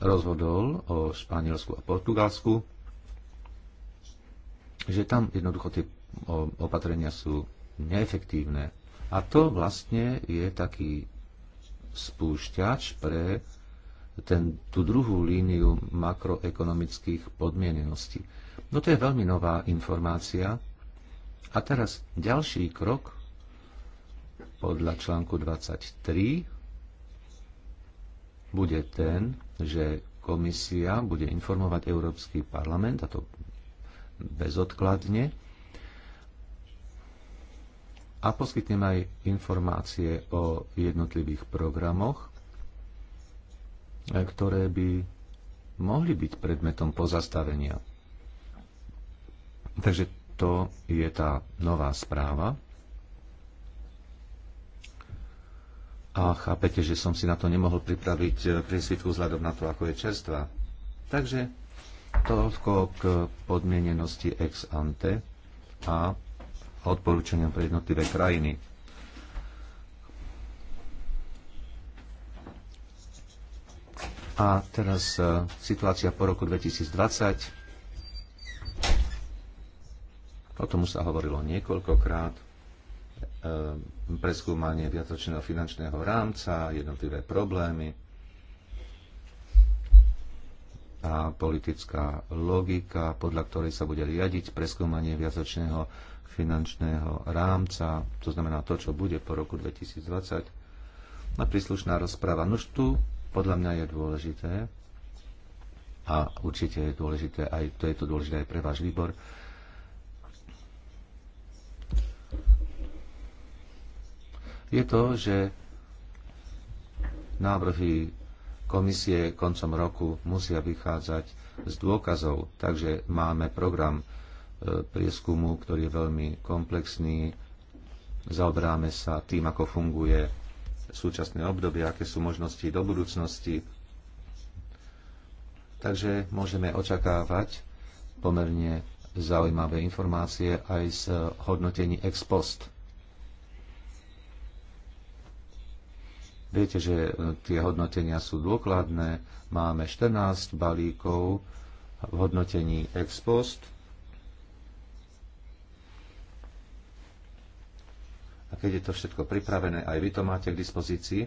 rozhodol o Španielsku a Portugalsku, že tam jednoducho tie opatrenia sú neefektívne. A to vlastne je taký spúšťač pre ten, tú druhú líniu makroekonomických podmieneností. No to je veľmi nová informácia. A teraz ďalší krok podľa článku 23 bude ten, že komisia bude informovať Európsky parlament, a to bezodkladne, a poskytnem aj informácie o jednotlivých programoch, ktoré by mohli byť predmetom pozastavenia. Takže to je tá nová správa, A chápete, že som si na to nemohol pripraviť e, prísvitku vzhľadom na to, ako je čerstvá. Takže toľko k podmienenosti ex ante a odporúčaniam pre jednotlivé krajiny. A teraz e, situácia po roku 2020. O tom sa hovorilo niekoľkokrát. Ehm, preskúmanie viacročného finančného rámca, jednotlivé problémy a politická logika, podľa ktorej sa bude riadiť preskúmanie viacročného finančného rámca, to znamená to, čo bude po roku 2020, na príslušná rozpráva. Nož tu podľa mňa je dôležité a určite je dôležité aj, to je to dôležité aj pre váš výbor, je to, že návrhy komisie koncom roku musia vychádzať z dôkazov. Takže máme program e, prieskumu, ktorý je veľmi komplexný. Zaoberáme sa tým, ako funguje súčasné obdobie, aké sú možnosti do budúcnosti. Takže môžeme očakávať pomerne zaujímavé informácie aj z hodnotení ex post. Viete, že e, tie hodnotenia sú dôkladné. Máme 14 balíkov v hodnotení ex post. A keď je to všetko pripravené, aj vy to máte k dispozícii.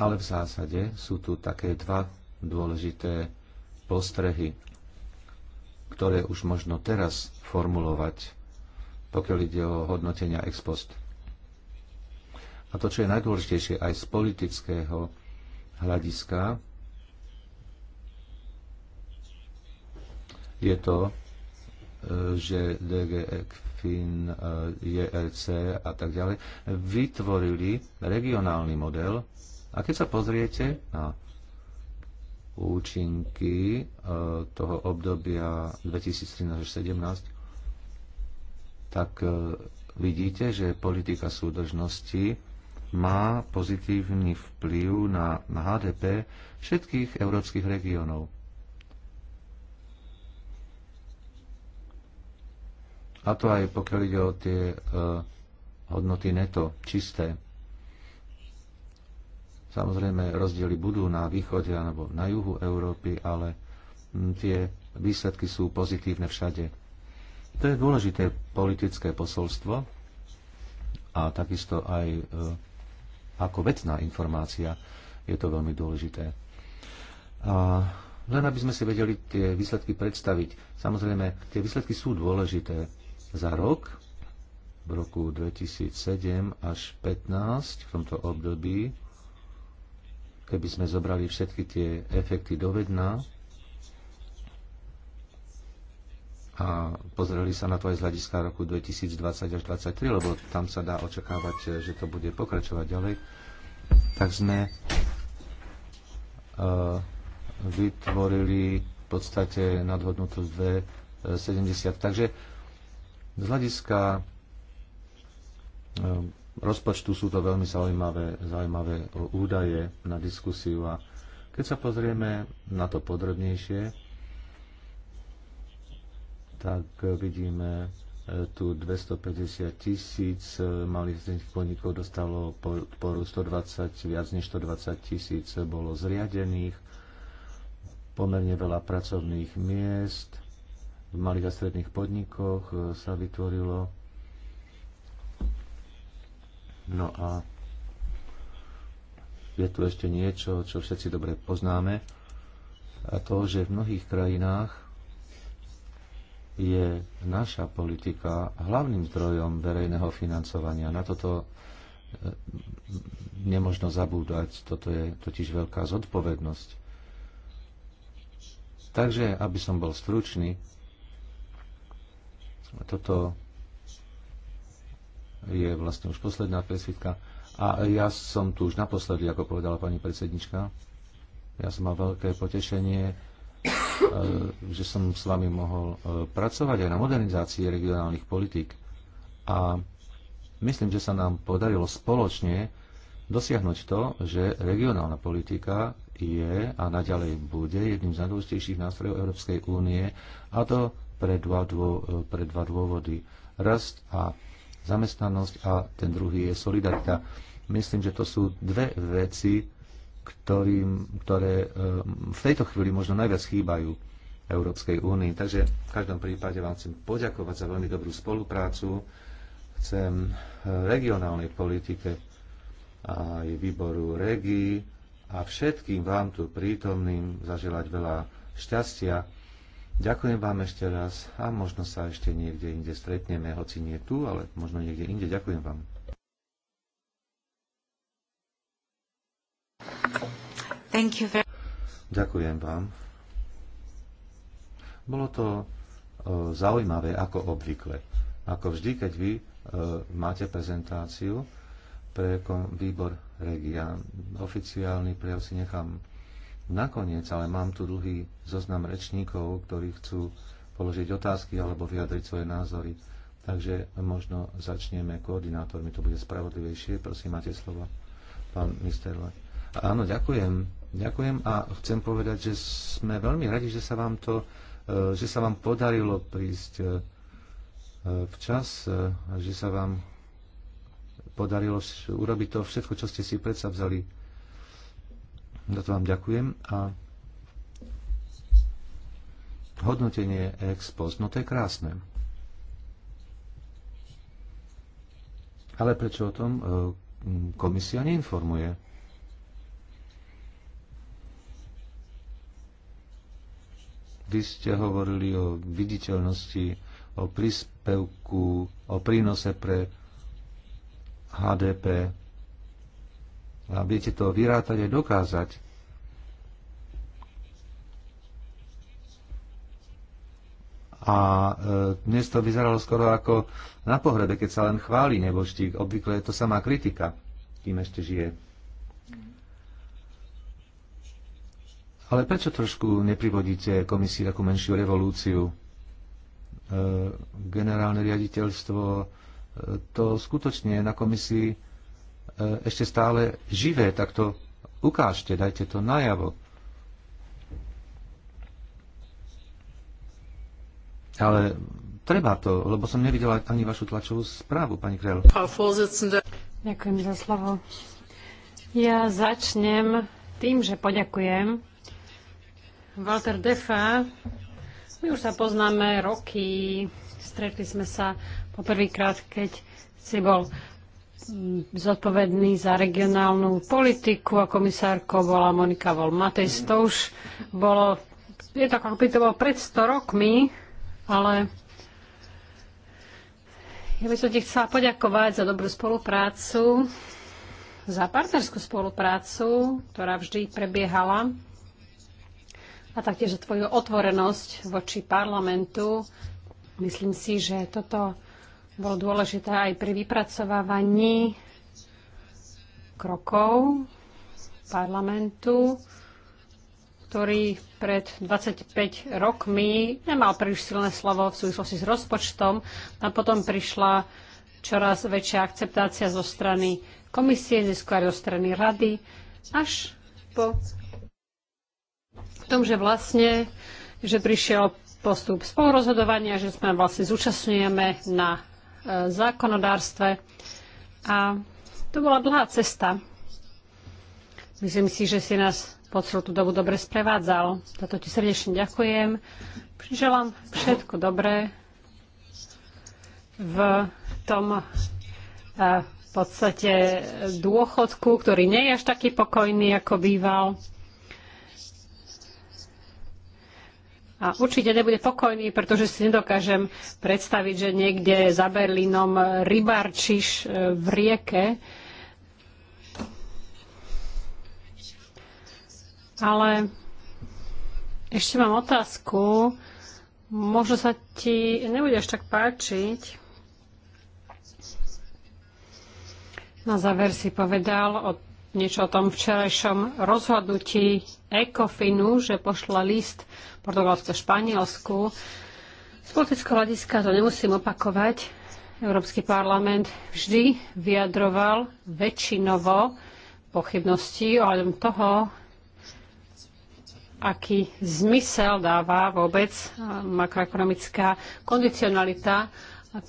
Ale v zásade sú tu také dva dôležité postrehy, ktoré už možno teraz formulovať, pokiaľ ide o hodnotenia ex post a to, čo je najdôležitejšie aj z politického hľadiska, je to, e, že DG ECFIN, e, JRC a tak ďalej vytvorili regionálny model a keď sa pozriete na účinky e, toho obdobia 2013 2017, tak vidíte, že politika súdržnosti má pozitívny vplyv na, na HDP všetkých európskych regiónov. A to aj pokiaľ ide o tie e, hodnoty neto, čisté. Samozrejme, rozdiely budú na východe alebo na juhu Európy, ale tie výsledky sú pozitívne všade. To je dôležité politické posolstvo a takisto aj e, ako vecná informácia. Je to veľmi dôležité. A len aby sme si vedeli tie výsledky predstaviť. Samozrejme, tie výsledky sú dôležité. Za rok, v roku 2007 až 2015, v tomto období, keby sme zobrali všetky tie efekty do vedna, a pozreli sa na to aj z hľadiska roku 2020 až 2023, lebo tam sa dá očakávať, eh, že to bude pokračovať ďalej, tak sme eh, vytvorili v podstate nadhodnotú 2,70. Eh, Takže z hľadiska rozpočtu sú to veľmi zaujímavé, zaujímavé údaje na diskusiu a keď sa pozrieme na to podrobnejšie, tak vidíme e, tu 250 tisíc e, malých stredných podnikov dostalo podporu 120, viac než 120 tisíc bolo zriadených, pomerne veľa pracovných miest v malých a stredných podnikoch e, sa vytvorilo. No a je tu ešte niečo, čo všetci dobre poznáme, a to, že v mnohých krajinách je naša politika hlavným zdrojom verejného financovania. Na toto e, nemožno zabúdať, toto je totiž veľká zodpovednosť. Takže, aby som bol stručný, toto je vlastne už posledná presvitka. A ja som tu už naposledy, ako povedala pani predsednička. Ja som mal veľké potešenie <coughs> že som s vami mohol e, pracovať aj na modernizácii regionálnych politik A myslím, že sa nám podarilo spoločne dosiahnuť to, že regionálna politika je a naďalej bude jedným z najdôležitejších nástrojov Európskej únie a to pre dva, dô, e, pre dva dôvody. Rast a zamestnanosť a ten druhý je solidarita. Myslím, že to sú dve veci, ktorým, ktoré e, v tejto chvíli možno najviac chýbajú Európskej únii. Takže v každom prípade vám chcem poďakovať za veľmi dobrú spoluprácu. Chcem e, regionálnej politike aj výboru regí a všetkým vám tu prítomným zaželať veľa šťastia. Ďakujem vám ešte raz a možno sa ešte niekde inde stretneme, hoci nie tu, ale možno niekde inde. Ďakujem vám. Thank you very... Ďakujem vám. Bolo to e, zaujímavé, ako obvykle. Ako vždy, keď vy e, máte prezentáciu pre výbor regia. Oficiálny prejav si nechám nakoniec, ale mám tu dlhý zoznam rečníkov, ktorí chcú položiť otázky alebo vyjadriť svoje názory. Takže možno začneme koordinátormi, to bude spravodlivejšie. Prosím, máte slovo, pán Misterle. Áno, ďakujem. Ďakujem a chcem povedať, že sme veľmi radi, že sa vám to, e, že sa vám podarilo prísť e, e, včas a že sa vám podarilo urobiť to všetko, čo ste si predsa vzali. Za to vám ďakujem a hodnotenie ex post, no to je krásne. Ale prečo o tom komisia neinformuje? Vy ste hovorili o viditeľnosti, o príspevku, o prínose pre HDP. A viete to vyrátať aj dokázať. A e, dnes to vyzeralo skoro ako na pohrebe, keď sa len chváli neboštík. Obvykle je to samá kritika, kým ešte žije. Ale prečo trošku neprivodíte komisii takú menšiu revolúciu? E, generálne riaditeľstvo e, to skutočne na komisii e, ešte stále živé, tak to ukážte, dajte to najavo. Ale treba to, lebo som nevidela ani vašu tlačovú správu, pani Krel. Ďakujem za slovo. Ja začnem tým, že poďakujem Walter Defa. My už sa poznáme roky. Stretli sme sa poprvýkrát, keď si bol mm, zodpovedný za regionálnu politiku a komisárkou bola Monika Volmatejs. To už bolo, je to ako by to bolo pred 100 rokmi, ale ja by som ti chcela poďakovať za dobrú spoluprácu, za partnerskú spoluprácu, ktorá vždy prebiehala a taktiež za tvoju otvorenosť voči parlamentu. Myslím si, že toto bolo dôležité aj pri vypracovávaní krokov parlamentu, ktorý pred 25 rokmi nemal príliš silné slovo v súvislosti s rozpočtom a potom prišla čoraz väčšia akceptácia zo strany komisie, získali zo strany rady, až po v tom, že vlastne, že prišiel postup spolurozhodovania, že sme vlastne zúčastňujeme na e, zákonodárstve. A to bola dlhá cesta. Myslím si, že si nás po celú tú dobu dobre sprevádzal. Za to ti srdečne ďakujem. Želám všetko dobré v tom e, v podstate dôchodku, ktorý nie je až taký pokojný, ako býval. A určite nebude pokojný, pretože si nedokážem predstaviť, že niekde za Berlínom rybarčíš e, v rieke. Ale ešte mám otázku. Možno sa ti nebude až tak páčiť. Na záver si povedal o, niečo o tom včerajšom rozhodnutí ECOFINu, že pošla list Portugalsko, Španielsku. Z politického hľadiska to nemusím opakovať. Európsky parlament vždy vyjadroval väčšinovo pochybnosti ohľadom toho, aký zmysel dáva vôbec eh, makroekonomická kondicionalita.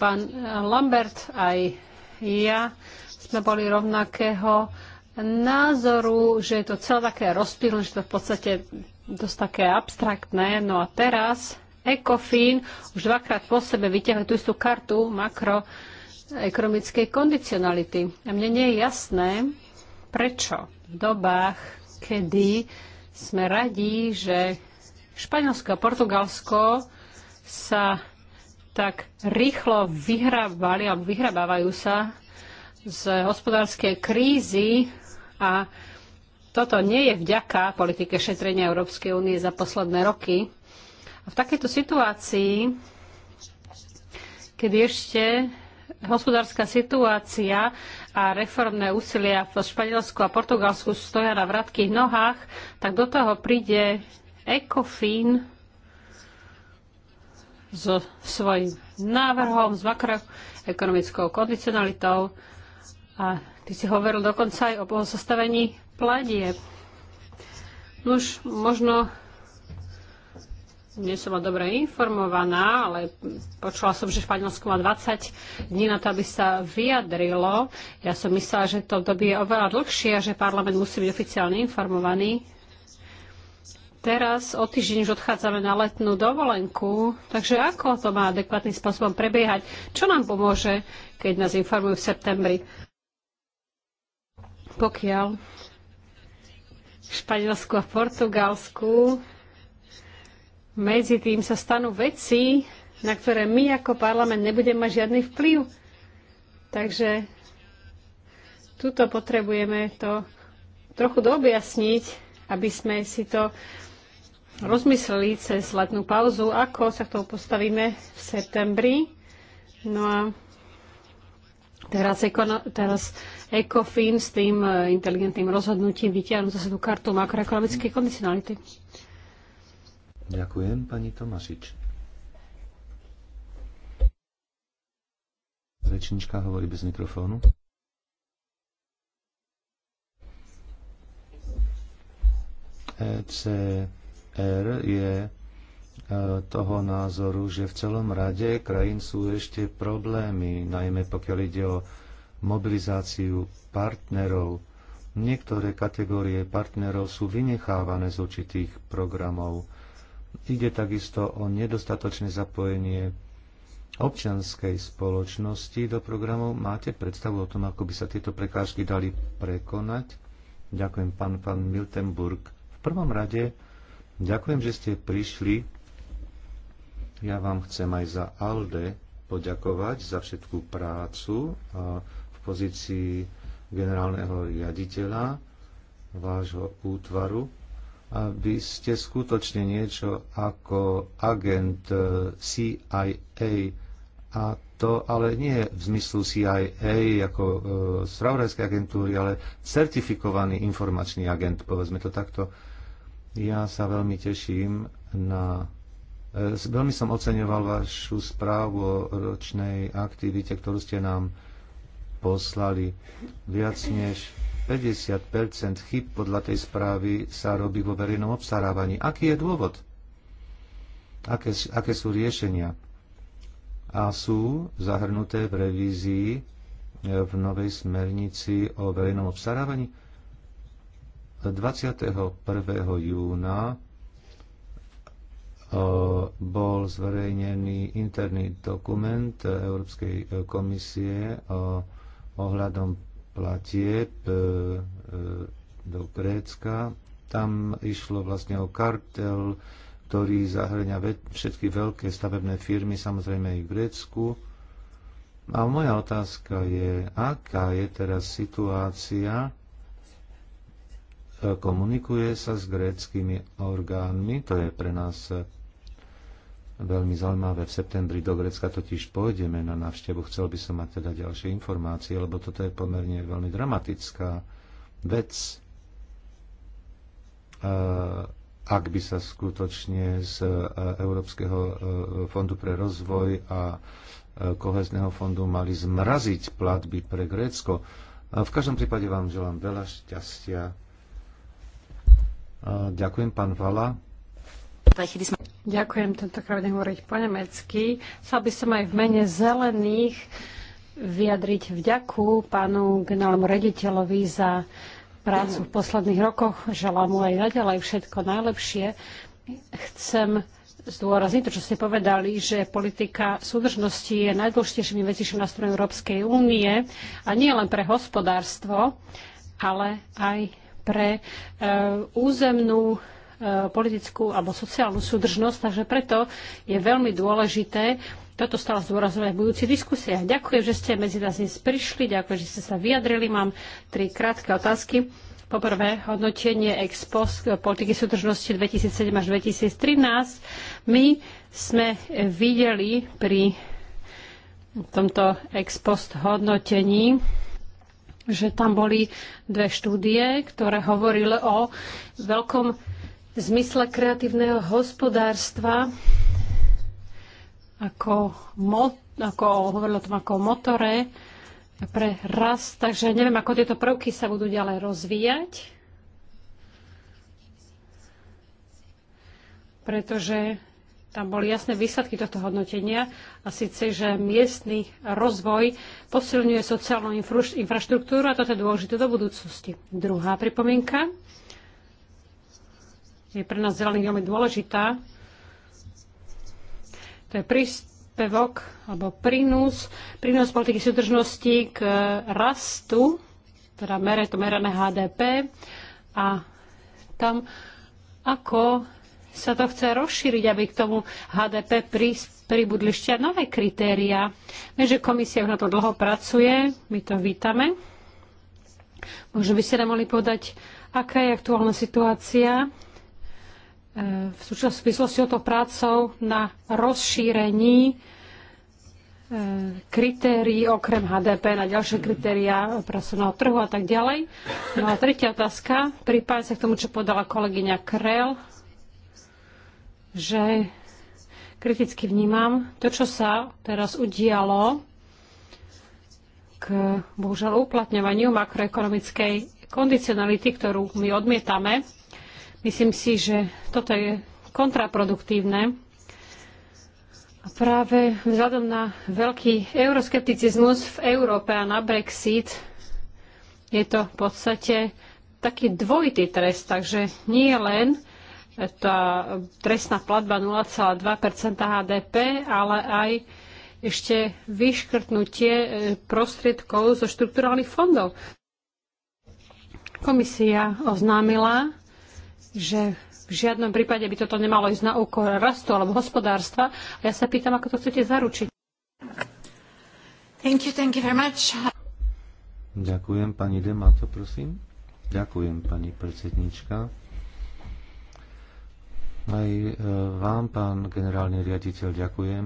Pán eh, Lambert aj ja sme boli rovnakého názoru, že je to celé také rozpílené, že to v podstate dosť také abstraktné. No a teraz ECOFIN už dvakrát po sebe vyťahuje tú istú kartu makroekonomickej kondicionality. A mne nie je jasné, prečo v dobách, kedy sme radi, že Španielsko a Portugalsko sa tak rýchlo vyhrabali alebo vyhrabávajú sa z hospodárskej krízy a toto nie je vďaka politike šetrenia Európskej únie za posledné roky. A v takejto situácii, keď ešte hospodárska situácia a reformné úsilia v Španielsku a Portugalsku stoja na vratkých nohách, tak do toho príde ECOFIN so svojím návrhom, s makroekonomickou kondicionalitou a Ty si hovoril dokonca aj o pozostavení No už možno nie som dobre informovaná, ale počula som, že Španielsko má 20 dní na to, aby sa vyjadrilo. Ja som myslela, že to doby je oveľa dlhšie a že parlament musí byť oficiálne informovaný. Teraz o týždeň už odchádzame na letnú dovolenku, takže ako to má adekvátnym spôsobom prebiehať? Čo nám pomôže, keď nás informujú v septembri? pokiaľ v Španielsku a Portugalsku medzi tým sa stanú veci, na ktoré my ako parlament nebudeme mať žiadny vplyv. Takže tuto potrebujeme to trochu doobjasniť, aby sme si to rozmysleli cez letnú pauzu, ako sa k tomu postavíme v septembri. No a Teraz, ekono, teraz ECOFIN s tým e, inteligentným rozhodnutím vytiahnu zase tú kartu makroekonomickej kondicionality. Ďakujem, pani Tomašič. Rečnička hovorí bez mikrofónu. ECR je E, toho názoru, že v celom rade krajín sú ešte problémy, najmä pokiaľ ide o mobilizáciu partnerov. Niektoré kategórie partnerov sú vynechávané z určitých programov. Ide takisto o nedostatočné zapojenie občianskej spoločnosti do programov. Máte predstavu o tom, ako by sa tieto prekážky dali prekonať? Ďakujem, pán, pán Miltenburg. V prvom rade ďakujem, že ste prišli ja vám chcem aj za ALDE poďakovať za všetkú prácu v pozícii generálneho riaditeľa vášho útvaru. A vy ste skutočne niečo ako agent e, CIA a to ale nie v zmyslu CIA ako e, spravodajskej agentúry, ale certifikovaný informačný agent, povedzme to takto. Ja sa veľmi teším na E, veľmi som oceňoval vašu správu o ročnej aktivite, ktorú ste nám poslali. Viac než 50 chyb podľa tej správy sa robí vo verejnom obstarávaní. Aký je dôvod? Aké, aké sú riešenia? A sú zahrnuté v revízii e, v novej smernici o verejnom obstarávaní? 21. E, júna bol zverejnený interný dokument Európskej e, komisie e, ohľadom platieb e, do Grécka. Tam išlo vlastne o kartel, ktorý zahrňa všetky veľké stavebné firmy, samozrejme aj v Grécku. A moja otázka je, aká je teraz situácia, komunikuje sa s gréckými orgánmi, to je pre nás veľmi zaujímavé. V septembri do Grecka totiž pôjdeme na návštevu. Chcel by som mať teda ďalšie informácie, lebo toto je pomerne veľmi dramatická vec. E, ak by sa skutočne z e, Európskeho e, fondu pre rozvoj a kohezného fondu mali zmraziť platby pre Grécko. V každom prípade vám želám veľa šťastia. Ďakujem, pán Vala. Ďakujem, tentokrát budem hovoriť po nemecky. Chcel by som aj v mene zelených vyjadriť vďaku pánu generálnemu rediteľovi za prácu v posledných rokoch. Želám mu aj naďalej všetko najlepšie. Chcem zdôrazniť to, čo ste povedali, že politika súdržnosti je najdôležitejším investičným nástrojom Európskej únie a nie len pre hospodárstvo, ale aj pre e, územnú Eh, politickú alebo sociálnu súdržnosť, takže preto je veľmi dôležité toto stále zdôrazňovať v budúcich diskusiách. Ďakujem, že ste medzi nás dnes prišli, ďakujem, že ste sa vyjadrili. Mám tri krátke otázky. Poprvé, hodnotenie ex post politiky súdržnosti 2007 až 2013. My sme videli pri tomto ex post hodnotení, že tam boli dve štúdie, ktoré hovorili o veľkom v zmysle kreatívneho hospodárstva ako, mo, ako hovorilo tom ako motore pre rast, takže neviem, ako tieto prvky sa budú ďalej rozvíjať, pretože tam boli jasné výsledky tohto hodnotenia a síce, že miestny rozvoj posilňuje sociálnu infraštruktúru a toto je dôležité do budúcnosti. Druhá pripomienka je pre nás zelených veľmi dôležitá. To je príspevok alebo prínos, prínos politiky súdržnosti k rastu, teda mere to merané HDP a tam ako sa to chce rozšíriť, aby k tomu HDP pribudli ešte nové kritéria. Viem, že komisia už na to dlho pracuje, my to vítame. Možno by ste nám mohli povedať, aká je aktuálna situácia v súvislosti s touto prácou na rozšírení e, kritérií okrem HDP na ďalšie kritéria pracovného trhu a tak ďalej. No a tretia otázka, prípadne sa k tomu, čo podala kolegyňa Krell, že kriticky vnímam to, čo sa teraz udialo k bohužiaľ uplatňovaniu makroekonomickej kondicionality, ktorú my odmietame. Myslím si, že toto je kontraproduktívne. A práve vzhľadom na veľký euroskepticizmus v Európe a na Brexit je to v podstate taký dvojitý trest, takže nie len tá trestná platba 0,2 HDP, ale aj ešte vyškrtnutie e, prostriedkov zo štrukturálnych fondov. Komisia oznámila, že v žiadnom prípade by toto nemalo ísť na úkor rastu alebo hospodárstva. A ja sa pýtam, ako to chcete zaručiť. Thank you, thank you very much. Ďakujem, pani Demato, prosím. Ďakujem, pani predsednička. Aj e, vám, pán generálny riaditeľ, ďakujem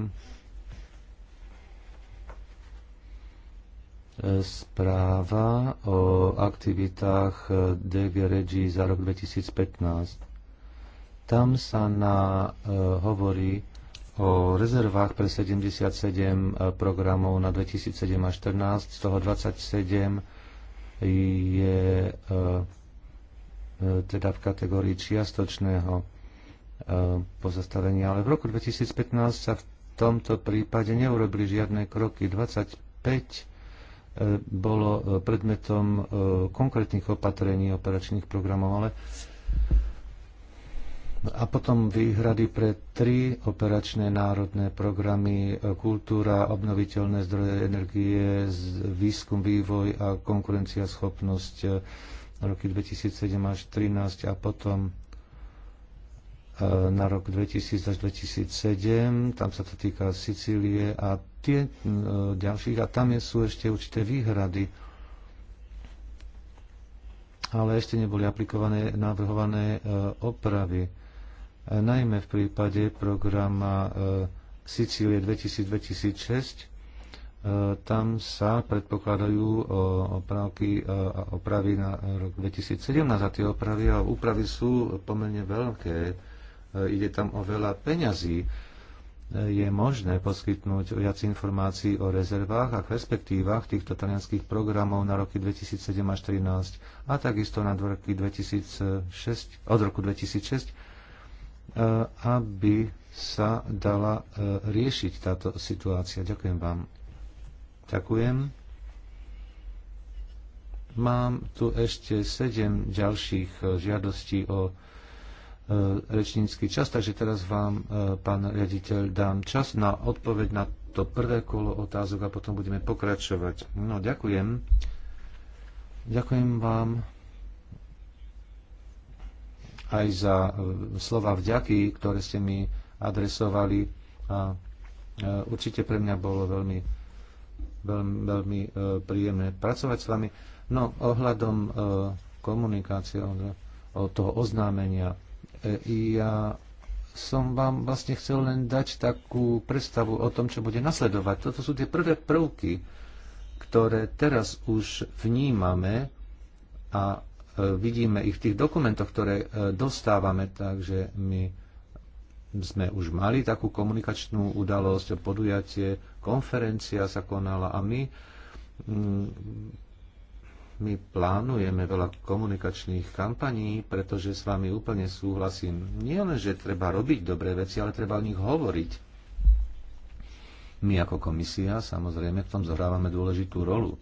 správa o aktivitách DG Regi za rok 2015. Tam sa na, e, hovorí o rezervách pre 77 e, programov na 2007 až 2014, z toho 27 je e, e, teda v kategórii čiastočného e, pozastavenia, ale v roku 2015 sa v tomto prípade neurobili žiadne kroky. 25 bolo e, predmetom e, konkrétnych opatrení operačných programov, ale a potom výhrady pre tri operačné národné programy e, kultúra, obnoviteľné zdroje energie, výskum, vývoj a konkurenciaschopnosť roky 2007 až 2013 a potom na rok 2000 až 2007, tam sa to týka Sicílie a tie e, ďalších a tam sú ešte určité výhrady, ale ešte neboli aplikované navrhované e, opravy. E, najmä v prípade programa Sicílie 2000-2006 tam sa predpokladajú opravky, a opravy na rok 2017 a tie opravy a úpravy sú pomerne veľké. Ide tam o veľa peňazí je možné poskytnúť viac informácií o rezervách a perspektívach týchto talianských programov na roky 2007 až 2013 a takisto na roky 2006, od roku 2006, e, aby sa dala e, riešiť táto situácia. Ďakujem vám. Ďakujem. Mám tu ešte sedem ďalších e, žiadostí o E, rečnícky čas, takže teraz vám, e, pán riaditeľ, dám čas na odpoveď na to prvé kolo otázok a potom budeme pokračovať. No, ďakujem. Ďakujem vám aj za e, slova vďaky, ktoré ste mi adresovali a určite pre mňa bolo veľmi, veľmi, veľmi príjemné pracovať s vami. No, ohľadom komunikácie, od toho oznámenia E, ja som vám vlastne chcel len dať takú predstavu o tom, čo bude nasledovať. Toto sú tie prvé prvky, ktoré teraz už vnímame a e, vidíme ich v tých dokumentoch, ktoré e, dostávame, takže my sme už mali takú komunikačnú udalosť, podujatie, konferencia sa konala a my mm, my plánujeme veľa komunikačných kampaní, pretože s vami úplne súhlasím. Nie len, že treba robiť dobré veci, ale treba o nich hovoriť. My ako komisia samozrejme v tom zohrávame dôležitú rolu.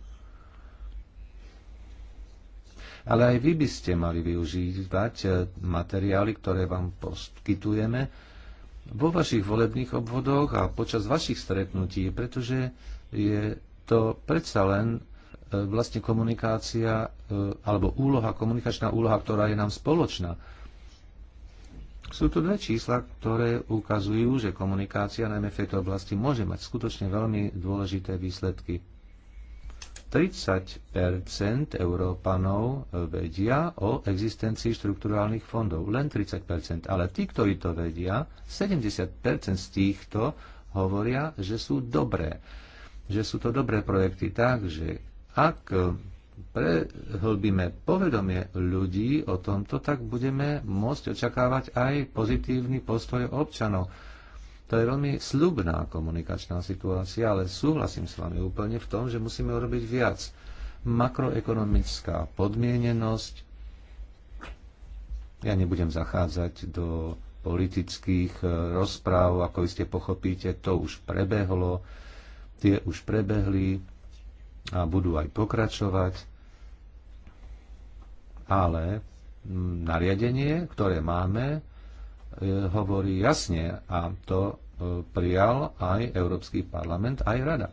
Ale aj vy by ste mali využívať eh, materiály, ktoré vám poskytujeme vo vašich volebných obvodoch a počas vašich stretnutí, pretože je to predsa len E, vlastne komunikácia e, alebo úloha, komunikačná úloha, ktorá je nám spoločná. Sú tu dve čísla, ktoré ukazujú, že komunikácia najmä v tejto oblasti môže mať skutočne veľmi dôležité výsledky. 30 Európanov e, vedia o existencii štrukturálnych fondov. Len 30 Ale tí, ktorí to vedia, 70 z týchto hovoria, že sú dobré. Že sú to dobré projekty. Takže ak e, prehlbíme povedomie ľudí o tomto, tak budeme môcť očakávať aj pozitívny postoj občanov. To je veľmi slubná komunikačná situácia, ale súhlasím s vami úplne v tom, že musíme urobiť viac. Makroekonomická podmienenosť. Ja nebudem zachádzať do politických e, rozpráv, ako iste pochopíte, to už prebehlo, tie už prebehli a budú aj pokračovať, ale nariadenie, ktoré máme, e, hovorí jasne a to e, prijal aj Európsky parlament, aj Rada.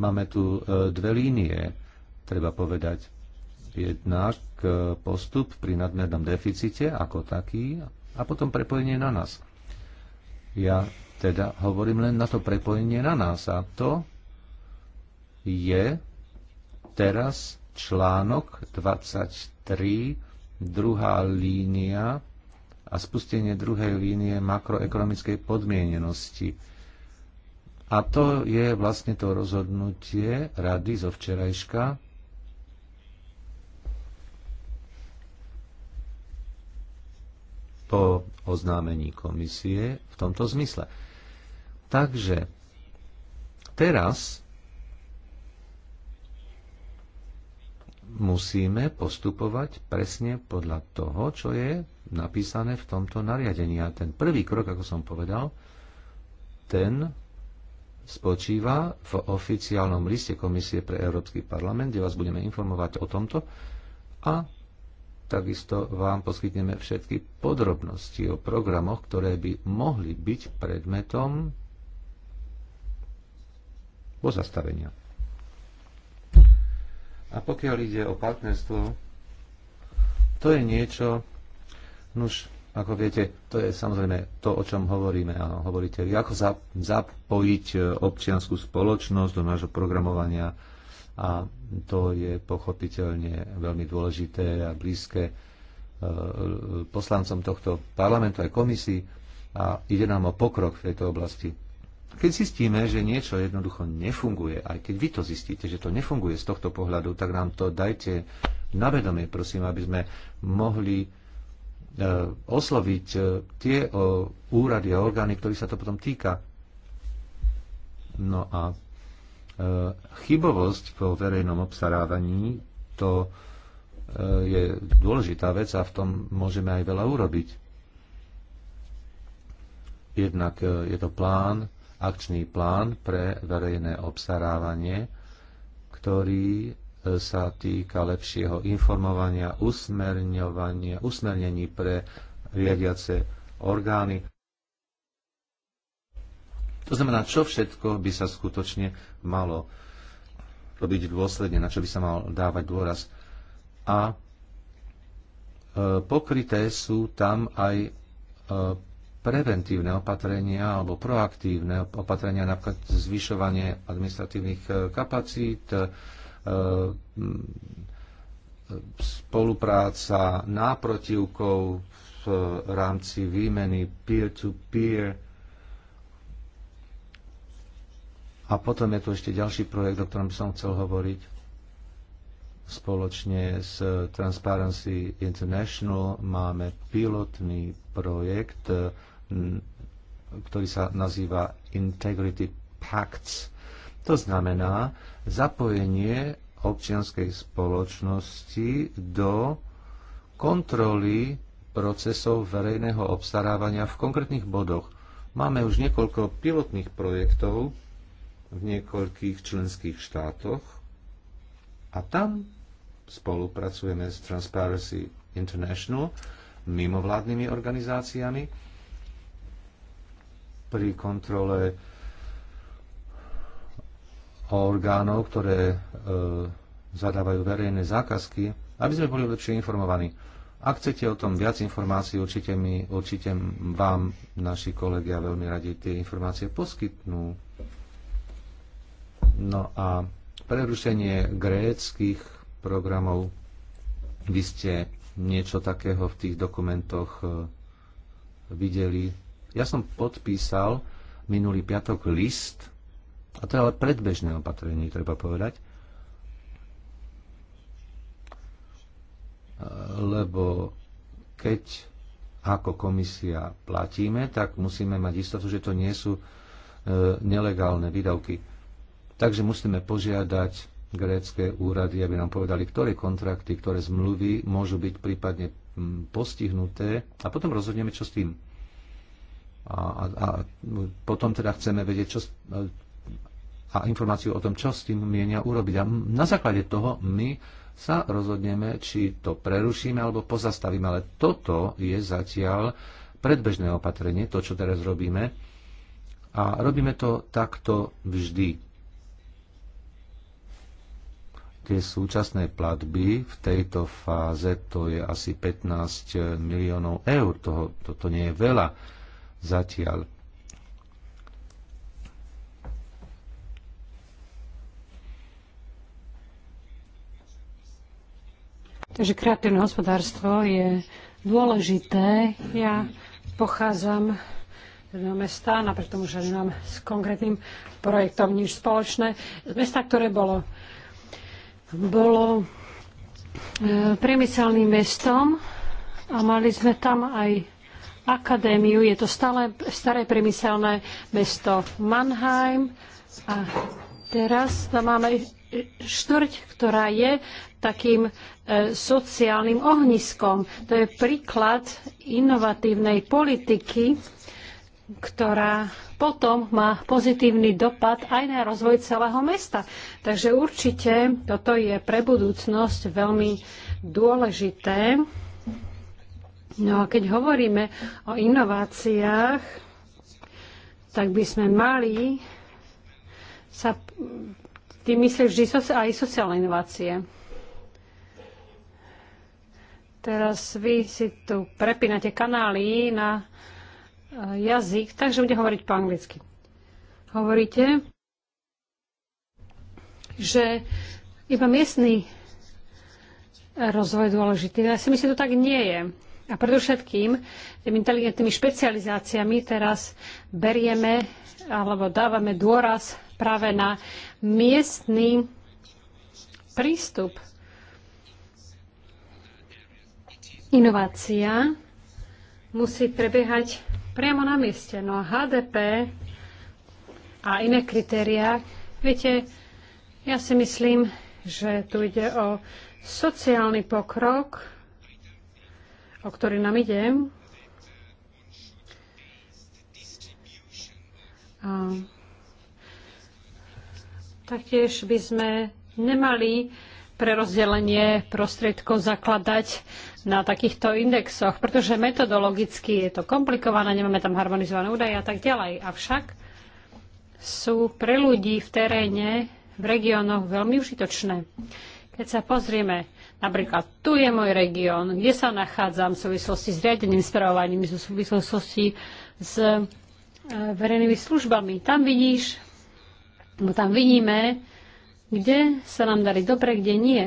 Máme tu e, dve línie, treba povedať. Jednak postup pri nadmernom deficite ako taký a potom prepojenie na nás. Ja teda hovorím len na to prepojenie na nás a to je teraz článok 23, druhá línia a spustenie druhej línie makroekonomickej podmienenosti. A to je vlastne to rozhodnutie rady zo včerajška, po oznámení komisie v tomto zmysle. Takže teraz musíme postupovať presne podľa toho, čo je napísané v tomto nariadení. A ten prvý krok, ako som povedal, ten spočíva v oficiálnom liste Komisie pre Európsky parlament, kde vás budeme informovať o tomto a Takisto vám poskytneme všetky podrobnosti o programoch, ktoré by mohli byť predmetom pozastavenia. A pokiaľ ide o partnerstvo, to je niečo, nuž, ako viete, to je samozrejme to, o čom hovoríme a hovoríte ako zapojiť občianskú spoločnosť do nášho programovania a to je pochopiteľne veľmi dôležité a blízke e, poslancom tohto parlamentu aj komisii a ide nám o pokrok v tejto oblasti. Keď zistíme, že niečo jednoducho nefunguje, aj keď vy to zistíte, že to nefunguje z tohto pohľadu, tak nám to dajte na vedomie, prosím, aby sme mohli e, osloviť e, tie úrady a orgány, ktorých sa to potom týka. No a E, chybovosť po verejnom obstarávaní to e, je dôležitá vec a v tom môžeme aj veľa urobiť. Jednak e, je to plán, akčný plán pre verejné obstarávanie, ktorý sa týka lepšieho informovania, usmerňovania, usmernení pre riadiace orgány. To znamená, čo všetko by sa skutočne malo robiť dôsledne, na čo by sa mal dávať dôraz. A e, pokryté sú tam aj e, preventívne opatrenia alebo proaktívne opatrenia, napríklad zvyšovanie administratívnych e, kapacít, spolupráca náprotivkov v rámci výmeny peer-to-peer, -peer, A potom je tu ešte ďalší projekt, o ktorom by som chcel hovoriť spoločne s Transparency International. Máme pilotný projekt, mm, ktorý sa nazýva Integrity Pacts. To znamená zapojenie občianskej spoločnosti do kontroly procesov verejného obstarávania v konkrétnych bodoch. Máme už niekoľko pilotných projektov, v niekoľkých členských štátoch a tam spolupracujeme s Transparency International, mimovládnymi organizáciami pri kontrole orgánov, ktoré e, zadávajú verejné zákazky, aby sme boli lepšie informovaní. Ak chcete o tom viac informácií, určite, mi, určite vám naši kolegia veľmi radi tie informácie poskytnú. No a prerušenie gréckých programov, vy ste niečo takého v tých dokumentoch e, videli. Ja som podpísal minulý piatok list, a to je ale predbežné opatrenie, treba povedať, e, lebo keď ako komisia platíme, tak musíme mať istotu, že to nie sú e, nelegálne výdavky. Takže musíme požiadať grécké úrady, aby nám povedali, ktoré kontrakty, ktoré zmluvy môžu byť prípadne mm, postihnuté a potom rozhodneme, čo s tým. A, a, a potom teda chceme vedieť, čo, a informáciu o tom, čo s tým mienia urobiť. A na základe toho my sa rozhodneme, či to prerušíme alebo pozastavíme. Ale toto je zatiaľ predbežné opatrenie, to, čo teraz robíme. A robíme to takto vždy tie súčasné platby v tejto fáze to je asi 15 miliónov eur. Toho, toto nie je veľa zatiaľ. Takže kreatívne hospodárstvo je dôležité. Ja pochádzam jedného mesta, napriek tomu, že nemám s konkrétnym projektom nič spoločné, z mesta, ktoré bolo bolo e, priemyselným mestom a mali sme tam aj akadémiu. Je to stále staré priemyselné mesto Mannheim a teraz tam máme štvrť, ktorá je takým e, sociálnym ohniskom. To je príklad inovatívnej politiky ktorá potom má pozitívny dopad aj na rozvoj celého mesta. Takže určite toto je pre budúcnosť veľmi dôležité. No a keď hovoríme o inováciách, tak by sme mali sa tým myslí vždy aj sociálne inovácie. Teraz vy si tu prepínate kanály na Eh, jazyk, takže bude hovoriť po anglicky. Hovoríte, že iba miestny eh, rozvoj dôležitý. Ja si myslím, že to tak nie je. A predovšetkým tými inteligentnými špecializáciami teraz berieme alebo dávame dôraz práve na miestný prístup. Inovácia musí prebiehať priamo na mieste. No a HDP a iné kritériá, viete, ja si myslím, že tu ide o sociálny pokrok, o ktorý nám ide. A taktiež by sme nemali pre rozdelenie prostriedkov zakladať na takýchto indexoch, pretože metodologicky je to komplikované, nemáme tam harmonizované údaje a tak ďalej. Avšak sú pre ľudí v teréne, v regiónoch veľmi užitočné. Keď sa pozrieme, napríklad tu je môj región, kde sa nachádzam v súvislosti s riadeným spravovaním, v súvislosti s e, verejnými službami. Tam vidíš, tam vidíme, kde sa nám darí dobre, kde nie.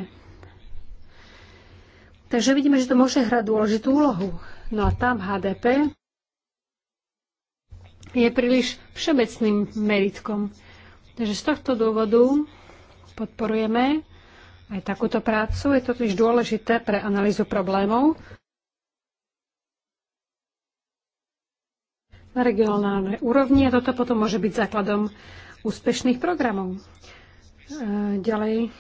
Takže vidíme, že to môže hrať dôležitú úlohu. No a tam HDP je príliš všeobecným meritkom. Takže z tohto dôvodu podporujeme aj takúto prácu. Je to totiž dôležité pre analýzu problémov na regionálnej úrovni a toto potom môže byť základom úspešných programov. E, ďalej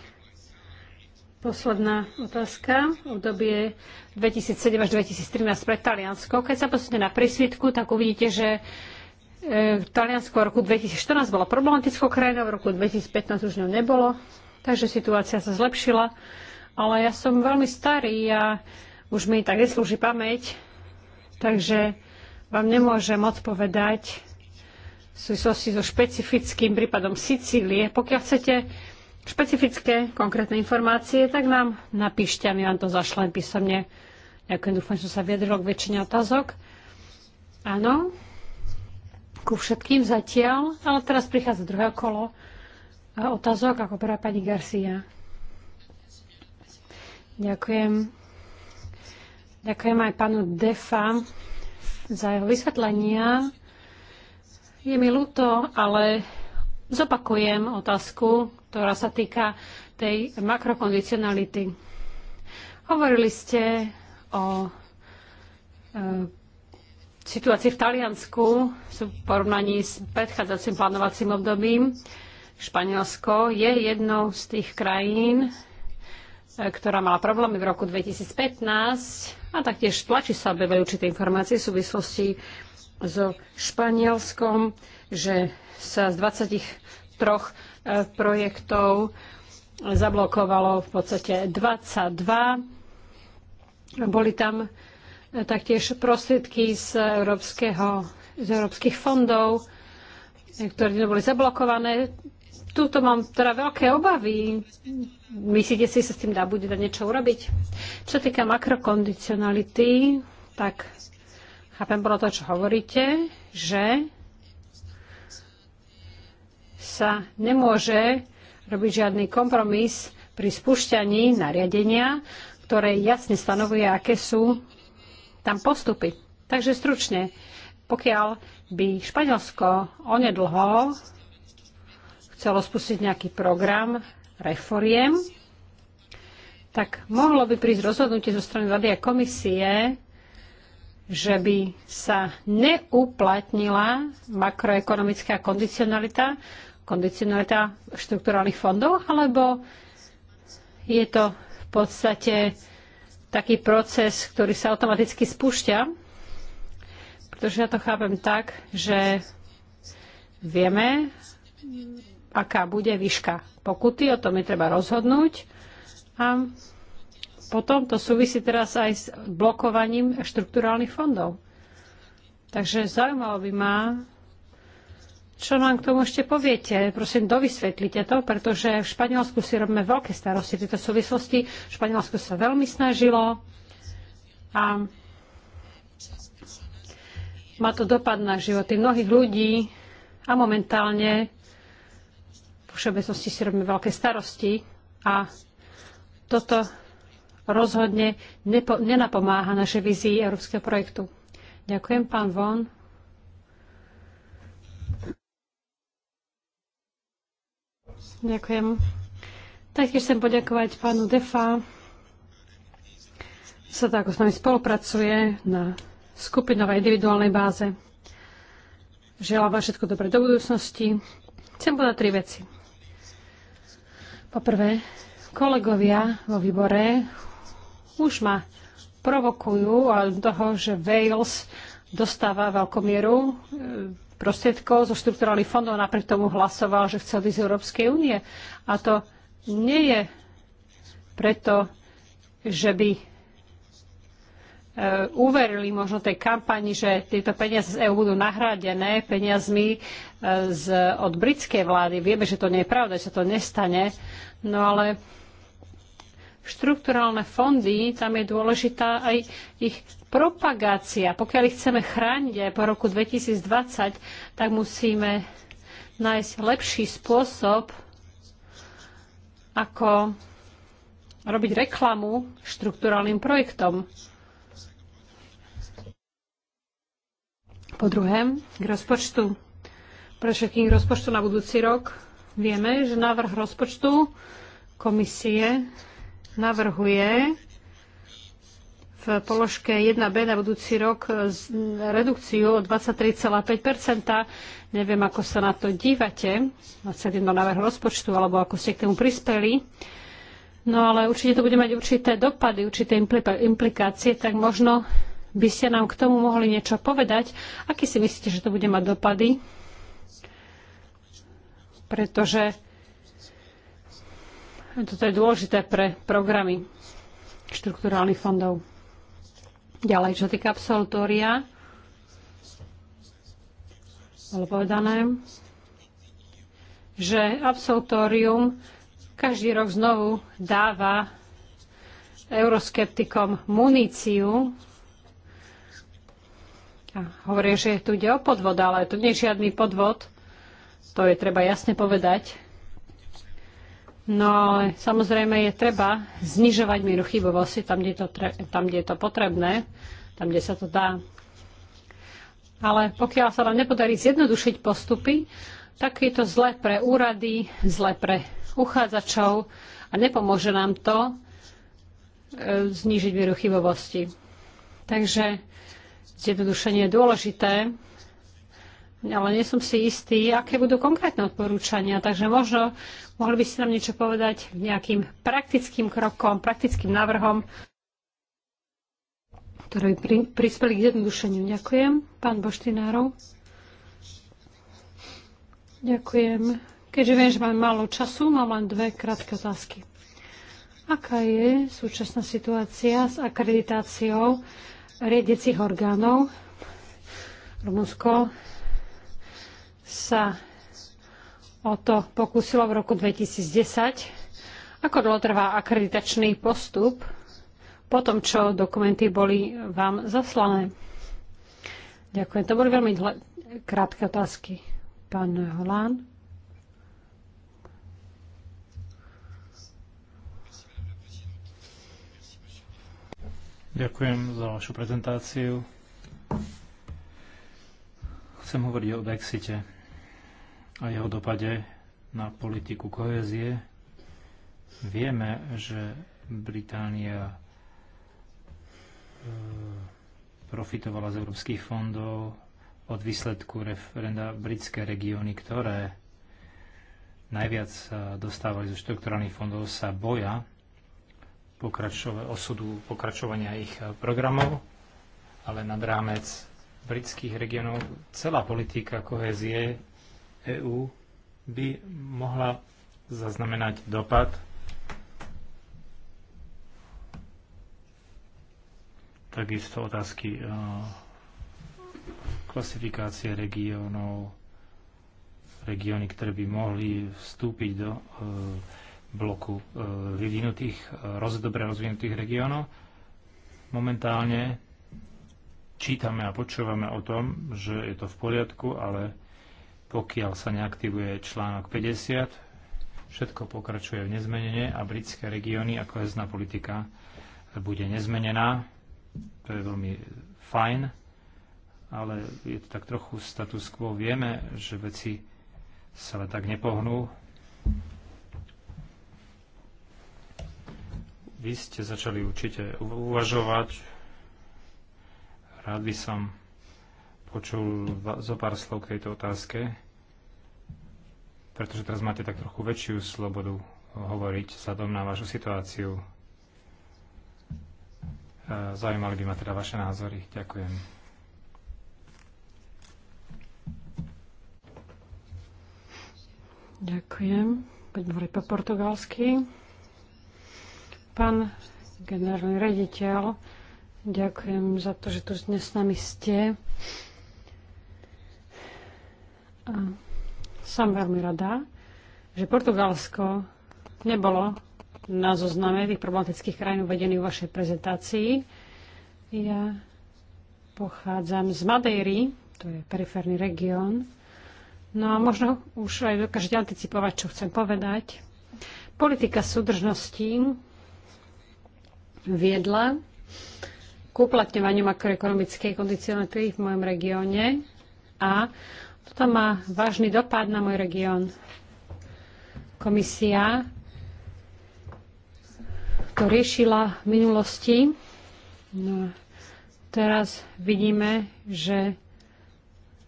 Posledná otázka. V obdobie 2007 až 2013 pre Taliansko. Keď sa posunete na prísvitku, tak uvidíte, že e, Taliansko v roku 2014 bolo problematickou krajinou, v roku 2015 už ňou nebolo, takže situácia sa zlepšila. Ale ja som veľmi starý a už mi tak neslúži pamäť, takže vám nemôžem odpovedať v súvislosti so špecifickým prípadom Sicílie. Pokiaľ chcete špecifické, konkrétne informácie, tak nám napíšte a my vám to zašlem písomne. Ďakujem, dúfam, že sa vyjadrilo k väčšine otázok. Áno, ku všetkým zatiaľ, ale teraz prichádza druhé kolo eh, otázok, ako prvá pani Garcia. Ďakujem. Ďakujem aj pánu Defa za jeho vysvetlenia. Je mi ľúto, ale zopakujem otázku, ktorá sa týka tej makrokondicionality. Hovorili ste o e, situácii v Taliansku v porovnaní s predchádzajúcim plánovacím obdobím. Španielsko je jednou z tých krajín, e, ktorá mala problémy v roku 2015 a taktiež tlačí sa objavili určité informácie v súvislosti so Španielskom, že sa z 20 troch e, projektov zablokovalo v podstate 22. Boli tam e, taktiež prostriedky z, európskeho, z európskych fondov, e, ktoré boli zablokované. Tuto mám teda veľké obavy. Myslíte si, sa s tým dá bude dať niečo urobiť? Čo týka makrokondicionality, tak chápem bolo to, čo hovoríte, že sa nemôže robiť žiadny kompromis pri spúšťaní nariadenia, ktoré jasne stanovuje, aké sú tam postupy. Takže stručne, pokiaľ by Španielsko onedlho chcelo spustiť nejaký program reforiem, tak mohlo by prísť rozhodnutie zo strany vlády a komisie, že by sa neuplatnila makroekonomická kondicionalita, kondicionalita štrukturálnych fondov, alebo je to v podstate taký proces, ktorý sa automaticky spúšťa, pretože ja to chápem tak, že vieme, aká bude výška pokuty, o tom je treba rozhodnúť a potom to súvisí teraz aj s blokovaním štrukturálnych fondov. Takže zaujímalo by ma, čo nám k tomu ešte poviete? Prosím, dovysvetlite to, pretože v Španielsku si robíme veľké starosti v tejto súvislosti. Španielsko sa veľmi snažilo a má to dopad na životy mnohých ľudí a momentálne v všeobecnosti si robíme veľké starosti a toto rozhodne nepo, nenapomáha našej vizii európskeho projektu. Ďakujem, pán Von. Ďakujem. Taktiež chcem poďakovať pánu Defa, sa tak s nami spolupracuje na skupinovej individuálnej báze. Želám vám všetko dobré do budúcnosti. Chcem povedať tri veci. Poprvé, kolegovia vo výbore už ma provokujú od toho, že Wales dostáva veľkomieru prostriedkov zo štrukturálnych fondov, napriek tomu hlasoval, že chcel ísť z Európskej únie. A to nie je preto, že by e, uverili možno tej kampani, že tieto peniaze z EU budú nahradené peniazmi e, z, od britskej vlády. Vieme, že to nie je pravda, že sa to nestane, no ale štrukturálne fondy, tam je dôležitá aj ich propagácia. Pokiaľ ich chceme chrániť aj po roku 2020, tak musíme nájsť lepší spôsob, ako robiť reklamu štrukturálnym projektom. Po druhé, k rozpočtu. Pre všetkým rozpočtu na budúci rok vieme, že návrh rozpočtu komisie navrhuje v položke 1b na budúci rok redukciu o 23,5 Neviem, ako sa na to dívate, na celý návrh rozpočtu, alebo ako ste k tomu prispeli. No ale určite to bude mať určité dopady, určité implikácie, tak možno by ste nám k tomu mohli niečo povedať. Aký si myslíte, že to bude mať dopady? Pretože toto je dôležité pre programy štruktúrálnych fondov. Ďalej, čo týka absolutória, bolo povedané, že absolutórium každý rok znovu dáva euroskeptikom muníciu a hovoria, že tu ide o podvod, ale to nie je žiadny podvod. To je treba jasne povedať. No ale samozrejme je treba znižovať mieru chybovosti tam, kde je to, tam, kde je to potrebné, tam, kde sa to dá. Ale pokiaľ sa nám nepodarí zjednodušiť postupy, tak je to zle pre úrady, zle pre uchádzačov a nepomôže nám to e, znížiť mieru chybovosti. Takže zjednodušenie je dôležité, ale nie som si istý, aké budú konkrétne odporúčania. Takže možno mohli by ste nám niečo povedať nejakým praktickým krokom, praktickým návrhom, ktoré by pri, prispeli k zjednodušeniu. Ďakujem, pán Boštinárov. Ďakujem. Keďže viem, že mám málo času, mám len dve krátke otázky. Aká je súčasná situácia s akreditáciou riedecich orgánov? Rumunsko sa o to pokúsilo v roku 2010. Ako dlho trvá akreditačný postup po tom, čo dokumenty boli vám zaslané? Ďakujem. To boli veľmi krátke otázky. Pán Holán. Ďakujem za vašu prezentáciu. Chcem hovoriť o Brexite a jeho dopade na politiku kohezie. Vieme, že Británia e, profitovala z európskych fondov od výsledku referenda britské regióny, ktoré najviac dostávali zo štrukturálnych fondov, sa boja pokračova- osudu pokračovania ich programov, ale nad rámec britských regionov, celá politika kohézie EÚ by mohla zaznamenať dopad takisto otázky e, klasifikácie regiónov, regióny, ktoré by mohli vstúpiť do e, bloku e, vyvinutých, dobre rozvinutých regiónov. Momentálne čítame a počúvame o tom, že je to v poriadku, ale pokiaľ sa neaktivuje článok 50, všetko pokračuje v nezmenenie a britské regióny ako kohezná politika bude nezmenená. To je veľmi fajn, ale je to tak trochu status quo. Vieme, že veci sa len tak nepohnú. Vy ste začali určite uvažovať Rád by som počul zo pár slov k tejto otázke, pretože teraz máte tak trochu väčšiu slobodu hovoriť vzhľadom na vašu situáciu. E, zaujímali by ma teda vaše názory. Ďakujem. Ďakujem. Poďme hovoriť po portugalsky. Pán generálny rediteľ, Ďakujem za to, že tu dnes s nami ste. A som veľmi rada, že Portugalsko nebolo na zozname tých problematických krajín uvedených v vašej prezentácii. Ja pochádzam z Madejry, to je periférny región. No a možno už aj dokážete anticipovať, čo chcem povedať. Politika súdržnosti viedla k uplatňovaniu makroekonomickej kondicionality v mojom regióne a toto má vážny dopad na môj región. Komisia to riešila v minulosti. No, teraz vidíme, že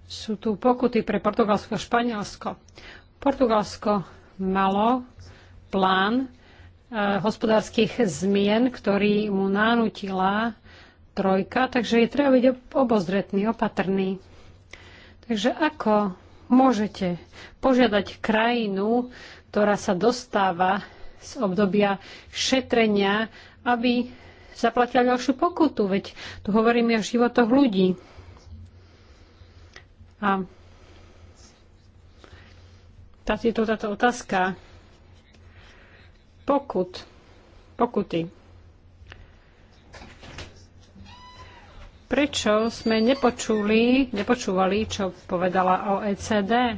sú tu pokuty pre Portugalsko a Španielsko. Portugalsko malo plán eh, hospodárskych zmien, ktorý mu nanútila trojka, takže je treba byť obozretný, opatrný. Takže ako môžete požiadať krajinu, ktorá sa dostáva z obdobia šetrenia, aby zaplatila ďalšiu pokutu, veď tu hovoríme o životoch ľudí. A táto, táto otázka pokut, pokuty prečo sme nepočuli, nepočúvali, čo povedala OECD,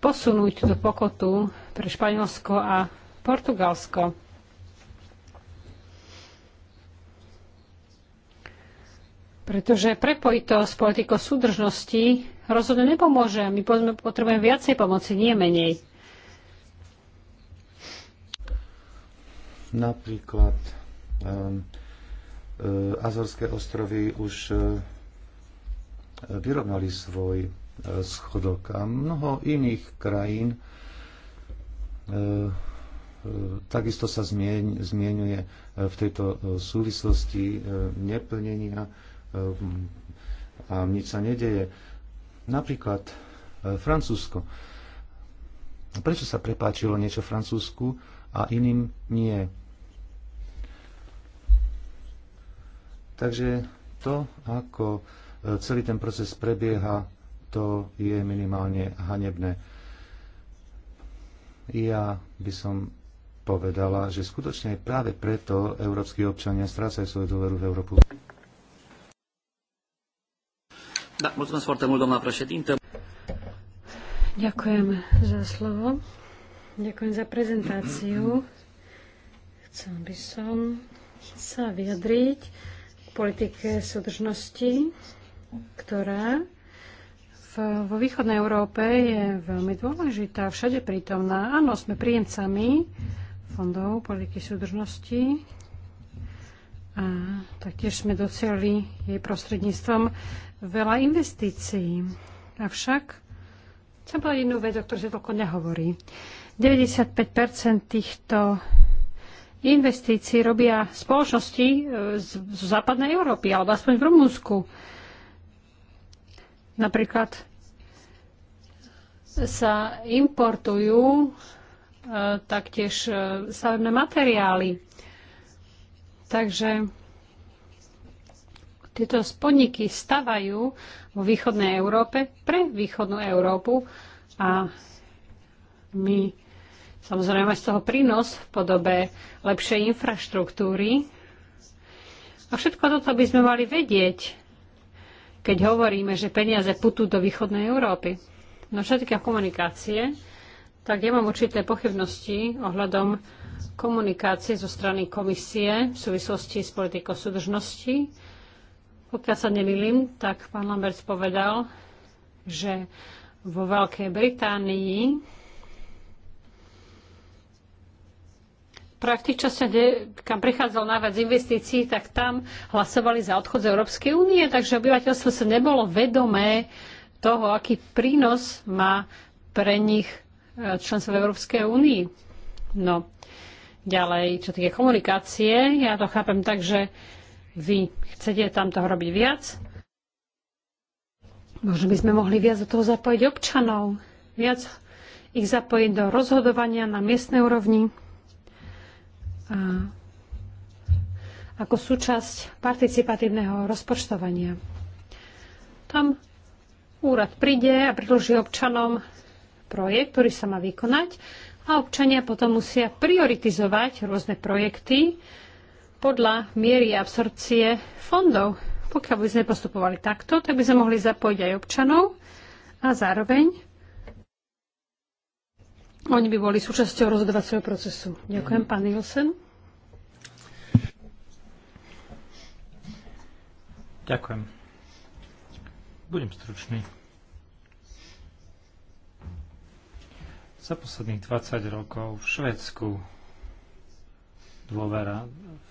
posunúť túto pokotu pre Španielsko a Portugalsko. Pretože prepojiť to s politikou súdržnosti rozhodne nepomôže. My potrebujeme viacej pomoci, nie menej. Napríklad um, E, Azorské ostrovy už e, vyrovnali svoj e, schodok a mnoho iných krajín takisto sa zmien, zmienuje v tejto súvislosti neplnenia a nič sa nedeje. Napríklad Francúzsko. Prečo sa prepáčilo niečo Francúzsku a iným nie? Takže to, ako e, celý ten proces prebieha, to je minimálne hanebné. Ja by som povedala, že skutočne práve preto európsky občania strácajú svoju dôveru v Európu. Ďakujem za slovo. Ďakujem za prezentáciu. Chcem by som sa vyjadriť politike súdržnosti, ktorá v, vo východnej Európe je veľmi dôležitá, všade prítomná. Áno, sme príjemcami fondov politiky súdržnosti a taktiež sme docelili jej prostredníctvom veľa investícií. Avšak chcem povedať jednu vec, o ktorej sa toľko nehovorí. 95 týchto investícií robia spoločnosti e, z, z západnej Európy, alebo aspoň v Rumúnsku. Napríklad sa importujú e, taktiež e, stavebné materiály. Takže tieto spodniky stavajú vo východnej Európe pre východnú Európu a my Samozrejme z toho prínos v podobe lepšej infraštruktúry. A všetko toto by sme mali vedieť, keď hovoríme, že peniaze putú do východnej Európy. No čo týka komunikácie, tak ja mám určité pochybnosti ohľadom komunikácie zo strany komisie v súvislosti s politikou súdržnosti. Pokiaľ sa nemýlim, tak pán Lambert povedal, že vo Veľkej Británii praktične, kam prichádzal najviac investícií, tak tam hlasovali za odchod z Európskej únie, takže obyvateľstvo sa nebolo vedomé toho, aký prínos má pre nich e, členstvo v Európskej únii. No, ďalej, čo týka komunikácie, ja to chápem tak, že vy chcete tam toho robiť viac. Možno by sme mohli viac do toho zapojiť občanov, viac ich zapojiť do rozhodovania na miestnej úrovni ako súčasť participatívneho rozpočtovania. Tam úrad príde a predloží občanom projekt, ktorý sa má vykonať a občania potom musia prioritizovať rôzne projekty podľa miery absorpcie fondov. Pokiaľ by sme postupovali takto, tak by sme mohli zapojiť aj občanov a zároveň oni by boli súčasťou rozhodovacieho procesu. Ďakujem, pán Nielsen. Ďakujem. Budem stručný. Za posledných 20 rokov v Švedsku dôvera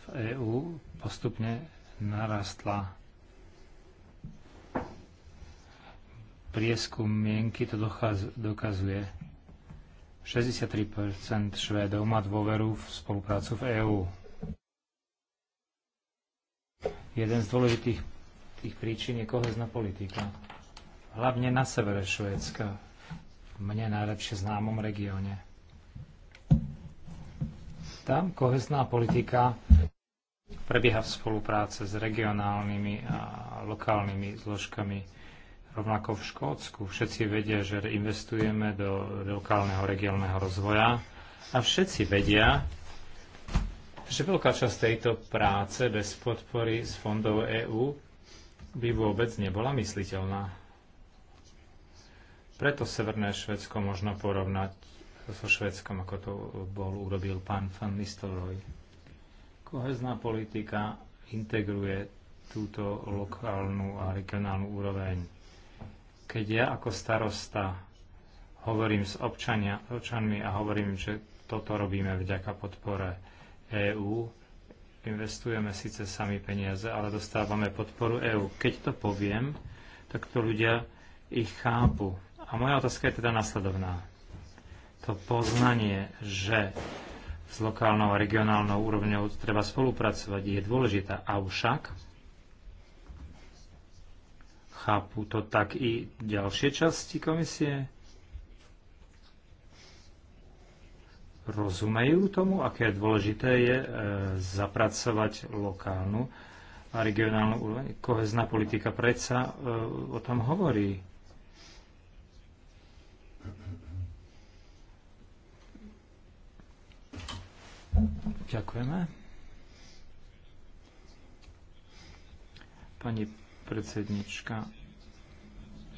v EÚ postupne narastla. Prieskum mienky to dokazuje. 63% Švédov má dôveru v spoluprácu v EÚ. Jeden z dôležitých tých príčin je kohezná politika. Hlavne na severe Švédska, v mne najlepšie známom regióne. Tam kohezná politika prebieha v spolupráce s regionálnymi a lokálnymi zložkami Rovnako v Škótsku všetci vedia, že investujeme do lokálneho regionálneho rozvoja a všetci vedia, že veľká časť tejto práce bez podpory z fondov EÚ by vôbec nebola mysliteľná. Preto Severné Švedsko možno porovnať so Švedskom, ako to bol urobil pán Van Nistelrooy. Kohezná politika integruje túto lokálnu a regionálnu úroveň keď ja ako starosta hovorím s občania, občanmi a hovorím, že toto robíme vďaka podpore EÚ, investujeme síce sami peniaze, ale dostávame podporu EÚ. Keď to poviem, tak to ľudia ich chápu. A moja otázka je teda nasledovná. To poznanie, že s lokálnou a regionálnou úrovňou treba spolupracovať, je dôležitá. Avšak Chápu to tak i ďalšie časti komisie? Rozumejú tomu, aké dôležité je e, zapracovať lokálnu a regionálnu úroveň? Kohezná politika predsa e, o tom hovorí. Ďakujeme. Pani predsednička.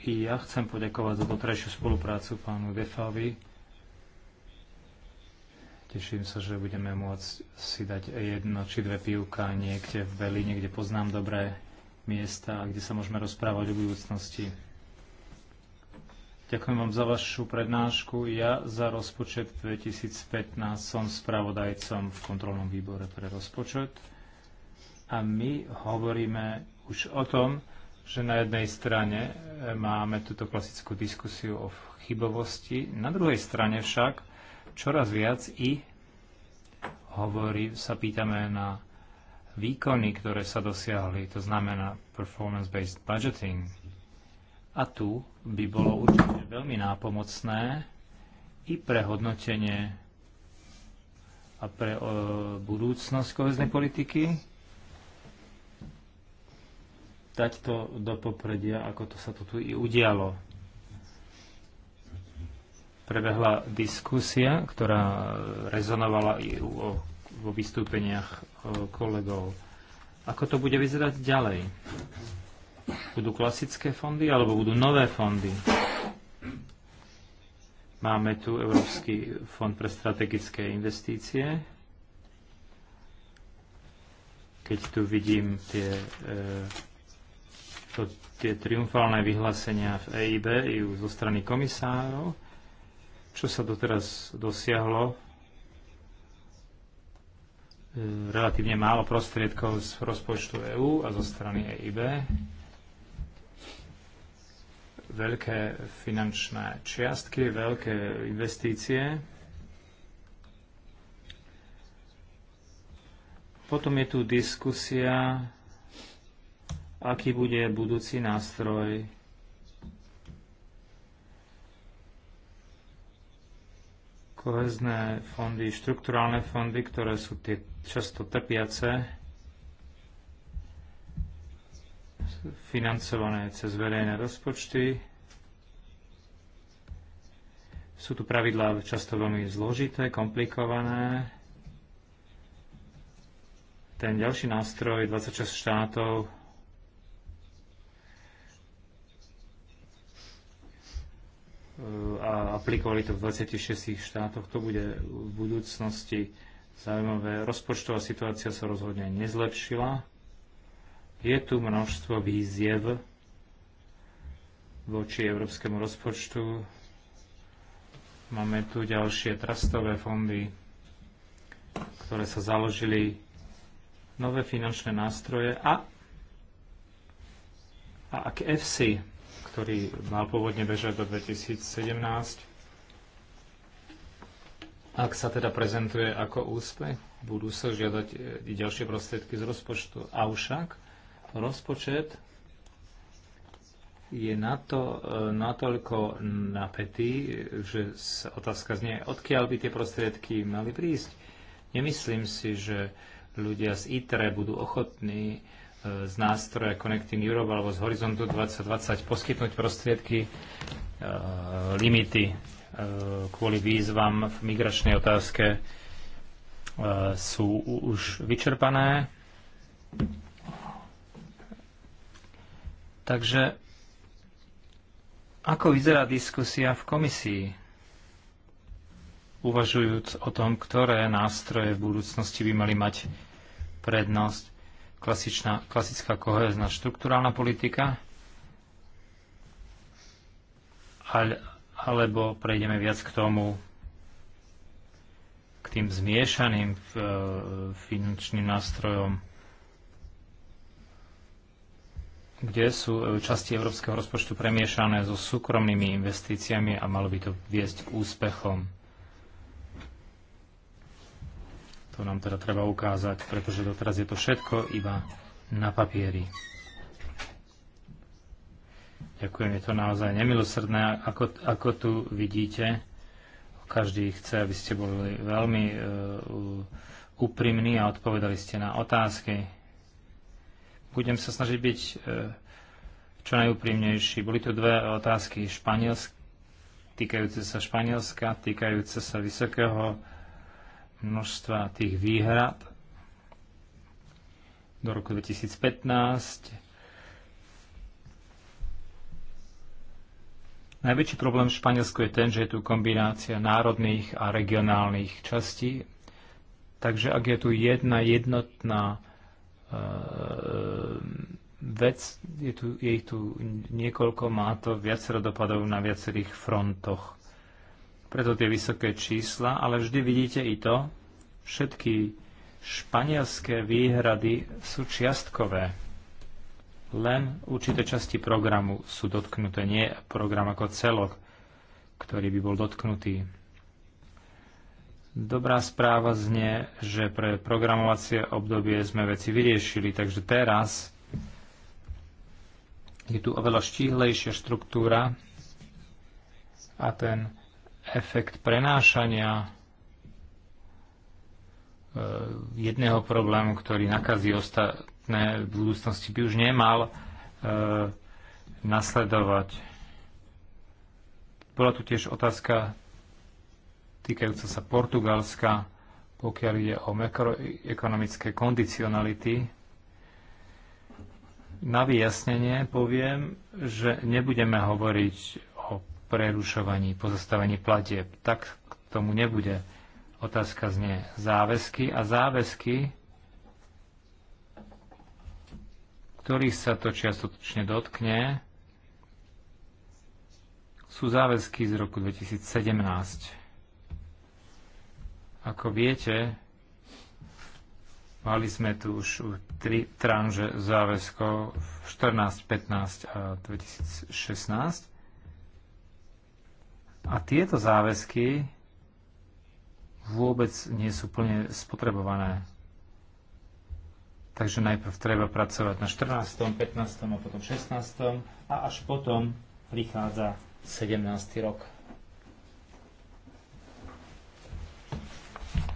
I ja chcem poďakovať za doterajšiu spoluprácu pánu Defavi. Teším sa, že budeme môcť si dať jedno či dve pivka niekde v Beli, kde poznám dobré miesta a kde sa môžeme rozprávať o budúcnosti. Ďakujem vám za vašu prednášku. Ja za rozpočet 2015 som spravodajcom v kontrolnom výbore pre rozpočet a my hovoríme už o tom, že na jednej strane e, máme túto klasickú diskusiu o chybovosti, na druhej strane však čoraz viac i hovorí, sa pýtame na výkony, ktoré sa dosiahli, to znamená performance-based budgeting. A tu by bolo určite veľmi nápomocné i pre hodnotenie a pre e, budúcnosť kohezné politiky, dať to do popredia, ako to sa to tu i udialo. Prebehla diskusia, ktorá rezonovala i o, vo vystúpeniach kolegov. Ako to bude vyzerať ďalej? Budú klasické fondy alebo budú nové fondy? Máme tu Európsky fond pre strategické investície. Keď tu vidím tie e, tie triumfálne vyhlásenia v EIB i zo strany komisárov, čo sa doteraz dosiahlo, e, relatívne málo prostriedkov z rozpočtu EÚ a zo strany EIB, veľké finančné čiastky, veľké investície. Potom je tu diskusia aký bude budúci nástroj kohezné fondy, štrukturálne fondy, ktoré sú tie často trpiace, financované cez verejné rozpočty. Sú tu pravidlá často veľmi zložité, komplikované. Ten ďalší nástroj 26 štátov Eh, a aplikovali to v 26 štátoch. To bude v budúcnosti zaujímavé. Rozpočtová situácia sa rozhodne nezlepšila. Je tu množstvo výziev voči európskemu rozpočtu. Máme tu ďalšie trastové fondy, ktoré sa založili, nové finančné nástroje a, a ak FC ktorý mal pôvodne bežať do 2017, ak sa teda prezentuje ako úspech, budú sa žiadať e, i ďalšie prostriedky z rozpočtu. Avšak rozpočet je to e, natoľko napätý, že sa otázka znie, odkiaľ by tie prostriedky mali prísť. Nemyslím si, že ľudia z ITRE budú ochotní z nástroja Connecting Europe alebo z Horizontu 2020 poskytnúť prostriedky, e, limity e, kvôli výzvam v migračnej otázke e, sú už vyčerpané. Takže ako vyzerá diskusia v komisii? Uvažujúc o tom, ktoré nástroje v budúcnosti by mali mať prednosť, klasičná, klasická kohezná štruktúrálna politika, alebo prejdeme viac k tomu, k tým zmiešaným finančným nástrojom, kde sú e, časti európskeho rozpočtu premiešané so súkromnými investíciami a malo by to viesť k úspechom. To nám teda treba ukázať, pretože doteraz je to všetko iba na papieri. Ďakujem, je to naozaj nemilosrdné, ako, ako tu vidíte. Každý chce, aby ste boli veľmi uh, úprimní a odpovedali ste na otázky. Budem sa snažiť byť uh, čo najúprimnejší. Boli tu dve otázky španielsk, týkajúce sa Španielska, týkajúce sa vysokého množstva tých výhrad do roku 2015. Najväčší problém v Španielsku je ten, že je tu kombinácia národných a regionálnych častí. Takže ak je tu jedna jednotná e, vec, je, tu, je ich tu niekoľko, má to viacero dopadov na viacerých frontoch preto tie vysoké čísla, ale vždy vidíte i to, všetky španielské výhrady sú čiastkové. Len určité časti programu sú dotknuté, nie program ako celok, ktorý by bol dotknutý. Dobrá správa znie, že pre programovacie obdobie sme veci vyriešili, takže teraz je tu oveľa štíhlejšia štruktúra a ten efekt prenášania e, jedného problému, ktorý nakazí ostatné v budúcnosti, by už nemal e, nasledovať. Bola tu tiež otázka týkajúca sa Portugalska, pokiaľ ide o makroekonomické kondicionality. Na vyjasnenie poviem, že nebudeme hovoriť prerušovaní, pozastavení platieb. Tak k tomu nebude. Otázka znie záväzky a záväzky, ktorých sa to čiastočne dotkne, sú záväzky z roku 2017. Ako viete, mali sme tu už tri tranže záväzkov 14, 15 a 2016 a tieto záväzky vôbec nie sú plne spotrebované. Takže najprv treba pracovať na 14., 15. a potom 16. a až potom prichádza 17. rok.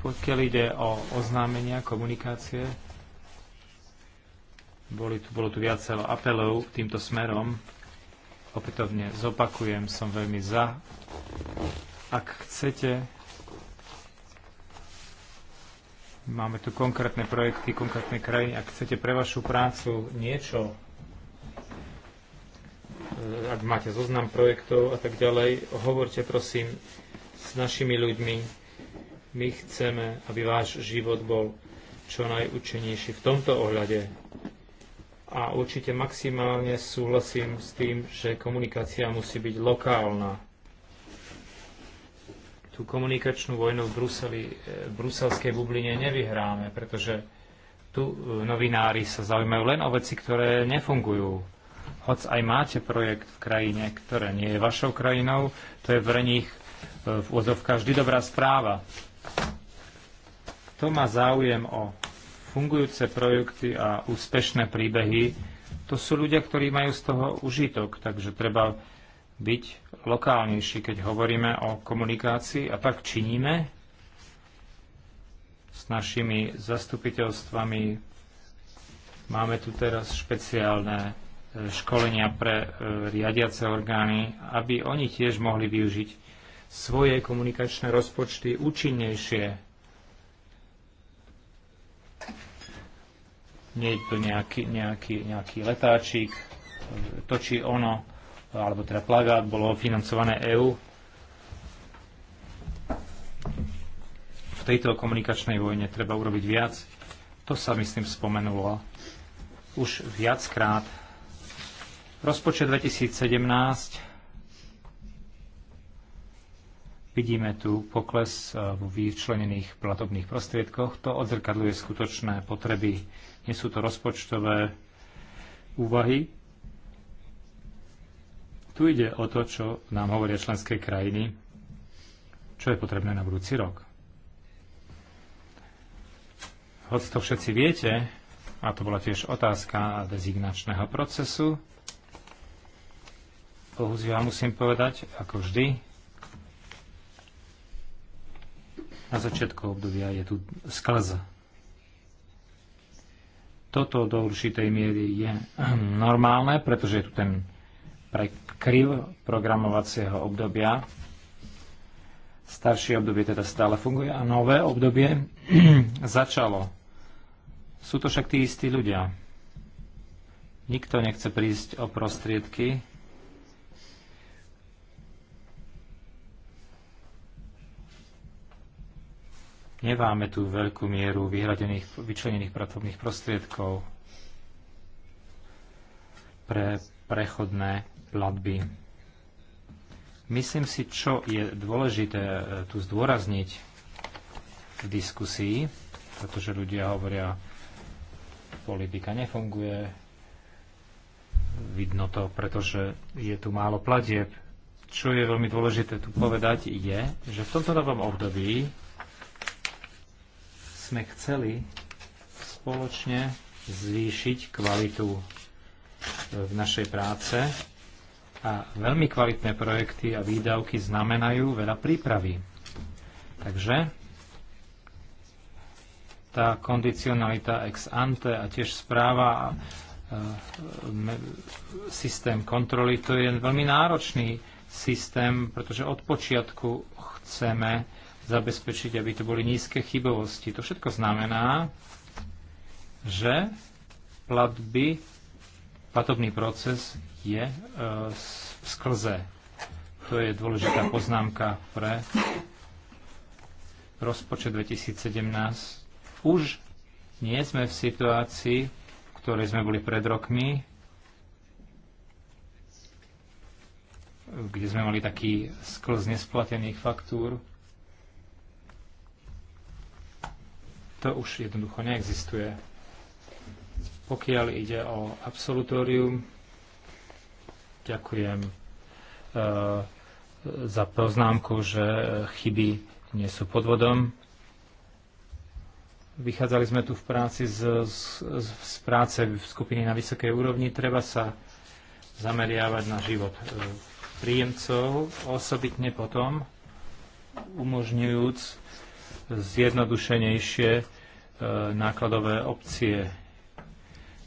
Pokiaľ ide o oznámenia, komunikácie, boli tu, bolo tu viacero apelov týmto smerom. Opätovne zopakujem, som veľmi za. Ak chcete, máme tu konkrétne projekty, konkrétne krajiny. Ak chcete pre vašu prácu niečo, eh, ak máte zoznam projektov a tak ďalej, hovorte prosím s našimi ľuďmi, my chceme, aby váš život bol čo najúčenejší v tomto ohľade a určite maximálne súhlasím s tým, že komunikácia musí byť lokálna. Tú komunikačnú vojnu v, Bruseli, e, v bruselskej bubline nevyhráme, pretože tu e, novinári sa zaujímajú len o veci, ktoré nefungujú. Hoc aj máte projekt v krajine, ktoré nie je vašou krajinou, to je e, v nich v úzovkách vždy dobrá správa. To má záujem o Fungujúce projekty a úspešné príbehy, to sú ľudia, ktorí majú z toho užitok, takže treba byť lokálnejší, keď hovoríme o komunikácii a tak činíme s našimi zastupiteľstvami. Máme tu teraz špeciálne e, školenia pre e, riadiace orgány, aby oni tiež mohli využiť svoje komunikačné rozpočty účinnejšie nie je to nejaký, nejaký, nejaký letáčik, to či ono, alebo teda plagát, bolo financované EÚ. V tejto komunikačnej vojne treba urobiť viac. To sa, myslím, spomenulo už viackrát. Rozpočet 2017 vidíme tu pokles eh, v vyčlenených platobných prostriedkoch. To odzrkadľuje skutočné potreby nie sú to rozpočtové úvahy. Tu ide o to, čo nám hovoria členské krajiny, čo je potrebné na budúci rok. Hoď to všetci viete, a to bola tiež otázka dezignačného procesu, bohužiaľ musím povedať, ako vždy, na začiatku obdobia je tu sklz toto do určitej miery je <clears throat> normálne, pretože je tu ten prekryv programovacieho obdobia. Staršie obdobie teda stále funguje a nové obdobie <clears throat> začalo. Sú to však tí istí ľudia. Nikto nechce prísť o prostriedky, Nemáme tu veľkú mieru vyhradených, vyčlenených pracovných prostriedkov pre prechodné platby. Myslím si, čo je dôležité eh, tu zdôrazniť v diskusii, pretože ľudia hovoria, politika nefunguje, vidno to, pretože je tu málo platieb. Čo je veľmi dôležité tu povedať je, že v tomto novom období sme chceli spoločne zvýšiť kvalitu e, v našej práce a veľmi kvalitné projekty a výdavky znamenajú veľa prípravy. Takže tá kondicionalita ex ante a tiež správa a e, systém kontroly, to je veľmi náročný systém, pretože od počiatku chceme zabezpečiť, aby to boli nízke chybovosti. To všetko znamená, že platby, platobný proces je e, sklze. To je dôležitá poznámka pre rozpočet 2017. Už nie sme v situácii, v ktorej sme boli pred rokmi, kde sme mali taký sklz nesplatených faktúr. To už jednoducho neexistuje. Pokiaľ ide o absolutórium, ďakujem e, za poznámku, že chyby nie sú podvodom. Vychádzali sme tu v práci z, z, z práce v skupine na vysokej úrovni. Treba sa zameriavať na život e, príjemcov, osobitne potom umožňujúc zjednodušenejšie e, nákladové opcie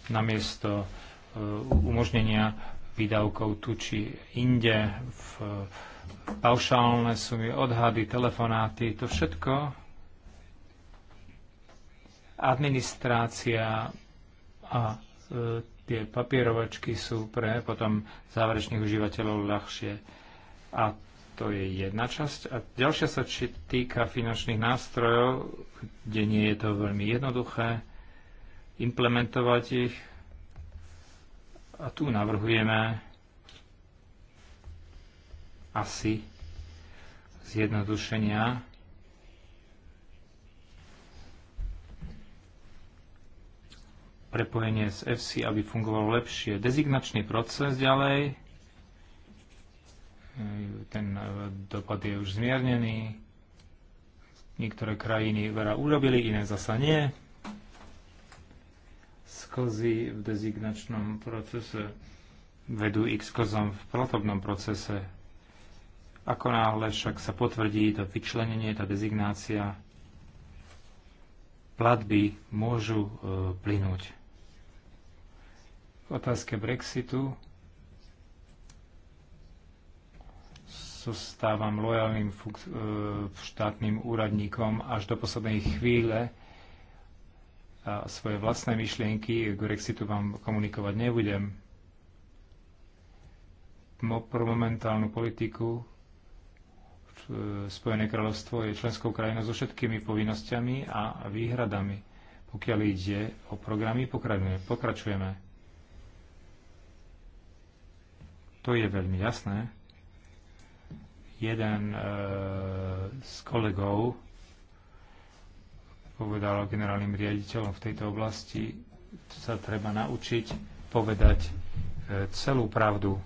namiesto e, umožnenia výdavkov tu či inde, v e, paušálne sumy, odhady, telefonáty, to všetko administrácia a tie papierovačky sú pre potom záverečných užívateľov ľahšie. A to je jedna časť. A ďalšia sa či týka finančných nástrojov, kde nie je to veľmi jednoduché implementovať ich. A tu navrhujeme asi zjednodušenia. Prepojenie s FC, aby fungovalo lepšie. Dezignačný proces ďalej ten e, dopad je už zmiernený. Niektoré krajiny veľa urobili, iné zasa nie. Sklzy v dezignačnom procese vedú i k sklzom v platobnom procese. Ako náhle však sa potvrdí to vyčlenenie, tá dezignácia, platby môžu e, plynúť. K otázke Brexitu zostávam lojálnym e, štátnym úradníkom až do poslednej chvíle a svoje vlastné myšlienky k Brexitu vám komunikovať nebudem. Pro momentálnu politiku e, Spojené kráľovstvo je členskou krajinou so všetkými povinnosťami a výhradami. Pokiaľ ide o programy, pokračujeme. To je veľmi jasné. Jeden e, z kolegov povedal generálnym riaditeľom v tejto oblasti, sa treba naučiť povedať e, celú pravdu.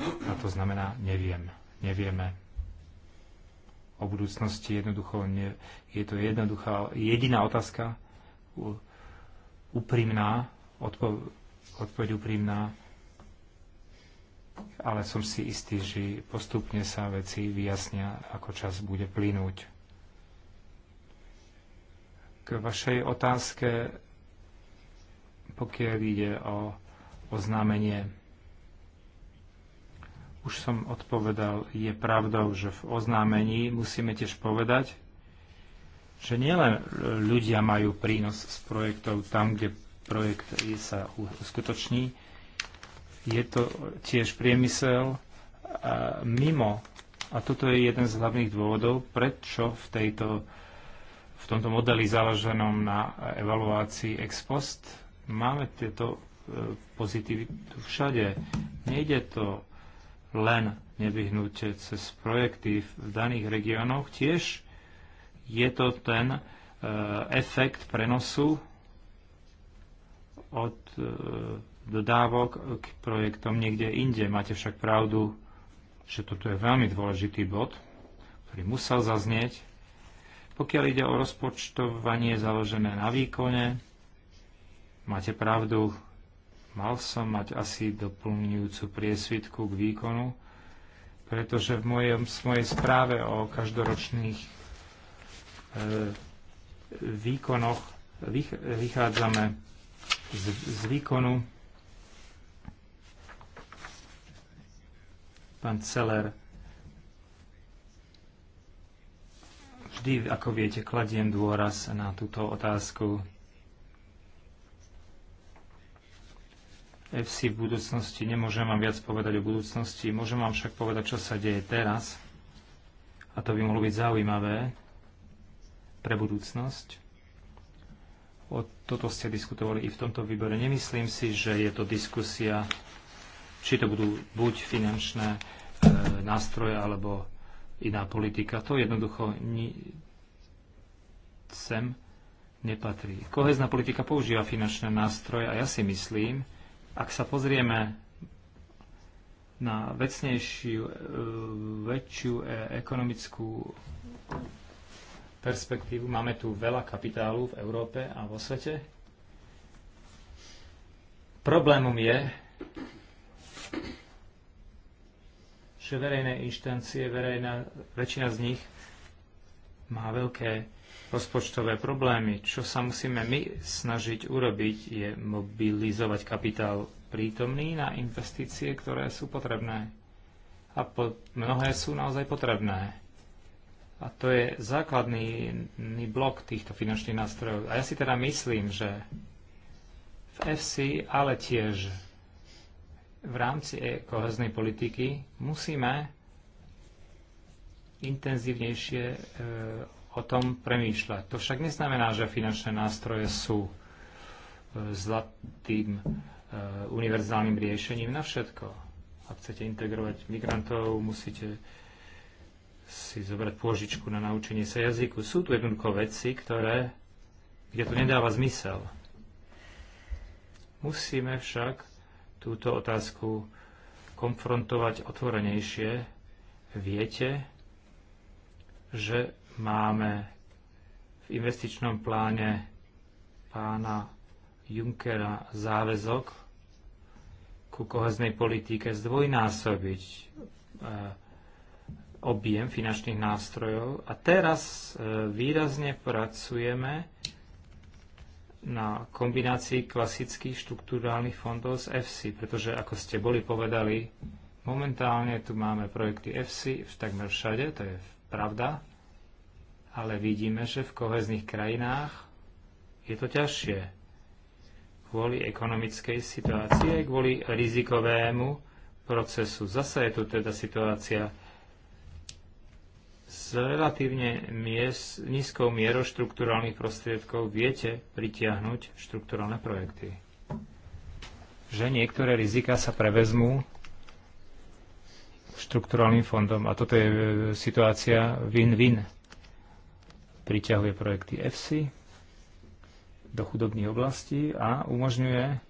A to znamená neviem, nevieme. O budúcnosti jednoducho ne, je to jednoduchá, jediná otázka, úprimná, odpo, odpoveď úprimná, ale som si istý, že postupne sa veci vyjasnia, ako čas bude plynúť. K vašej otázke, pokiaľ ide o oznámenie, už som odpovedal, je pravdou, že v oznámení musíme tiež povedať, že nielen ľudia majú prínos z projektov tam, kde projekt sa uskutoční, je to tiež priemysel a mimo. A toto je jeden z hlavných dôvodov, prečo v, tejto, v tomto modeli založenom na evaluácii ex post máme tieto e, pozitívy všade. Nejde to len nevyhnutie cez projekty v daných regiónoch, tiež je to ten e, efekt prenosu od e, dodávok k projektom niekde inde. Máte však pravdu, že toto je veľmi dôležitý bod, ktorý musel zaznieť. Pokiaľ ide o rozpočtovanie založené na výkone, máte pravdu, mal som mať asi doplňujúcu priesvitku k výkonu, pretože v v mojej správe o každoročných e, výkonoch vych, vychádzame z, z výkonu Pán Celer, vždy, ako viete, kladiem dôraz na túto otázku. FC v budúcnosti, nemôžem vám viac povedať o budúcnosti, môžem vám však povedať, čo sa deje teraz. A to by mohlo byť zaujímavé pre budúcnosť. O toto ste diskutovali i v tomto výbore. Nemyslím si, že je to diskusia či to budú buď finančné e, nástroje alebo iná politika. To jednoducho ni, sem nepatrí. Kohezná politika používa finančné nástroje a ja si myslím, ak sa pozrieme na vecnejšiu, e, väčšiu e, ekonomickú perspektívu, máme tu veľa kapitálu v Európe a vo svete. Problémom je, že verejné inštancie, verejná, väčšina z nich má veľké rozpočtové problémy. Čo sa musíme my snažiť urobiť, je mobilizovať kapitál prítomný na investície, ktoré sú potrebné. A po, mnohé sú naozaj potrebné. A to je základný blok týchto finančných nástrojov. A ja si teda myslím, že v FC, ale tiež v rámci e koheznej politiky musíme intenzívnejšie e, o tom premýšľať. To však neznamená, že finančné nástroje sú e, zlatým e, univerzálnym riešením na všetko. Ak chcete integrovať migrantov, musíte si zobrať pôžičku na naučenie sa jazyku. Sú tu jednoducho veci, ktoré, kde to nedáva zmysel. Musíme však túto otázku konfrontovať otvorenejšie, viete, že máme v investičnom pláne pána Junckera záväzok ku koheznej politike zdvojnásobiť e, objem finančných nástrojov a teraz e, výrazne pracujeme na kombinácii klasických štruktúrálnych fondov z EFSI, pretože ako ste boli povedali, momentálne tu máme projekty EFSI takmer všade, to je pravda, ale vidíme, že v kohezných krajinách je to ťažšie kvôli ekonomickej situácii kvôli rizikovému procesu. Zase je tu teda situácia s relatívne mies, nízkou mierou štrukturálnych prostriedkov viete pritiahnuť štrukturálne projekty. Že niektoré rizika sa prevezmú štrukturálnym fondom a toto je e, situácia win-win. Priťahuje projekty EFSI do chudobných oblastí a umožňuje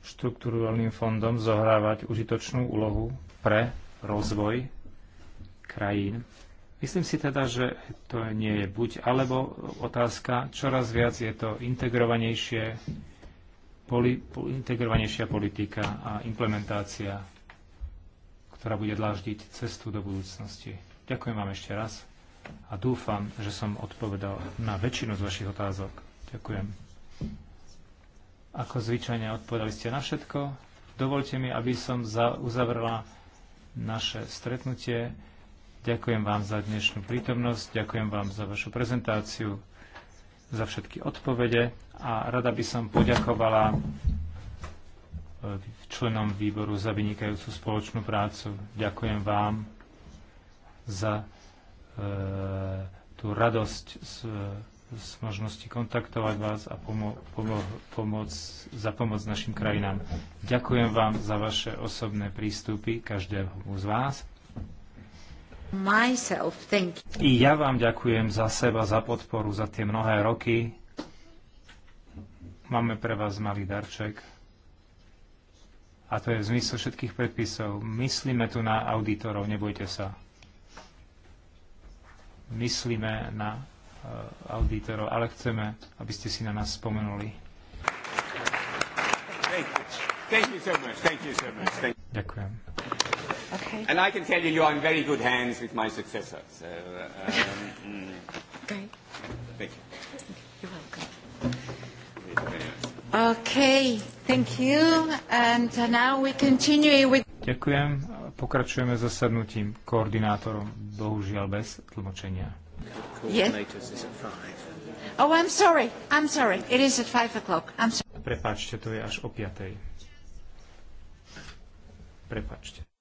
štrukturálnym fondom zohrávať užitočnú úlohu pre rozvoj krajín. Myslím si teda, že to nie je buď alebo otázka. Čoraz viac je to integrovanejšie, poli, integrovanejšia politika a implementácia, ktorá bude dláždiť cestu do budúcnosti. Ďakujem vám ešte raz a dúfam, že som odpovedal na väčšinu z vašich otázok. Ďakujem. Ako zvyčajne odpovedali ste na všetko. Dovolte mi, aby som uzavrela naše stretnutie. Ďakujem vám za dnešnú prítomnosť, ďakujem vám za vašu prezentáciu, za všetky odpovede a rada by som poďakovala e, členom výboru za vynikajúcu spoločnú prácu. Ďakujem vám za e, tú radosť z, z možnosti kontaktovať vás a pomo- pomo- pomoc, za pomoc našim krajinám. Ďakujem vám za vaše osobné prístupy, každému z vás. Myself, thank you. I ja vám ďakujem za seba, za podporu, za tie mnohé roky. Máme pre vás malý darček. A to je v zmysle všetkých predpisov. Myslíme tu na auditorov, nebojte sa. Myslíme na e, auditorov, ale chceme, aby ste si na nás spomenuli. Thank you. Thank you so much. Thank you so much. Thank you. Ďakujem. Okay. And I can tell you, you are in very good hands with my successor. So, uh, um, okay. Mm. Thank you. You're welcome. Okay, thank you. And now we continue with... Ďakujem. Pokračujeme za zasadnutím koordinátorom, bohužiaľ bez tlmočenia. Yes. Oh, I'm sorry. I'm sorry. It is at 5 o'clock. I'm sorry. Prepáčte, to je až o 5. Prepáčte.